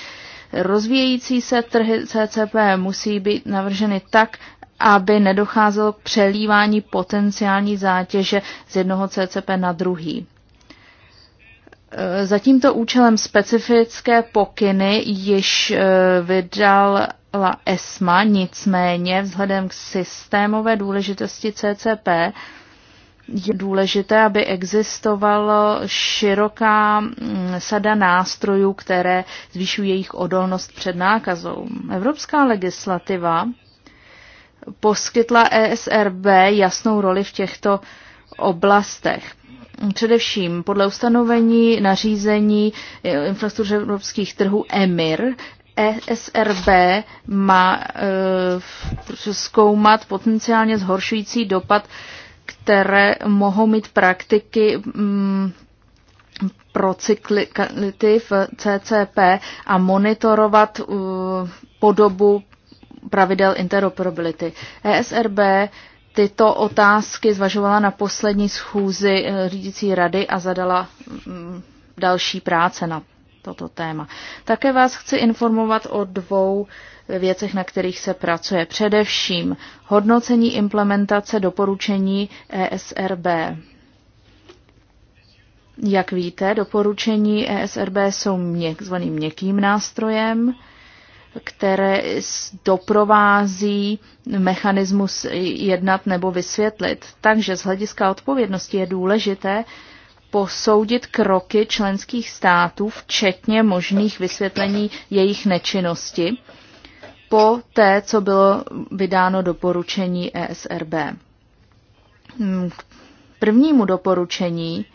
Rozvíjející se trhy CCP musí být navrženy tak, aby nedocházelo k přelívání potenciální zátěže z jednoho CCP na druhý. Za tímto účelem specifické pokyny již eh, vydala la ESMA, nicméně vzhledem k systémové důležitosti CCP je důležité, aby existovala široká mm, sada nástrojů, které zvyšují jejich odolnost před nákazou. Evropská legislativa poskytla ESRB jasnou roli v těchto oblastech. Především podle ustanovení nařízení eh, infrastruktury evropských trhů EMIR, ESRB má e, zkoumat potenciálně zhoršující dopad, které mohou mít praktiky mm, pro cyklity v CCP a monitorovat e, podobu pravidel interoperability. ESRB tyto otázky zvažovala na poslední schůzi eh, řídící rady a zadala mm, další práce na toto téma. Také vás chci informovat o dvou věcech, na kterých se pracuje. Především hodnocení implementace doporučení ESRB. Jak víte, doporučení ESRB jsou měk, zvaným měkkým nástrojem, které doprovází mechanismus jednat nebo vysvětlit. Takže z hlediska odpovědnosti je důležité posoudit kroky členských států, včetně možných vysvětlení jejich nečinnosti, po té, co bylo vydáno doporučení ESRB. K prvnímu doporučení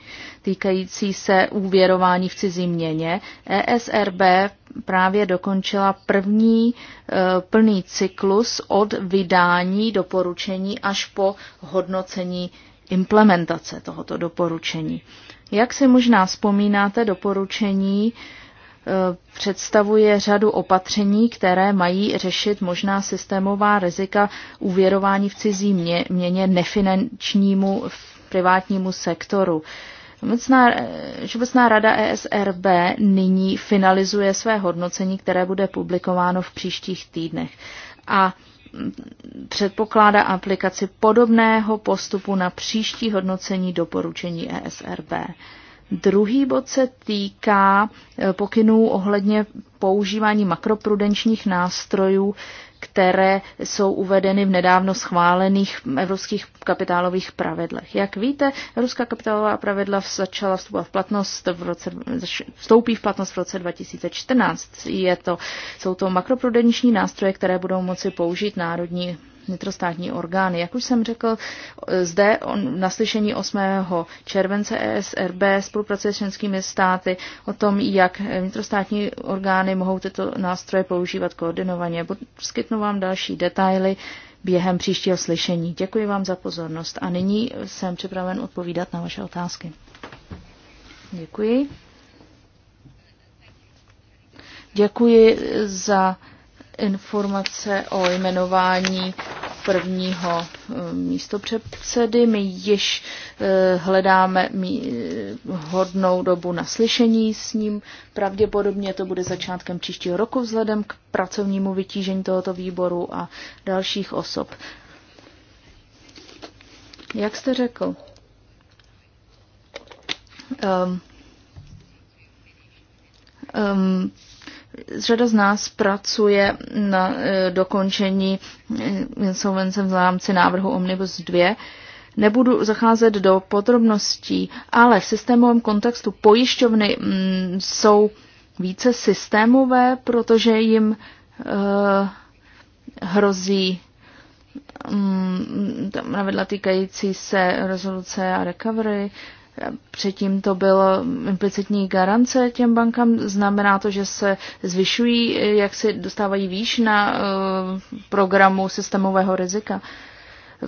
týkající se úvěrování v cizí měně. ESRB právě dokončila první e, plný cyklus od vydání doporučení až po hodnocení implementace tohoto doporučení. Jak si možná vzpomínáte, doporučení e, představuje řadu opatření, které mají řešit možná systémová rizika uvěrování v cizí měně nefinančnímu privátnímu sektoru. Všeobecná rada ESRB nyní finalizuje své hodnocení, které bude publikováno v příštích týdnech. A předpokládá aplikaci podobného postupu na příští hodnocení doporučení ESRB. Druhý bod se týká eh, pokynů ohledně používání makroprudenčních nástrojů které jsou uvedeny v nedávno schválených evropských kapitálových pravidlech. Jak víte, evropská kapitálová pravidla začala vstupovat v platnost v roce, vstoupí v platnost v roce 2014. Je to, jsou to makroprudenční nástroje, které budou moci použít národní vnitrostátní orgány. Jak už jsem řekl, zde na slyšení 8. července ESRB spolupracuje s členskými státy o tom, jak vnitrostátní orgány mohou tyto nástroje používat koordinovaně. Budu vám další detaily během příštího slyšení. Děkuji vám za pozornost a nyní jsem připraven odpovídat na vaše otázky. Děkuji. Děkuji za informace o jmenování prvního eh, místopředsedy. My již eh, hledáme eh, hodnou dobu na slyšení s ním. Pravděpodobně to bude začátkem příštího roku vzhledem k pracovnímu vytížení tohoto výboru a dalších osob. Jak jste řekl? Um, um, Řada z nás pracuje na e, dokončení e, insolvence v rámci návrhu Omnibus 2. Nebudu zacházet do podrobností, ale v systémovém kontextu pojišťovny mm, jsou více systémové, protože jim e, hrozí mm, tam pravidla týkající se rezoluce a recovery, Předtím to bylo implicitní garance těm bankám. Znamená to, že se zvyšují, jak se dostávají výš na eh, programu systémového rizika.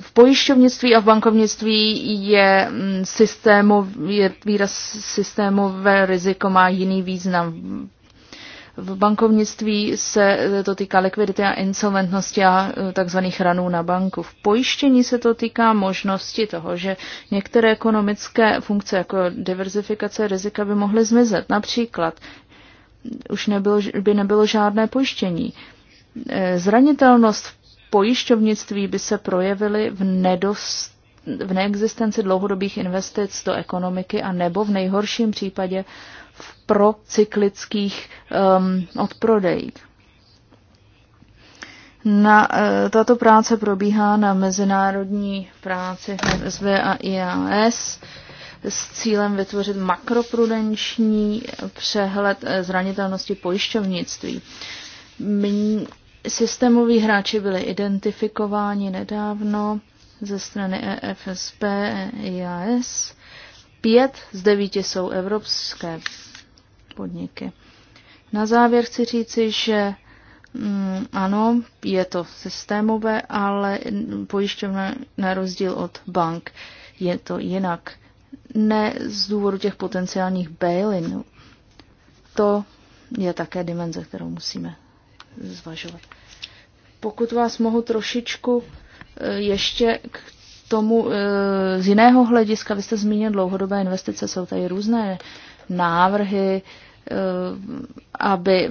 V pojišťovnictví a v bankovnictví je, mm, systému je výraz systémové riziko má jiný význam. V bankovnictví se eh, to týká likvidity a insolventnosti a eh, tzv. ranů na banku. V pojištění se to týká možnosti toho, že některé ekonomické funkce jako diverzifikace rizika by mohly zmizet. Například už nebylo, by nebylo žádné pojištění. Eh, zranitelnost v pojišťovnictví by se projevily v nedost v neexistenci dlouhodobých investic do ekonomiky a nebo v nejhorším případě v procyklických um, odprodejích. Na, eh, tato práce probíhá na mezinárodní práci FSB a IAS s cílem vytvořit makroprudenční přehled eh, zranitelnosti pojišťovnictví. Systémoví hráči byli identifikováni nedávno ze strany EFSP e a IAS Pět z devíti jsou evropské podniky. Na závěr chci říci, že mm, ano, je to systémové, ale pojišťovna na rozdíl od bank je to jinak. Ne z důvodu těch potenciálních bail-inů. To je také dimenze, kterou musíme zvažovat. Pokud vás mohu trošičku eh, ještě k tomu e, z jiného hlediska, vy jste zmínil dlouhodobé investice, jsou tady různé návrhy, e, aby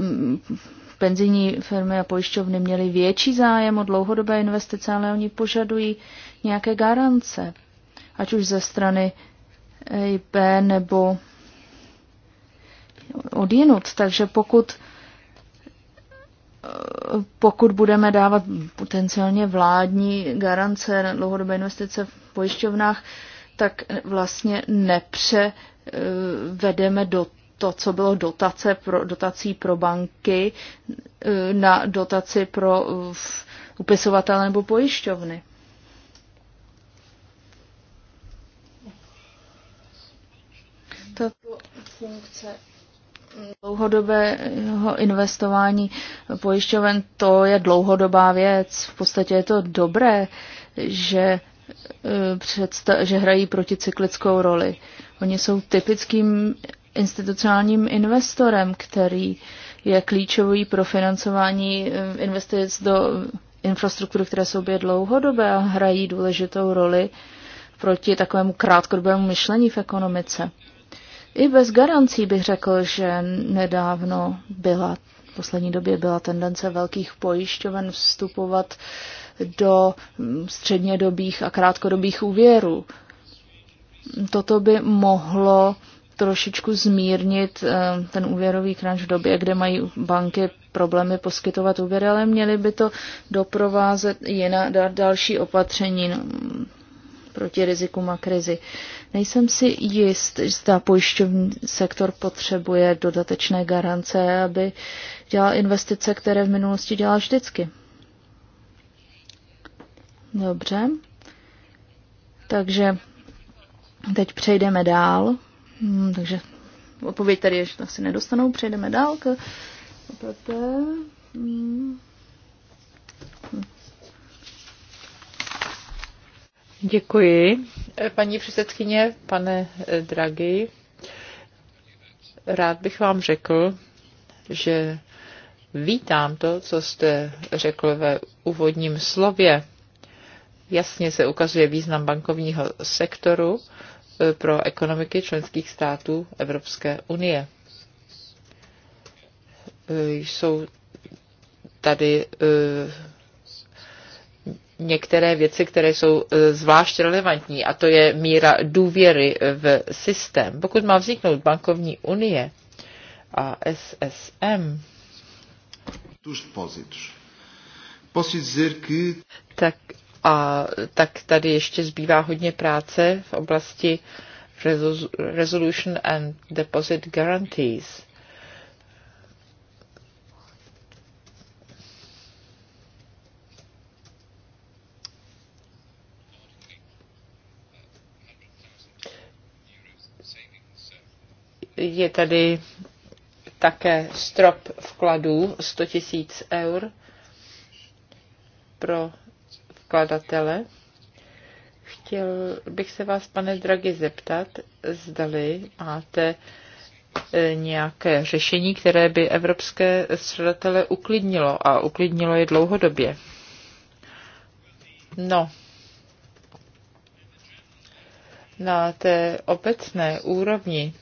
penzijní firmy a pojišťovny měly větší zájem o dlouhodobé investice, ale oni požadují nějaké garance, ať už ze strany EIB nebo odjinut. Takže pokud pokud budeme dávat potenciálně vládní garance na dlouhodobé investice v pojišťovnách, tak vlastně nepřevedeme eh, do to, co bylo dotace pro, dotací pro banky, eh, na dotaci pro eh, upisovatele nebo pojišťovny. Tato funkce Dlouhodobého investování pojišťoven to je dlouhodobá věc. V podstatě je to dobré, že, e, že hrají proticyklickou roli. Oni jsou typickým institucionálním investorem, který je klíčový pro financování e, investic do infrastruktury, které jsou obě dlouhodobé a hrají důležitou roli proti takovému krátkodobému myšlení v ekonomice. I bez garancí bych řekl, že nedávno byla, v poslední době byla tendence velkých pojišťoven vstupovat do střednědobých a krátkodobých úvěrů. Toto by mohlo trošičku zmírnit eh, ten úvěrový kranč v době, kde mají banky problémy poskytovat úvěry, ale měly by to doprovázet jiná další opatření no, proti riziku a krizi. Nejsem si jist, zda pojišťovní sektor potřebuje dodatečné garance, aby dělal investice, které v minulosti dělal vždycky. Dobře. Takže teď přejdeme dál. Hmm, takže odpověď tady ještě asi nedostanou. Přejdeme dál k... Hmm. Děkuji. Eh, paní předsedkyně, pane eh, Draghi, rád bych vám řekl, že vítám to, co jste řekl ve úvodním slově. Jasně se ukazuje význam bankovního sektoru eh, pro ekonomiky členských států Evropské unie. Jsou tady některé věci, které jsou e, zvlášť relevantní, a to je míra důvěry v systém. Pokud má vzniknout bankovní unie a SSM, tak, a, tak tady ještě zbývá hodně práce v oblasti Resolution and Deposit Guarantees Je tady také strop vkladů 100 000 eur pro vkladatele. Chtěl bych se vás, pane Dragi, zeptat, zdali máte e, nějaké řešení, které by evropské středatele uklidnilo a uklidnilo je dlouhodobě. No, na té obecné úrovni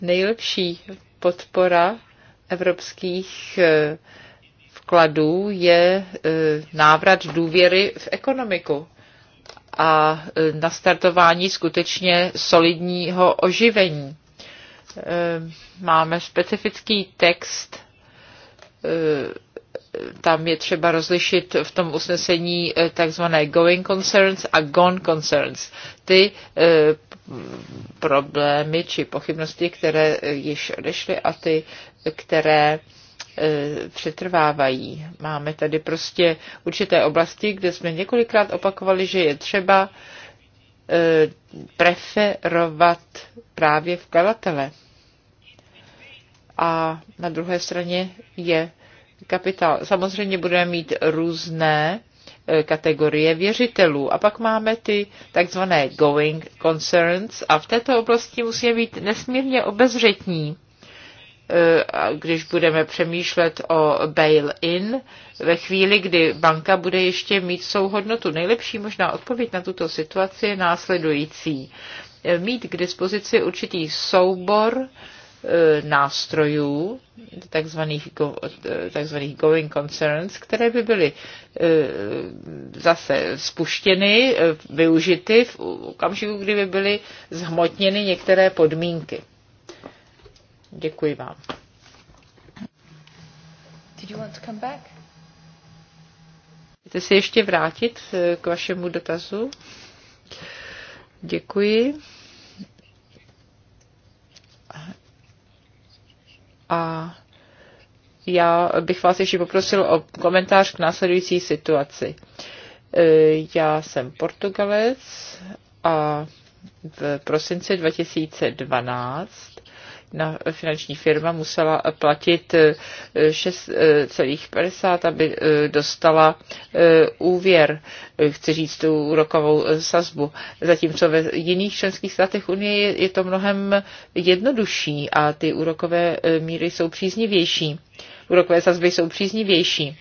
nejlepší podpora evropských eh, vkladů je eh, návrat důvěry v ekonomiku a eh, nastartování skutečně solidního oživení. Máme specifický text tam je třeba rozlišit v tom usnesení eh, takzvané going concerns a gone concerns. Ty eh, problémy či pochybnosti, které eh, již odešly a ty, které přetrvávají. Máme tady prostě určité oblasti, kde jsme několikrát opakovali, že je třeba preferovat právě vkladatele. A na druhé straně je kapitál. Samozřejmě budeme mít různé e, kategorie věřitelů. A pak máme ty takzvané going concerns a v této oblasti musíme být nesmírně obezřetní, e, když budeme přemýšlet o bail-in, ve chvíli, kdy banka bude ještě mít souhodnotu. Nejlepší možná odpověď na tuto situaci je následující. E, mít k dispozici určitý soubor E, nástrojů, takzvaných, go, e, takzvaných going concerns, které by byly e, zase spuštěny, využity v okamžiku, kdyby byly zhmotněny některé podmínky. Děkuji vám. Did you want to come back? Chcete se ještě vrátit k vašemu dotazu? Děkuji. a já bych vás ještě poprosil o komentář k následující situaci. E, já jsem Portugalec a v prosinci 2012 jedna finanční firma musela platit 6,50, aby eh, dostala eh, úvěr, chci říct tu úrokovou eh, sazbu. Zatímco ve jiných členských státech Unie je to mnohem jednodušší a ty úrokové míry jsou příznivější. Úrokové sazby jsou příznivější.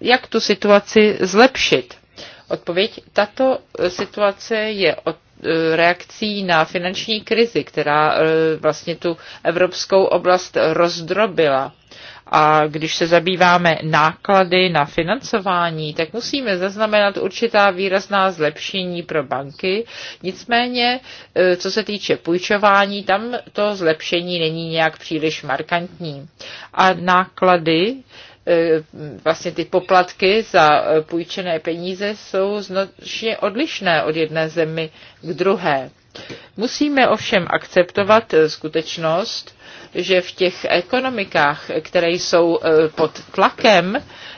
Jak tu situaci zlepšit? Odpověď. Tato situace je od Eh, reakcí na finanční krizi, která eh, vlastně tu evropskou oblast rozdrobila. A když se zabýváme náklady na financování, tak musíme zaznamenat určitá výrazná zlepšení pro banky. Nicméně, eh, co se týče půjčování, tam to zlepšení není nějak příliš markantní. A náklady E, vlastně ty poplatky za e, půjčené peníze jsou značně odlišné od jedné zemi k druhé. Musíme ovšem akceptovat eh, skutečnost, že v těch ekonomikách, které jsou eh, pod tlakem,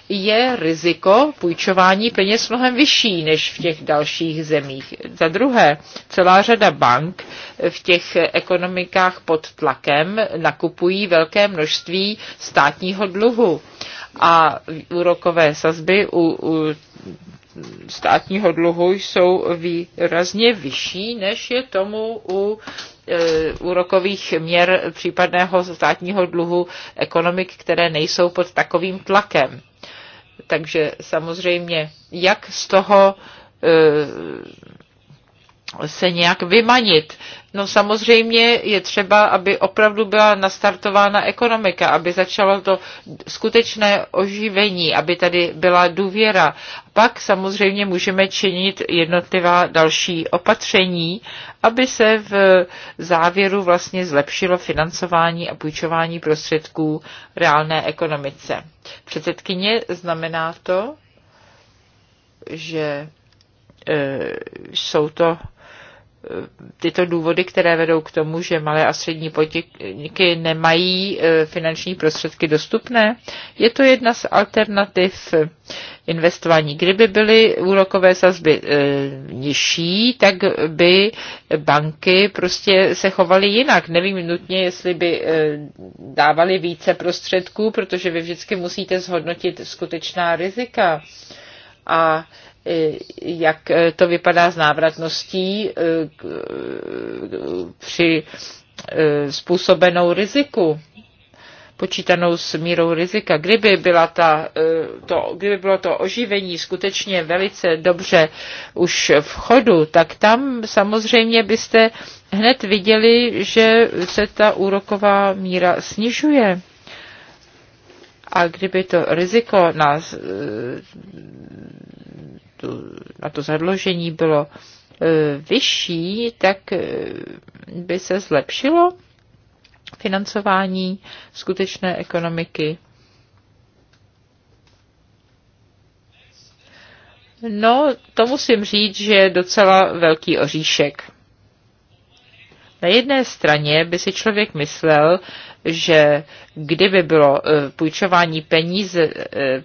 je riziko půjčování peněz mnohem vyšší než v těch dalších zemích. Za druhé, celá řada bank eh, v těch ekonomikách pod tlakem nakupují velké množství státního dluhu a úrokové sazby u, u státního dluhu jsou výrazně vyšší, než je tomu u e, úrokových měr případného státního dluhu ekonomik, které nejsou pod takovým tlakem. Takže samozřejmě, jak z toho e, se nějak vymanit. No samozřejmě je třeba, aby opravdu byla nastartována ekonomika, aby začalo to skutečné oživení, aby tady byla důvěra. Pak samozřejmě můžeme činit jednotlivá další opatření, aby se v závěru vlastně zlepšilo financování a půjčování prostředků reálné ekonomice. Předsedkyně znamená to, že e, jsou to tyto důvody, které vedou k tomu, že malé a střední podniky nemají e, finanční prostředky dostupné. Je to jedna z alternativ investování. Kdyby byly úrokové sazby e, nižší, tak by banky prostě se chovaly jinak. Nevím nutně, jestli by e, dávali více prostředků, protože vy vždycky musíte zhodnotit skutečná rizika. A e, jak to vypadá s návratností eh, při eh, způsobenou riziku počítanou s mírou rizika. Kdyby, byla ta, eh, to, kdyby bylo to oživení skutečně velice dobře už v chodu, tak tam samozřejmě byste hned viděli, že se ta úroková míra snižuje. A kdyby to riziko na tu, na to zadlužení bylo e, vyšší, tak e, by se zlepšilo financování skutečné ekonomiky. No, to musím říct, že je docela velký oříšek. Na jedné straně by si člověk myslel, že kdyby bylo eh, půjčování peníz, eh,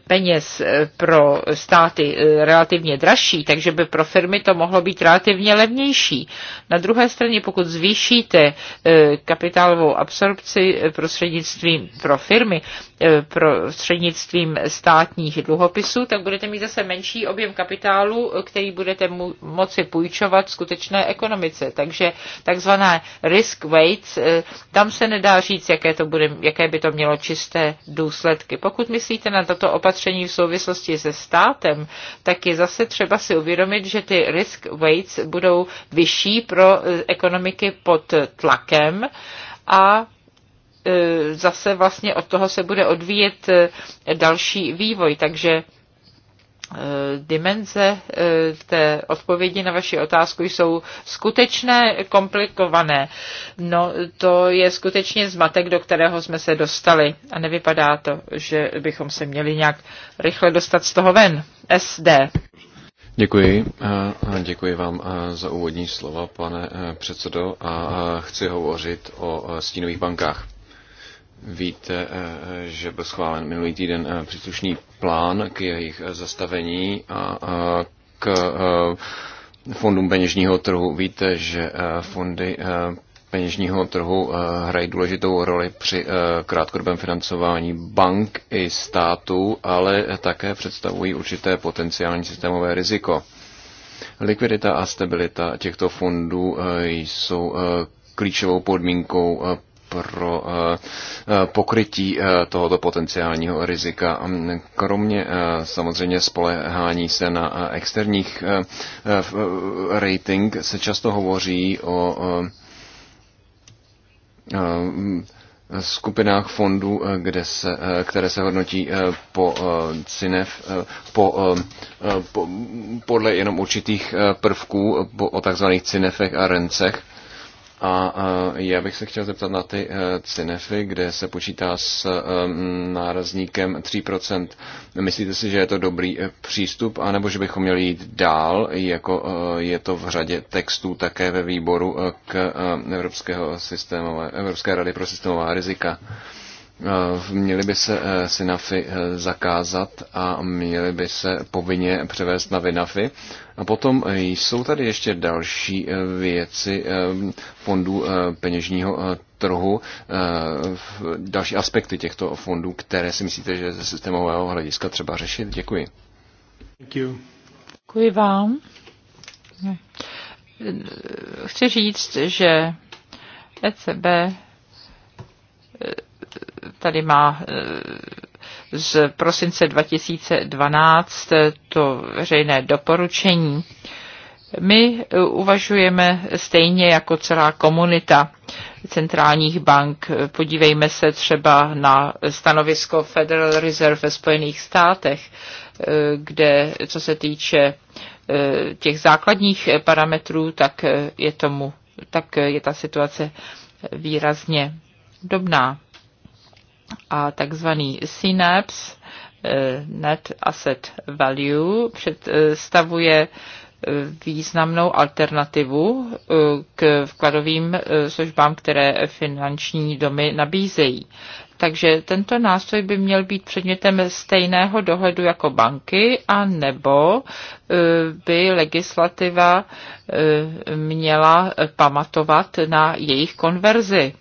peněz eh, pro státy relativně dražší, takže by pro firmy to mohlo být relativně levnější. Na druhé straně, pokud zvýšíte kapitálovou absorpci prostřednictvím pro firmy, prostřednictvím státních dluhopisů, tak budete mít zase menší objem kapitálu, který budete moci půjčovat skutečné ekonomice. Takže takzvané risk weights, tam se nedá říct, jaké to bude, jaké by to mělo čisté důsledky. Pokud myslíte na toto opatření v souvislosti se státem, tak je zase třeba si uvědomit, že ty risk weights budou vyšší pro e, ekonomiky pod tlakem a e, zase vlastně od toho se bude odvíjet e, další vývoj. Takže Eh, dimenze eh, té odpovědi na vaši otázku jsou skutečné, komplikované. No, to je skutečně zmatek, do kterého jsme se dostali a nevypadá to, že bychom se měli nějak rychle dostat z toho ven. SD. Děkuji. Eh, děkuji vám za úvodní slova, pane předsedo, a chci hovořit o stínových bankách. Víte, eh, že byl schválen minulý týden eh, příslušný plán k jejich eh, zastavení a k fondům peněžního trhu. Víte, že fondy peněžního trhu hrají důležitou roli při krátkodobém financování bank i států, ale také představují určité potenciální systémové riziko. Likvidita a stabilita těchto fondů jsou klíčovou podmínkou pro eh, eh, pokrytí eh, tohoto potenciálního rizika. Kromě samozřejmě spolehání se na externích rating se často hovoří o skupinách fondů, kde se, které se hodnotí po CINEF, po, po, podle jenom určitých prvků po, o takzvaných CINEFech a RENCech. A já bych se chtěl zeptat na ty e, cinefy, kde se počítá s e, nárazníkem 3%. Myslíte si, že je to dobrý e, přístup, anebo že bychom měli jít dál, jako je to v řadě textů také ve výboru k Evropského systému, Evropské rady pro systémová rizika? Eh, měly by se eh, synafy eh, zakázat a měly by se povinně převést na vinafy. A potom jsou tady ještě další věci fondů peněžního trhu, další aspekty těchto fondů, které si myslíte, že ze systémového hlediska třeba řešit? Děkuji. Děkuji vám. Chci říct, že ECB tady má eh, z prosince 2012 to veřejné doporučení. My uvažujeme stejně jako celá komunita centrálních bank. Podívejme se třeba na stanovisko Federal Reserve ve Spojených státech, eh, kde co se týče eh, těch základních parametrů, tak je tomu tak je ta situace výrazně dobná a takzvaný synaps, eh, net asset value, představuje eh, významnou alternativu eh, k vkladovým službám, které finanční domy nabízejí. Takže tento nástroj by měl být předmětem stejného dohledu jako banky a nebo by legislativa měla pamatovat na jejich konverzi.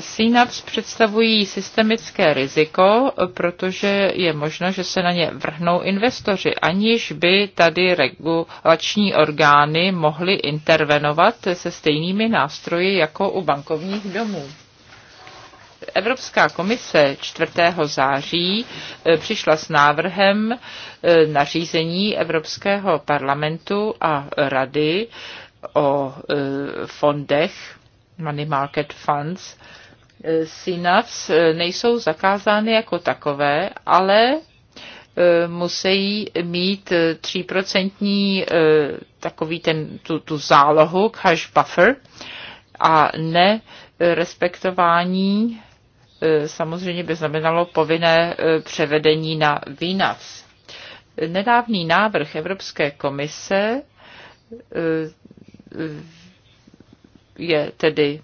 CNAPS představují systemické riziko, protože je možno, že se na ně vrhnou investoři, aniž by tady regulační orgány mohly intervenovat se stejnými nástroji jako u bankovních domů. Evropská komise 4. září eh, přišla s návrhem eh, nařízení Evropského parlamentu a rady o eh, fondech money market funds, eh, SINAFs eh, nejsou zakázány jako takové, ale eh, musí mít 3% takový ten, tu, tu zálohu, cash buffer, a ne respektování samozřejmě by znamenalo povinné převedení na výnac. Nedávný návrh Evropské komise je tedy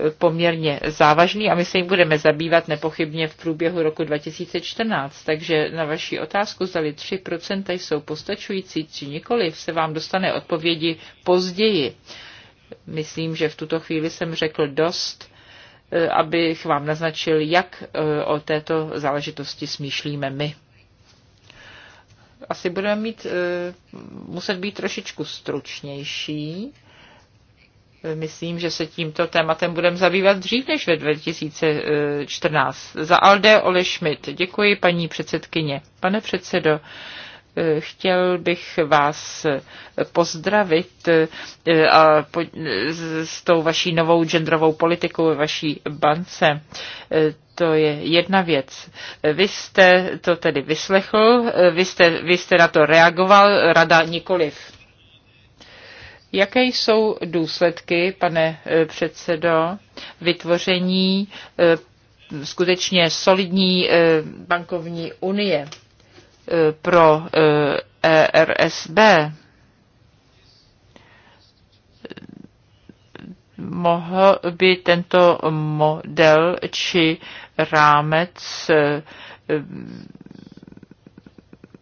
eh, poměrně závažný a my se jim budeme zabývat nepochybně v průběhu roku 2014. Takže na vaši otázku, zdali 3% jsou postačující či nikoliv, se vám dostane odpovědi později. Myslím, že v tuto chvíli jsem řekl dost, eh, abych vám naznačil, jak eh, o této záležitosti smýšlíme my. Asi budeme mít, muset být trošičku stručnější Myslím, že se tímto tématem budeme zabývat dřív než ve 2014. Za Alde Ole Schmidt. Děkuji, paní předsedkyně. Pane předsedo, chtěl bych vás pozdravit eh, a po, s tou vaší novou genderovou politikou ve vaší bance. Eh, to je jedna věc. Vy jste to tedy vyslechl, eh, vy jste, vy jste na to reagoval, rada nikoliv Jaké jsou důsledky, pane eh, předsedo, vytvoření eh, skutečně solidní eh, bankovní unie pro ERSB? E Mohl by tento model či rámec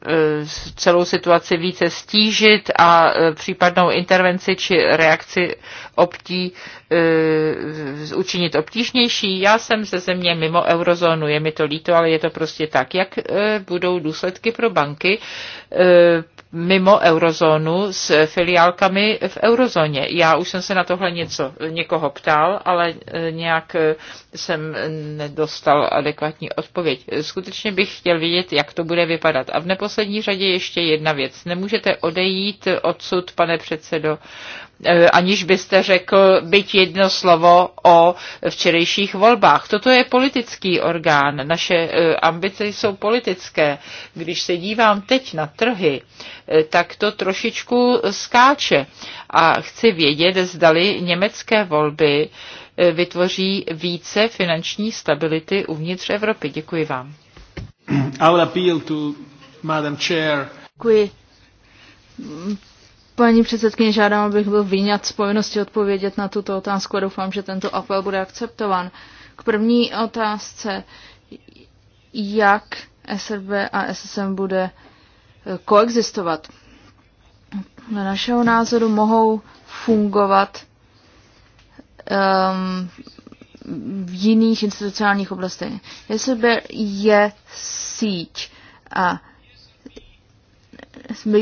Eh, celou situaci více stížit a eh, případnou intervenci či reakci obtí, eh, učinit obtížnější. Já jsem ze země mimo eurozónu, je mi to líto, ale je to prostě tak. Jak budou důsledky pro banky mimo eurozónu s filiálkami v eurozóně. Já už jsem se na tohle něco, někoho ptal, ale e, nějak e, jsem nedostal adekvátní odpověď. Skutečně bych chtěl vědět, jak to bude vypadat. A v neposlední řadě ještě jedna věc. Nemůžete odejít odsud, pane předsedo, Eh, aniž byste řekl byť jedno slovo o včerejších volbách. Toto je politický orgán, naše eh, ambice jsou politické. Když se dívám teď na trhy, eh, tak to trošičku skáče a chci vědět, zdali německé volby vytvoří více finanční stability uvnitř Evropy. Děkuji vám. I will appeal to Madam Chair. Děkuji Paní předsedkyně, žádám, abych byl vyňat z povinnosti odpovědět na tuto otázku a doufám, že tento apel bude akceptován. K první otázce, jak SRB a SSM bude eh, koexistovat. Na našeho názoru mohou fungovat um, v jiných institucionálních oblastech. SRB je síť a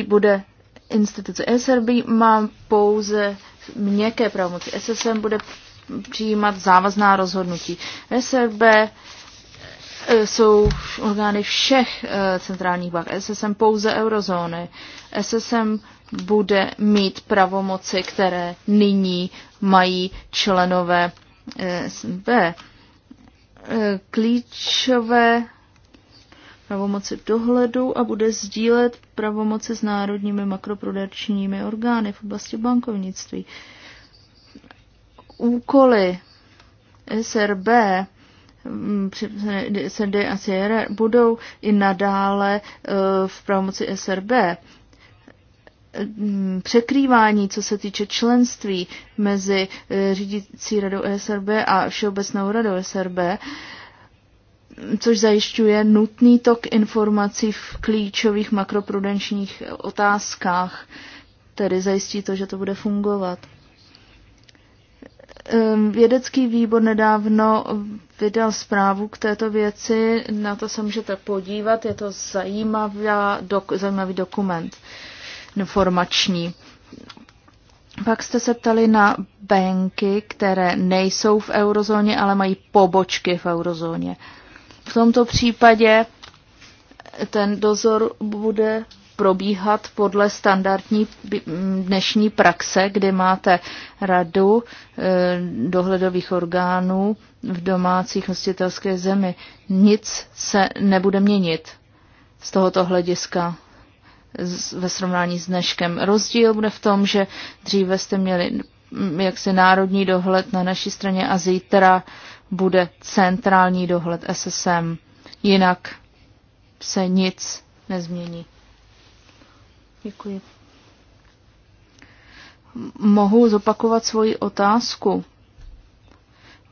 bude instituce. SRB má pouze měkké pravomoci. SSM bude přijímat závazná rozhodnutí. SRB e, jsou orgány všech e, centrálních bank, SSM pouze eurozóny. SSM bude mít pravomoci, které nyní mají členové e, SNB. Klíčové pravomoci dohledu a bude sdílet pravomoci s národními makroprodačními orgány v oblasti bankovnictví. Úkoly SRB mm, SND a CR budou i nadále e, v pravomoci SRB. E, mm, překrývání, co se týče členství mezi e, řídící radou SRB a Všeobecnou radou SRB, což zajišťuje nutný tok informací v klíčových makroprudenčních otázkách, tedy zajistí to, že to bude fungovat. Ehm, vědecký výbor nedávno vydal zprávu k této věci, na to se můžete podívat, je to zajímavá, dok, zajímavý dokument informační. Pak jste se ptali na banky, které nejsou v eurozóně, ale mají pobočky v eurozóně. Uh, v tomto případě ten dozor bude probíhat podle standardní dnešní praxe, kdy máte radu e, dohledových orgánů v domácích hostitelské zemi. Nic se nebude měnit z tohoto hlediska ve srovnání s dneškem. Rozdíl bude v tom, že dříve jste měli jaksi národní dohled na naší straně a zítra bude centrální dohled SSM. Jinak se nic nezmění. Děkuji. Mohu zopakovat svoji otázku.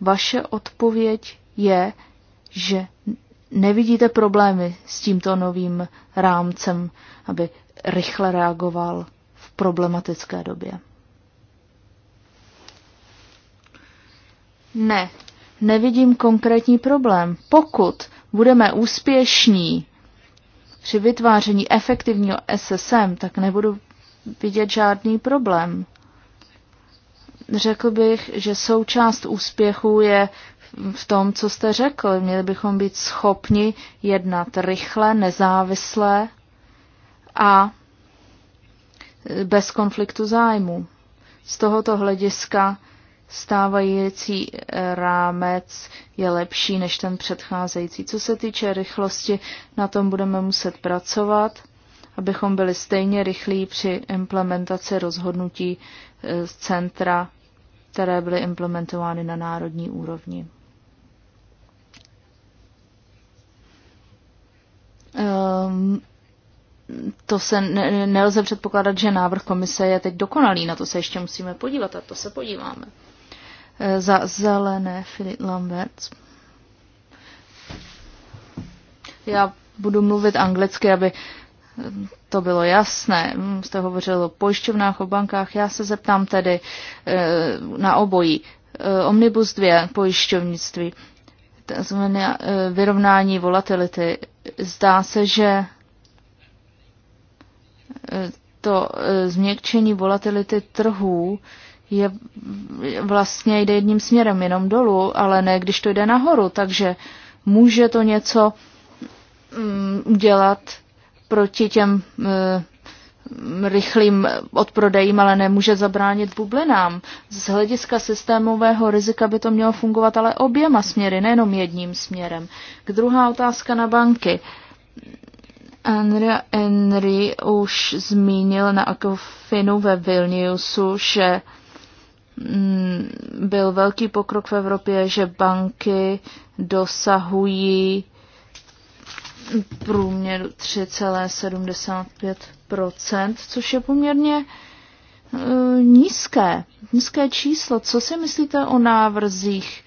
Vaše odpověď je, že nevidíte problémy s tímto novým rámcem, aby rychle reagoval v problematické době. Ne, nevidím konkrétní problém. Pokud budeme úspěšní při vytváření efektivního SSM, tak nebudu vidět žádný problém. Řekl bych, že součást úspěchu je v tom, co jste řekl. Měli bychom být schopni jednat rychle, nezávisle a bez konfliktu zájmu. Z tohoto hlediska stávající eh, rámec je lepší než ten předcházející. Co se týče rychlosti, na tom budeme muset pracovat, abychom byli stejně rychlí při implementaci rozhodnutí eh, z centra, které byly implementovány na národní úrovni. Um, to se ne, nelze předpokládat, že návrh komise je teď dokonalý. Na to se ještě musíme podívat a to se podíváme. Eh, za zelené Filip Lambert. Já budu mluvit anglicky, aby eh, to bylo jasné. Mm, jste hovořil o pojišťovnách, o bankách. Já se zeptám tedy eh, na obojí. Omnibus 2, pojišťovnictví, znamená vyrovnání volatility. Zdá se, že to změkčení volatility trhů je vlastně jde jedním směrem, jenom dolů, ale ne když to jde nahoru, takže může to něco mm, udělat proti těm mm, rychlým odprodejím, ale nemůže zabránit bublinám. Z hlediska systémového rizika by to mělo fungovat ale oběma směry, nejenom jedním směrem. K druhá otázka na banky. Andrea Henry už zmínil na Akofinu ve Vilniusu, že Mm, byl velký pokrok v Evropě, že banky dosahují průměru 3,75%, což je poměrně eh, nízké, nízké číslo. Co si myslíte o návrzích,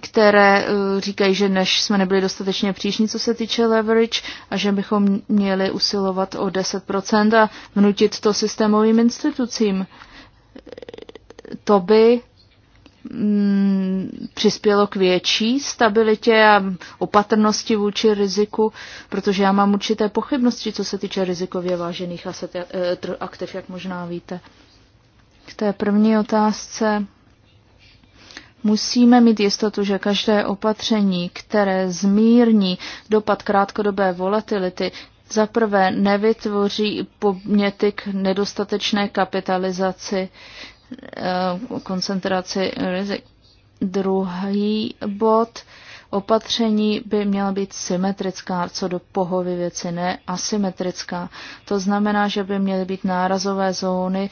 které eh, říkají, že než jsme nebyli dostatečně příšní, co se týče leverage, a že bychom měli usilovat o 10% a vnutit to systémovým institucím? to by mm, přispělo k větší stabilitě a opatrnosti vůči riziku, protože já mám určité pochybnosti, co se týče rizikově vážených aset, eh, aktiv, jak možná víte. K té první otázce musíme mít jistotu, že každé opatření, které zmírní dopad krátkodobé volatility, zaprvé nevytvoří podněty k nedostatečné kapitalizaci Eh, koncentraci rizik. Druhý bod opatření by měla být symetrická co do pohovy věci, ne asymetrická. To znamená, že by měly být nárazové zóny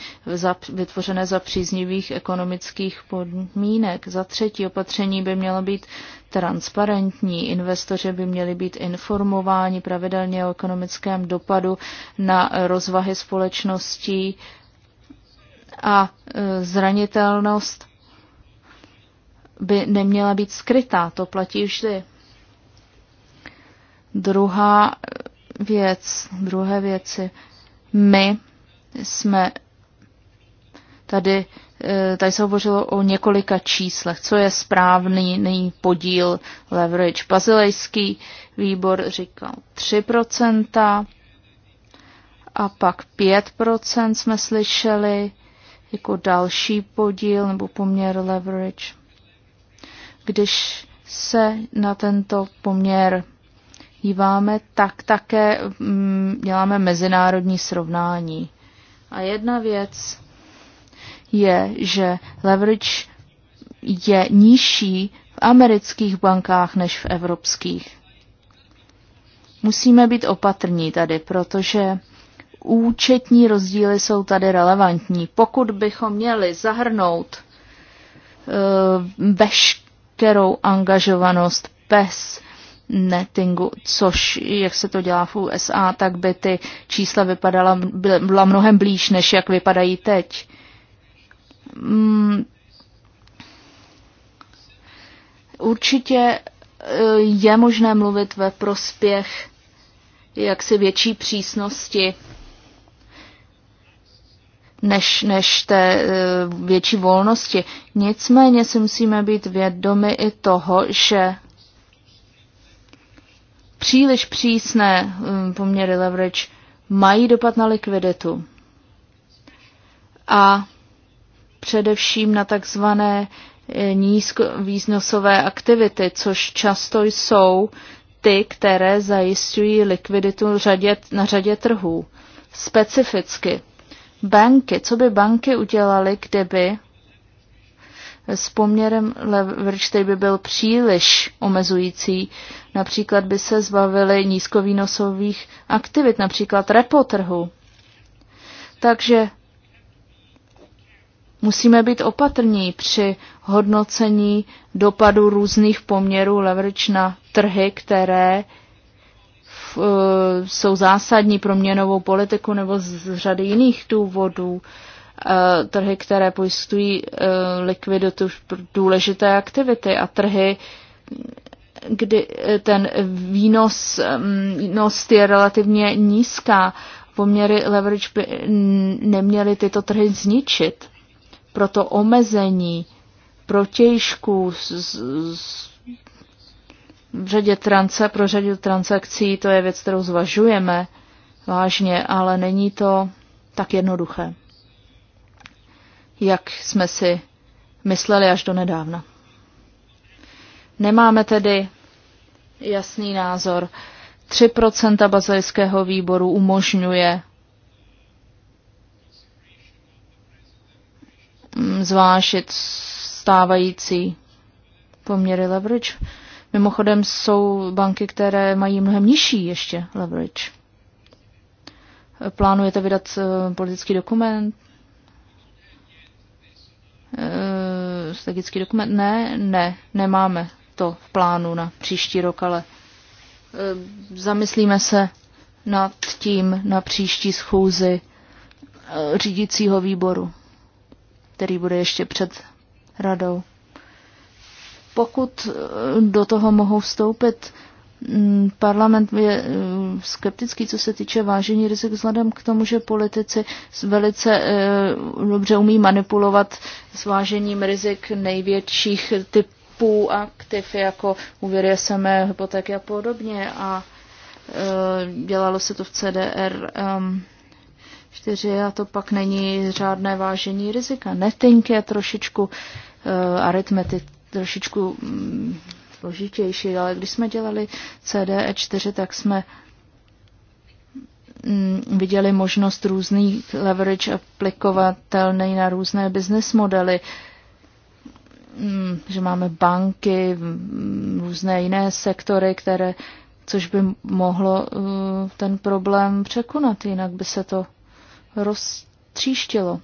vytvořené za příznivých ekonomických podmínek. Za třetí opatření by mělo být transparentní. Investoři by měli být informováni pravidelně o ekonomickém dopadu na rozvahy společností a e, zranitelnost by neměla být skrytá, to platí vždy. Druhá věc, druhé věci. My jsme tady, e, tady se hovořilo o několika číslech, co je správný podíl leverage. Bazilejský výbor říkal 3%, a pak 5% jsme slyšeli, jako další podíl nebo poměr leverage. Když se na tento poměr díváme, tak také mm, děláme mezinárodní srovnání. A jedna věc je, že leverage je nižší v amerických bankách než v evropských. Musíme být opatrní tady, protože účetní rozdíly jsou tady relevantní. Pokud bychom měli zahrnout eh, veškerou angažovanost bez nettingu, což jak se to dělá v USA, tak by ty čísla vypadala, byla mnohem blíž, než jak vypadají teď. Mm. Určitě eh, je možné mluvit ve prospěch jaksi větší přísnosti než, než té e, větší volnosti. Nicméně si musíme být vědomi i toho, že příliš přísné e, poměry leverage mají dopad na likviditu. A především na takzvané e, nízkovýznosové aktivity, což často jsou ty, které zajišťují likviditu na řadě trhů. Specificky banky, co by banky udělaly, kdyby s poměrem leverage, který by byl příliš omezující. Například by se zbavili nízkovýnosových aktivit, například repo trhu. Takže musíme být opatrní při hodnocení dopadu různých poměrů leverage na trhy, které Eh, jsou zásadní pro měnovou politiku nebo z řady jiných důvodů. Eh, trhy, které pojistují eh, likviditu důležité aktivity a trhy, kdy ten výnos, mm, výnos je relativně nízká, poměry leverage by neměly tyto trhy zničit. Proto omezení protějšků z, z, v řadě trance, pro řadu transakcí to je věc, kterou zvažujeme vážně, ale není to tak jednoduché, jak jsme si mysleli až do nedávna. Nemáme tedy jasný názor. 3% bazilského výboru umožňuje zvážit stávající poměry leverage Mimochodem jsou banky, které mají mnohem nižší ještě leverage. Plánujete vydat eh, politický dokument? Eh, strategický dokument? Ne, ne, nemáme to v plánu na příští rok, ale eh, zamyslíme se nad tím na příští schůzi řídícího výboru, který bude ještě před radou pokud eh, do toho mohou vstoupit, mm, parlament je eh, skeptický, co se týče vážení rizik, vzhledem k tomu, že politici velice eh, dobře umí manipulovat s vážením rizik největších typů aktiv, jako úvěry SME, hypotéky a podobně. A dělalo se to v CDR 4 a to pak není řádné vážení rizika. Netink je trošičku aritmetické trošičku mm, složitější, ale když jsme dělali CDE4, tak jsme mm, viděli možnost různých leverage aplikovatelný na různé business modely, mm, že máme banky, různé jiné sektory, které, což by mohlo uh, ten problém překonat, jinak by se to roztříštilo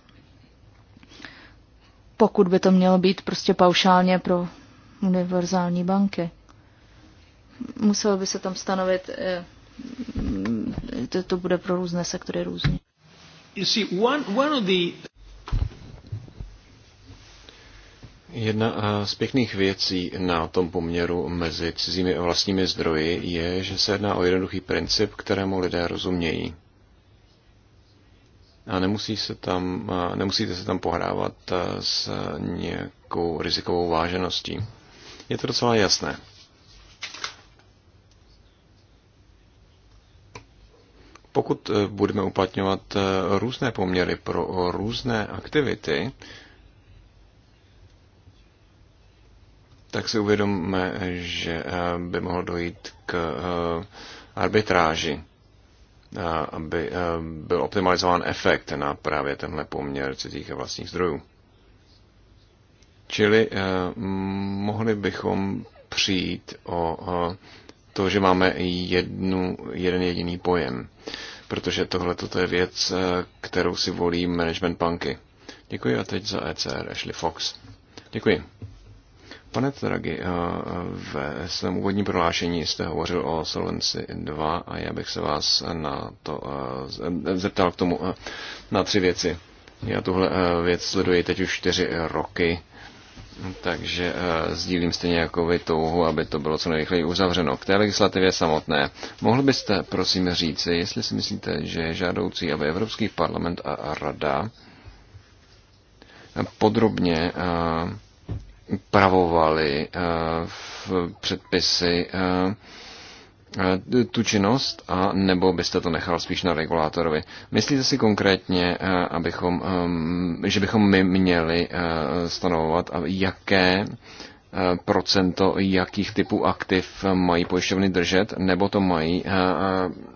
pokud by to mělo být prostě paušálně pro univerzální banky. Muselo by se tam stanovit, eh, mm, to, to bude pro různé sektory různě. Jedna eh, z pěkných věcí na tom poměru mezi cizími a vlastními zdroji je, že se jedná o jednoduchý princip, kterému lidé rozumějí a nemusí se tam, nemusíte se tam pohrávat s nějakou rizikovou vážeností. Je to docela jasné. Pokud e, budeme uplatňovat e, různé poměry pro různé aktivity, tak si uvědomme, že e, by mohlo dojít k arbitráži aby byl optimalizován efekt na právě tenhle poměr cizích a vlastních zdrojů. Čili mohli bychom přijít o to, že máme jednu, jeden jediný pojem, protože tohle je věc, kterou si volí management banky. Děkuji a teď za ECR Ashley Fox. Děkuji. Pane Tragi, eh, ve svém úvodním prohlášení jste hovořil o Solvency 2 a já bych se vás na to eh, zeptal k tomu eh, na tři věci. Já tuhle věc sleduji teď už čtyři roky, takže sdílím stejně jako vy touhu, aby to bylo co nejrychleji uzavřeno. K té legislativě samotné, mohl byste prosím říci, jestli si myslíte, že je žádoucí, aby Evropský parlament a Rada podrobně upravovali eh, v předpisy eh, tu činnost a nebo byste to nechal spíš na regulátorovi. Myslíte si konkrétně, eh, abychom, že bychom my měli stanovovat, jaké procento jakých typů aktiv mají pojišťovny držet, nebo to mají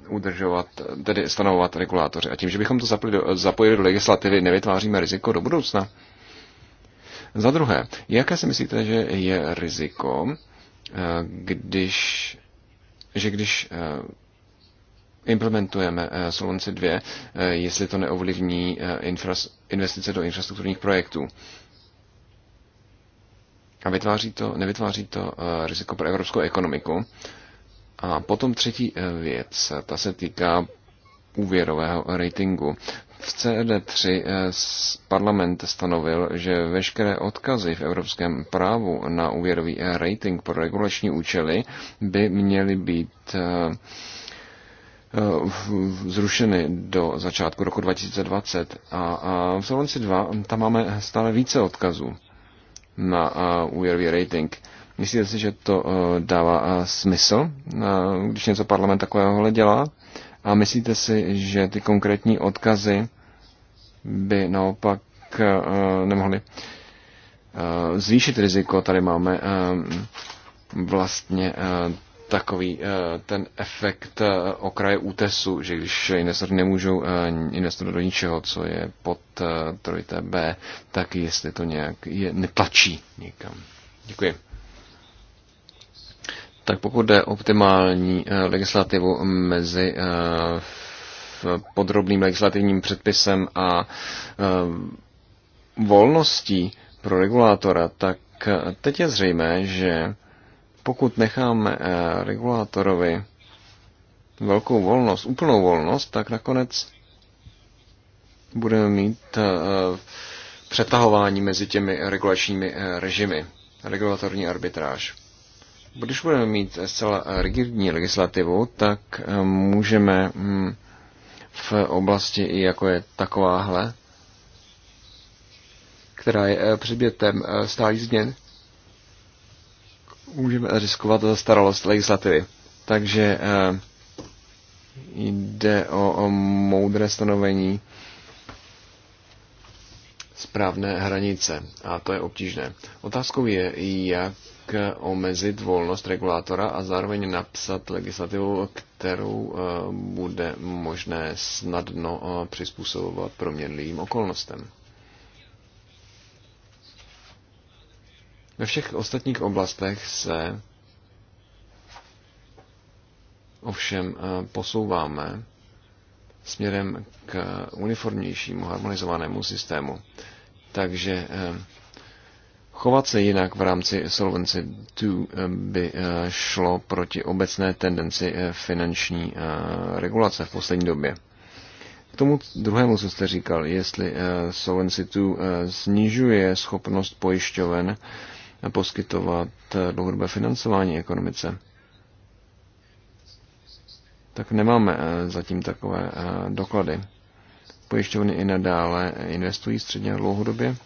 udržovat, tedy stanovovat regulátoři. A tím, že bychom to zapojili do, zapojili do legislativy, nevytváříme riziko do budoucna. Za druhé, jaké si myslíte, že je riziko, eh, když, že když eh, implementujeme eh, Solvency 2, jestli to neovlivní investice do infrastrukturních projektů? A vytváří to, nevytváří to riziko pro evropskou ekonomiku? A potom třetí věc, ta se týká úvěrového ratingu. V CD3 eh, parlament stanovil, že veškeré odkazy v evropském právu na úvěrový eh, rating pro regulační účely by měly být eh, zrušeny do začátku roku 2020. A v Solvency 2 tam máme stále více odkazů na úvěrový rating. Myslíte si, že to dává smysl, když něco parlament takového dělá? A myslíte si, že ty konkrétní odkazy by naopak eh, nemohly eh, zvýšit riziko? Tady máme eh, vlastně takový ten efekt okraje útesu, že když investory nemůžou investovat do ničeho, co je pod trojité B, tak jestli to nějak je netlačí nikam. Děkuji. Tak pokud jde optimální eh, legislativu mezi eh, podrobným legislativním předpisem a eh, volností pro regulátora, tak teď je zřejmé, že pokud necháme regulátorovi velkou volnost, úplnou volnost, tak nakonec budeme mít přetahování mezi těmi regulačními režimy, regulatorní arbitráž. Když budeme mít zcela rigidní legislativu, tak eh, můžeme hm, v oblasti, jako je takováhle, která je eh, předmětem eh, stálých změn, můžeme riskovat za staralost legislativy. Takže jde o, o moudré stanovení správné hranice a to je obtížné. Otázkou je, jak omezit volnost regulátora a zároveň napsat legislativu, kterou eh, bude možné snadno eh, přizpůsobovat proměnlivým okolnostem. Ve všech ostatních oblastech se ovšem eh, posouváme směrem k uniformnějšímu harmonizovanému systému. Takže chovat se jinak v rámci Solvency 2 eh, by eh, šlo proti obecné tendenci eh, finanční regulace v poslední době. K tomu druhému, co jste říkal, jestli Solvency 2 snižuje schopnost pojišťoven poskytovat dlouhodobé financování ekonomice, tak nemáme zatím takové doklady. Pojišťovny i nadále investují středně a dlouhodobě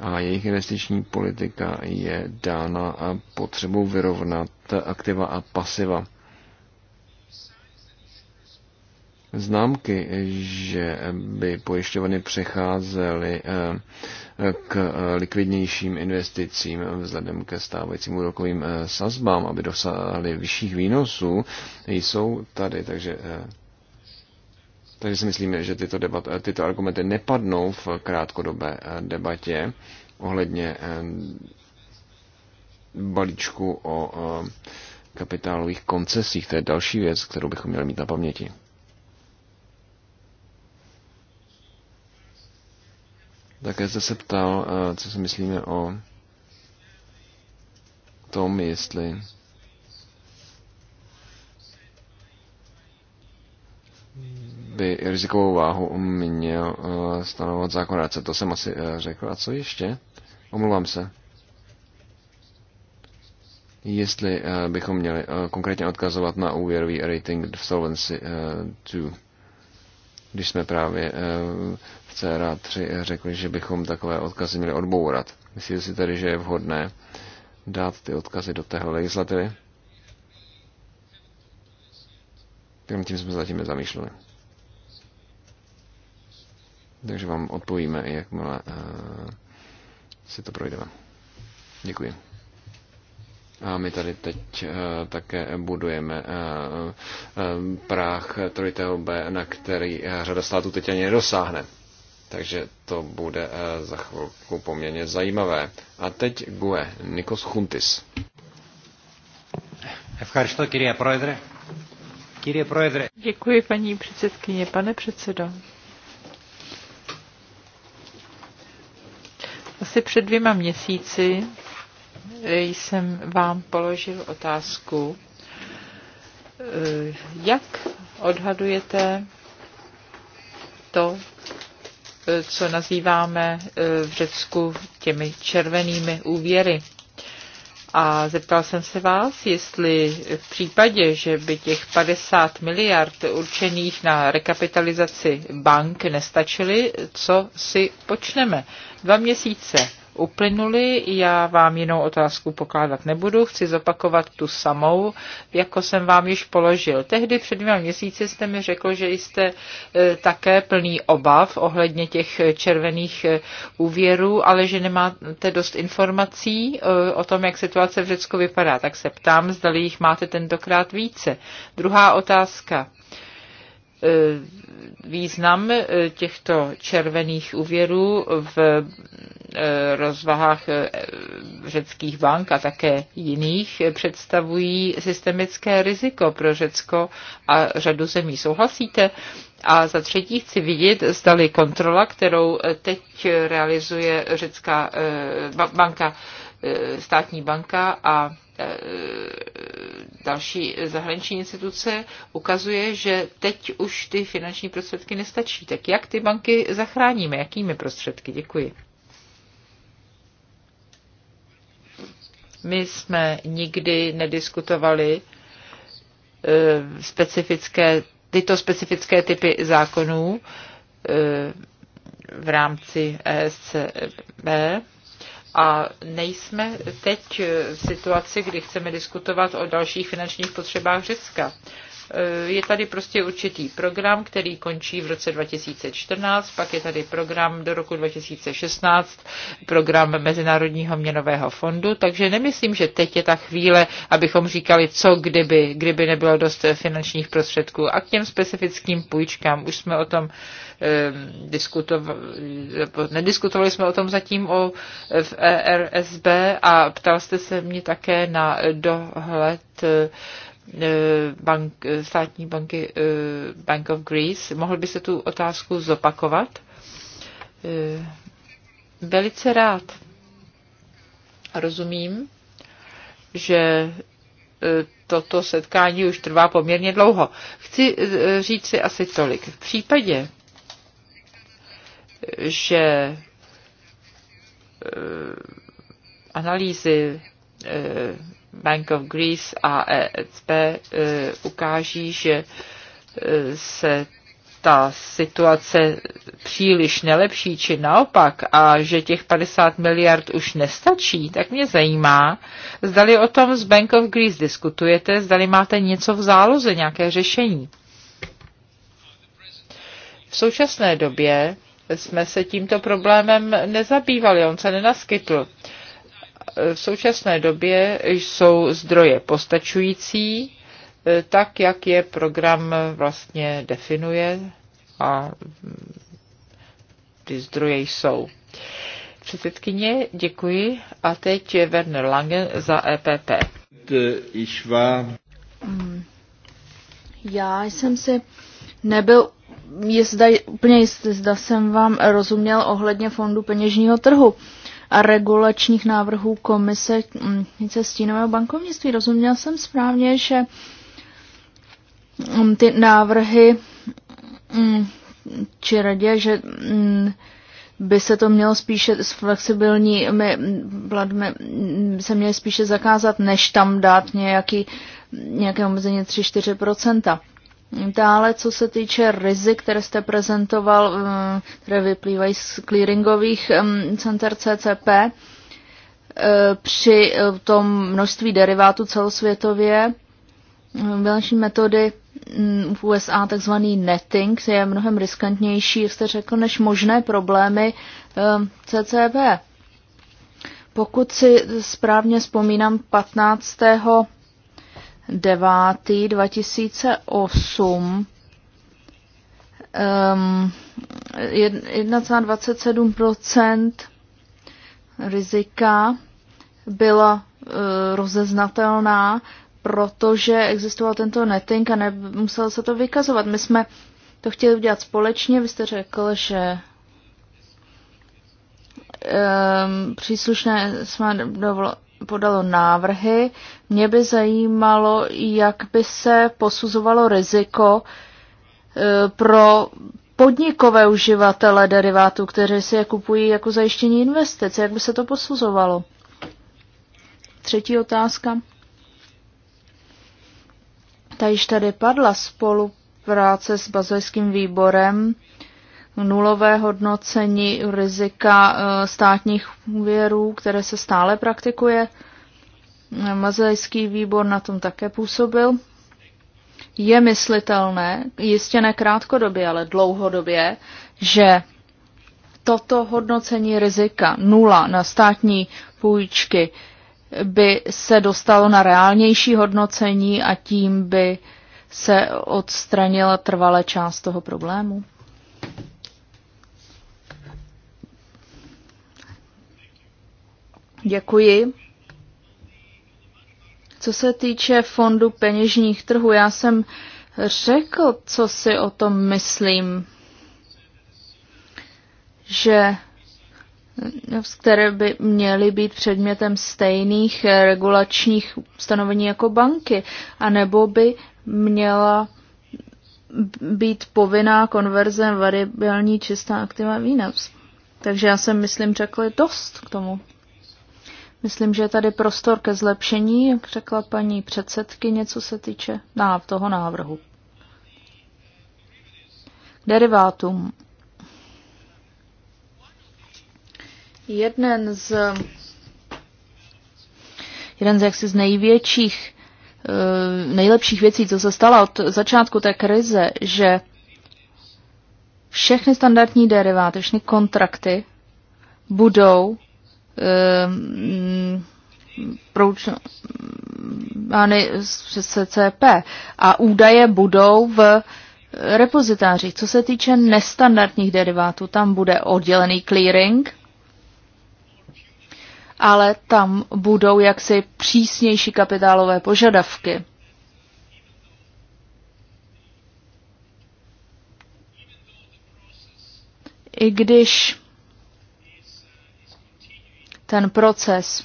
a jejich investiční politika je dána potřebou vyrovnat aktiva a pasiva. Známky, že by pojišťovny přecházely eh, k eh, likvidnějším investicím vzhledem ke stávajícím úrokovým eh, sazbám, aby dosáhly vyšších výnosů, jsou tady, takže takže si myslím, že tyto, debat, eh, tyto argumenty nepadnou v krátkodobé eh, debatě ohledně eh, balíčku o kapitálových koncesích. To je další věc, kterou bychom měli mít na paměti. Také jste se ptal, co si myslíme o tom, jestli by rizikovou váhu měl eh, stanovovat zákonodárce. To jsem asi eh, řekl. A co ještě? Omlouvám se. Jestli eh, bychom měli konkrétně odkazovat na úvěrový rating v Solvency 2, když jsme právě v CRA 3 řekli, že bychom takové odkazy měli odbourat. Myslíte si tedy, že je vhodné dát ty odkazy do téhle legislativy? Tak tím jsme zatím nezamýšleli. Takže vám odpovíme, jakmile eh, si to projdeme. Děkuji. A my tady teď eh, také budujeme eh, práh trojitého B, na který řada států teď ani nedosáhne. Takže to bude za chvilku poměrně zajímavé. A teď GUE, Nikos Chuntis. Děkuji, paní předsedkyně. Pane předsedo, Asi před dvěma měsíci jsem vám položil otázku, eh, jak odhadujete to, eh, co nazýváme eh, v Řecku těmi červenými úvěry. A zeptal jsem se vás, jestli v případě, že by těch 50 miliard určených na rekapitalizaci bank nestačily, co si počneme. Dva měsíce uplynuly. Já vám jinou otázku pokládat nebudu, chci zopakovat tu samou, jako jsem vám již položil. Tehdy před dvěma měsíci jste mi řekl, že jste e, také plný obav ohledně těch červených e, úvěrů, ale že nemáte dost informací e, o tom, jak situace v Řecku vypadá. Tak se ptám, zda jich máte tentokrát více. Druhá otázka. Eh, význam eh, těchto červených úvěrů v eh, rozvahách řeckých bank a také jiných představují systemické riziko pro Řecko a řadu zemí. Souhlasíte? A za třetí chci vidět, zdali kontrola, kterou teď realizuje řecká banka, státní banka a Eh, další zahraniční instituce, ukazuje, že teď už ty finanční prostředky nestačí. Tak jak ty banky zachráníme? Jakými prostředky? Děkuji. My jsme nikdy nediskutovali eh, specifické, tyto specifické typy zákonů eh, v rámci ESCB a nejsme teď v situaci, kdy chceme diskutovat o dalších finančních potřebách Řecka. Eh, je tady prostě určitý program, který končí v roce 2014, pak je tady program do roku 2016, program Mezinárodního měnového fondu, takže nemyslím, že teď je ta chvíle, abychom říkali, co kdyby, kdyby nebylo dost finančních prostředků. A k těm specifickým půjčkám už jsme o tom eh, diskutovali, nediskutovali jsme o tom zatím o, eh, v ERSB a ptal jste se mě také na dohled Eh, bank, eh, státní banky eh, Bank of Greece. Mohl by se tu otázku zopakovat? Velice rád. Rozumím, že toto setkání už trvá poměrně dlouho. Chci říct si asi tolik. V případě, že analýzy Bank of Greece a ECB e, ukáží, že e, se ta situace příliš nelepší, či naopak, a že těch 50 miliard už nestačí, tak mě zajímá, zdali o tom z Bank of Greece diskutujete, zdali máte něco v záloze, nějaké řešení. V současné době jsme se tímto problémem nezabývali, on se nenaskytl v současné době jsou zdroje postačující, eh, tak jak je program vlastně definuje a mm, ty zdroje jsou. Předsedkyně, děkuji. A teď je Werner Langen za EPP. Já jsem si nebyl jistý, úplně jistý, zda jsem vám rozuměl ohledně fondu peněžního trhu a regulačních návrhů komise se hm, stínového bankovnictví. Rozuměl jsem správně, že hm, ty návrhy hm, či radě, že by se to mělo spíše s flexibilními platbami se měly spíše zakázat, než tam dát nějaký, nějaké omezení 3-4%. Dále, co se týče rizik, které jste prezentoval, eh, které vyplývají z clearingových center CCP, eh, při eh, tom množství derivátů celosvětově, bilanční metody mm, v USA, takzvaný netting, je mnohem riskantnější, jak jste řekl, než možné problémy CCP. Pokud si správně vzpomínám, 15. 9. 2008 um, 1,27 rizika byla uh, rozeznatelná, protože existoval tento netting a nemuselo se to vykazovat. My jsme to chtěli udělat společně, vy jste řekl, že um, příslušné jsme dovolili podalo návrhy. Mě by zajímalo, jak by se posuzovalo riziko e, pro podnikové uživatele derivátů, kteří si je kupují jako zajištění investic. Jak by se to posuzovalo? Třetí otázka. Ta již tady padla spolupráce s bazojským výborem nulové hodnocení rizika eh, státních úvěrů, které se stále praktikuje. Mazajský výbor na tom také působil. Je myslitelné, jistě ne krátkodobě, ale dlouhodobě, že toto hodnocení rizika nula na státní půjčky by se dostalo na reálnější hodnocení a tím by se odstranila trvalé část toho problému? Děkuji. Co se týče fondu peněžních trhů, já jsem řekl, co si o tom myslím, že no, které by měly být předmětem stejných regulačních stanovení jako banky, anebo by měla být povinná konverze variabilní čistá aktiva výnos. Takže já jsem, myslím, řekl dost k tomu. Myslím, že je tady prostor ke zlepšení, jak řekla paní předsedky, něco se týče náv, toho návrhu. Derivátum. Jeden z, jeden z jaksi z největších, eh, nejlepších věcí, co se stalo od začátku té krize, že všechny standardní deriváty, všechny kontrakty budou Eh, proučovány přes CCP a údaje budou v repozitářích. Co se týče nestandardních derivátů, tam bude oddělený clearing, ale tam budou jaksi přísnější kapitálové požadavky. I když ten proces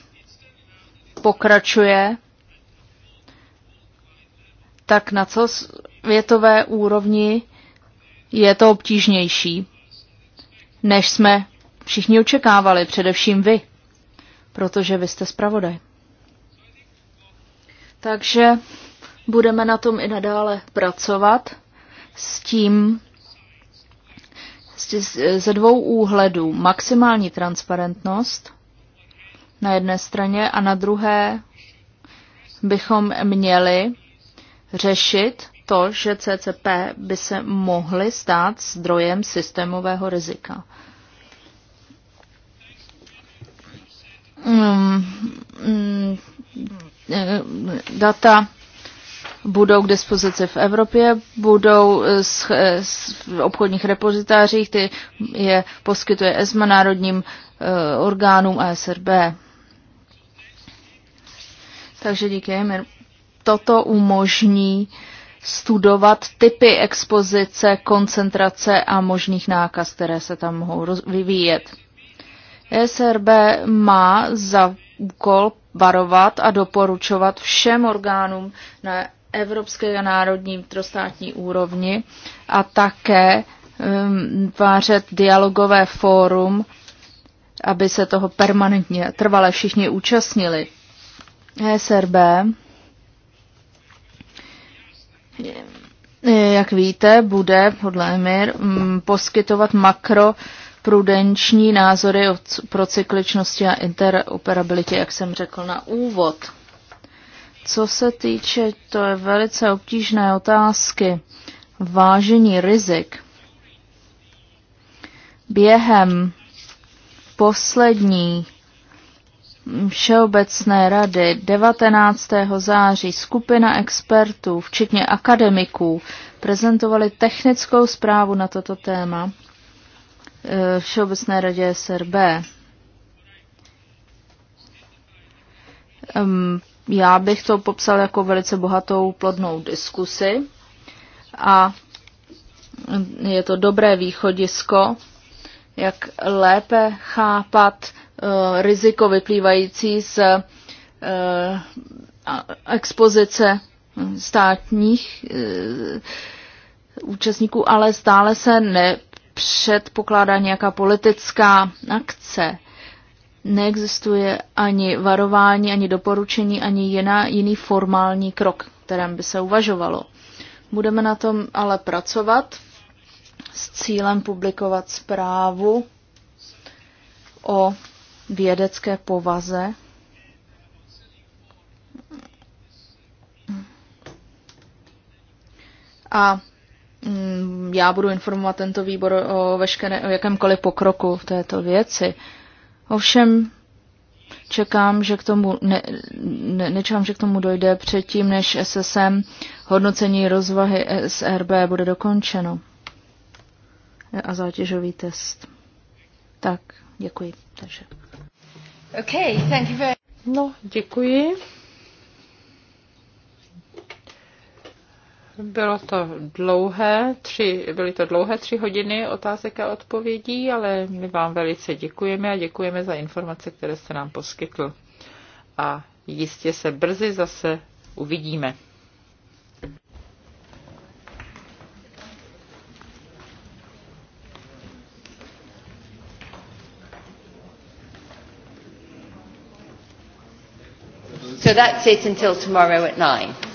pokračuje, tak na co světové úrovni je to obtížnější, než jsme všichni očekávali, především vy, protože vy jste zpravodaj. Takže budeme na tom i nadále pracovat s tím, ze dvou úhledů. Maximální transparentnost na jedné straně a na druhé bychom měli řešit to, že CCP by se mohly stát zdrojem systémového rizika. Mm, mm, data budou k dispozici v Evropě, budou v obchodních repozitářích, ty je poskytuje ESMA národním eh, orgánům ASRB. Takže díky, Emir. Toto umožní studovat typy expozice, koncentrace a možných nákaz, které se tam mohou vyvíjet. SRB má za úkol varovat a doporučovat všem orgánům na evropské a národní vnitrostátní úrovni a také um, vářet dialogové fórum, aby se toho permanentně trvale všichni účastnili. E SRB, jak víte, bude podle EMIR mm, poskytovat makro prudenční názory o procykličnosti a interoperabilitě, jak jsem řekl na úvod. Co se týče, to je velice obtížné otázky, vážení rizik. Během poslední Všeobecné rady 19. září skupina expertů, včetně akademiků, prezentovali technickou zprávu na toto téma e, Všeobecné radě SRB. Já bych to popsal jako velice bohatou plodnou diskusi a je to dobré východisko, jak lépe chápat Eh, riziko vyplývající z eh, expozice státních eh, účastníků, ale stále se nepředpokládá nějaká politická akce. Neexistuje ani varování, ani doporučení, ani jiná, jiný formální krok, kterém by se uvažovalo. Budeme na tom ale pracovat s cílem publikovat zprávu o vědecké povaze. A mm, já budu informovat tento výbor o, veškeré, o jakémkoliv pokroku v této věci. Ovšem čekám, že k tomu, ne, ne, nečekám, že k tomu dojde předtím, než SSM hodnocení rozvahy SRB bude dokončeno. A zátěžový test. Tak, děkuji. Takže. Okay, thank you very... No, děkuji. Bylo to dlouhé, tři, byly to dlouhé tři hodiny otázek a odpovědí, ale my vám velice děkujeme a děkujeme za informace, které jste nám poskytl. A jistě se brzy zase uvidíme. So that is it until tomorrow at 9.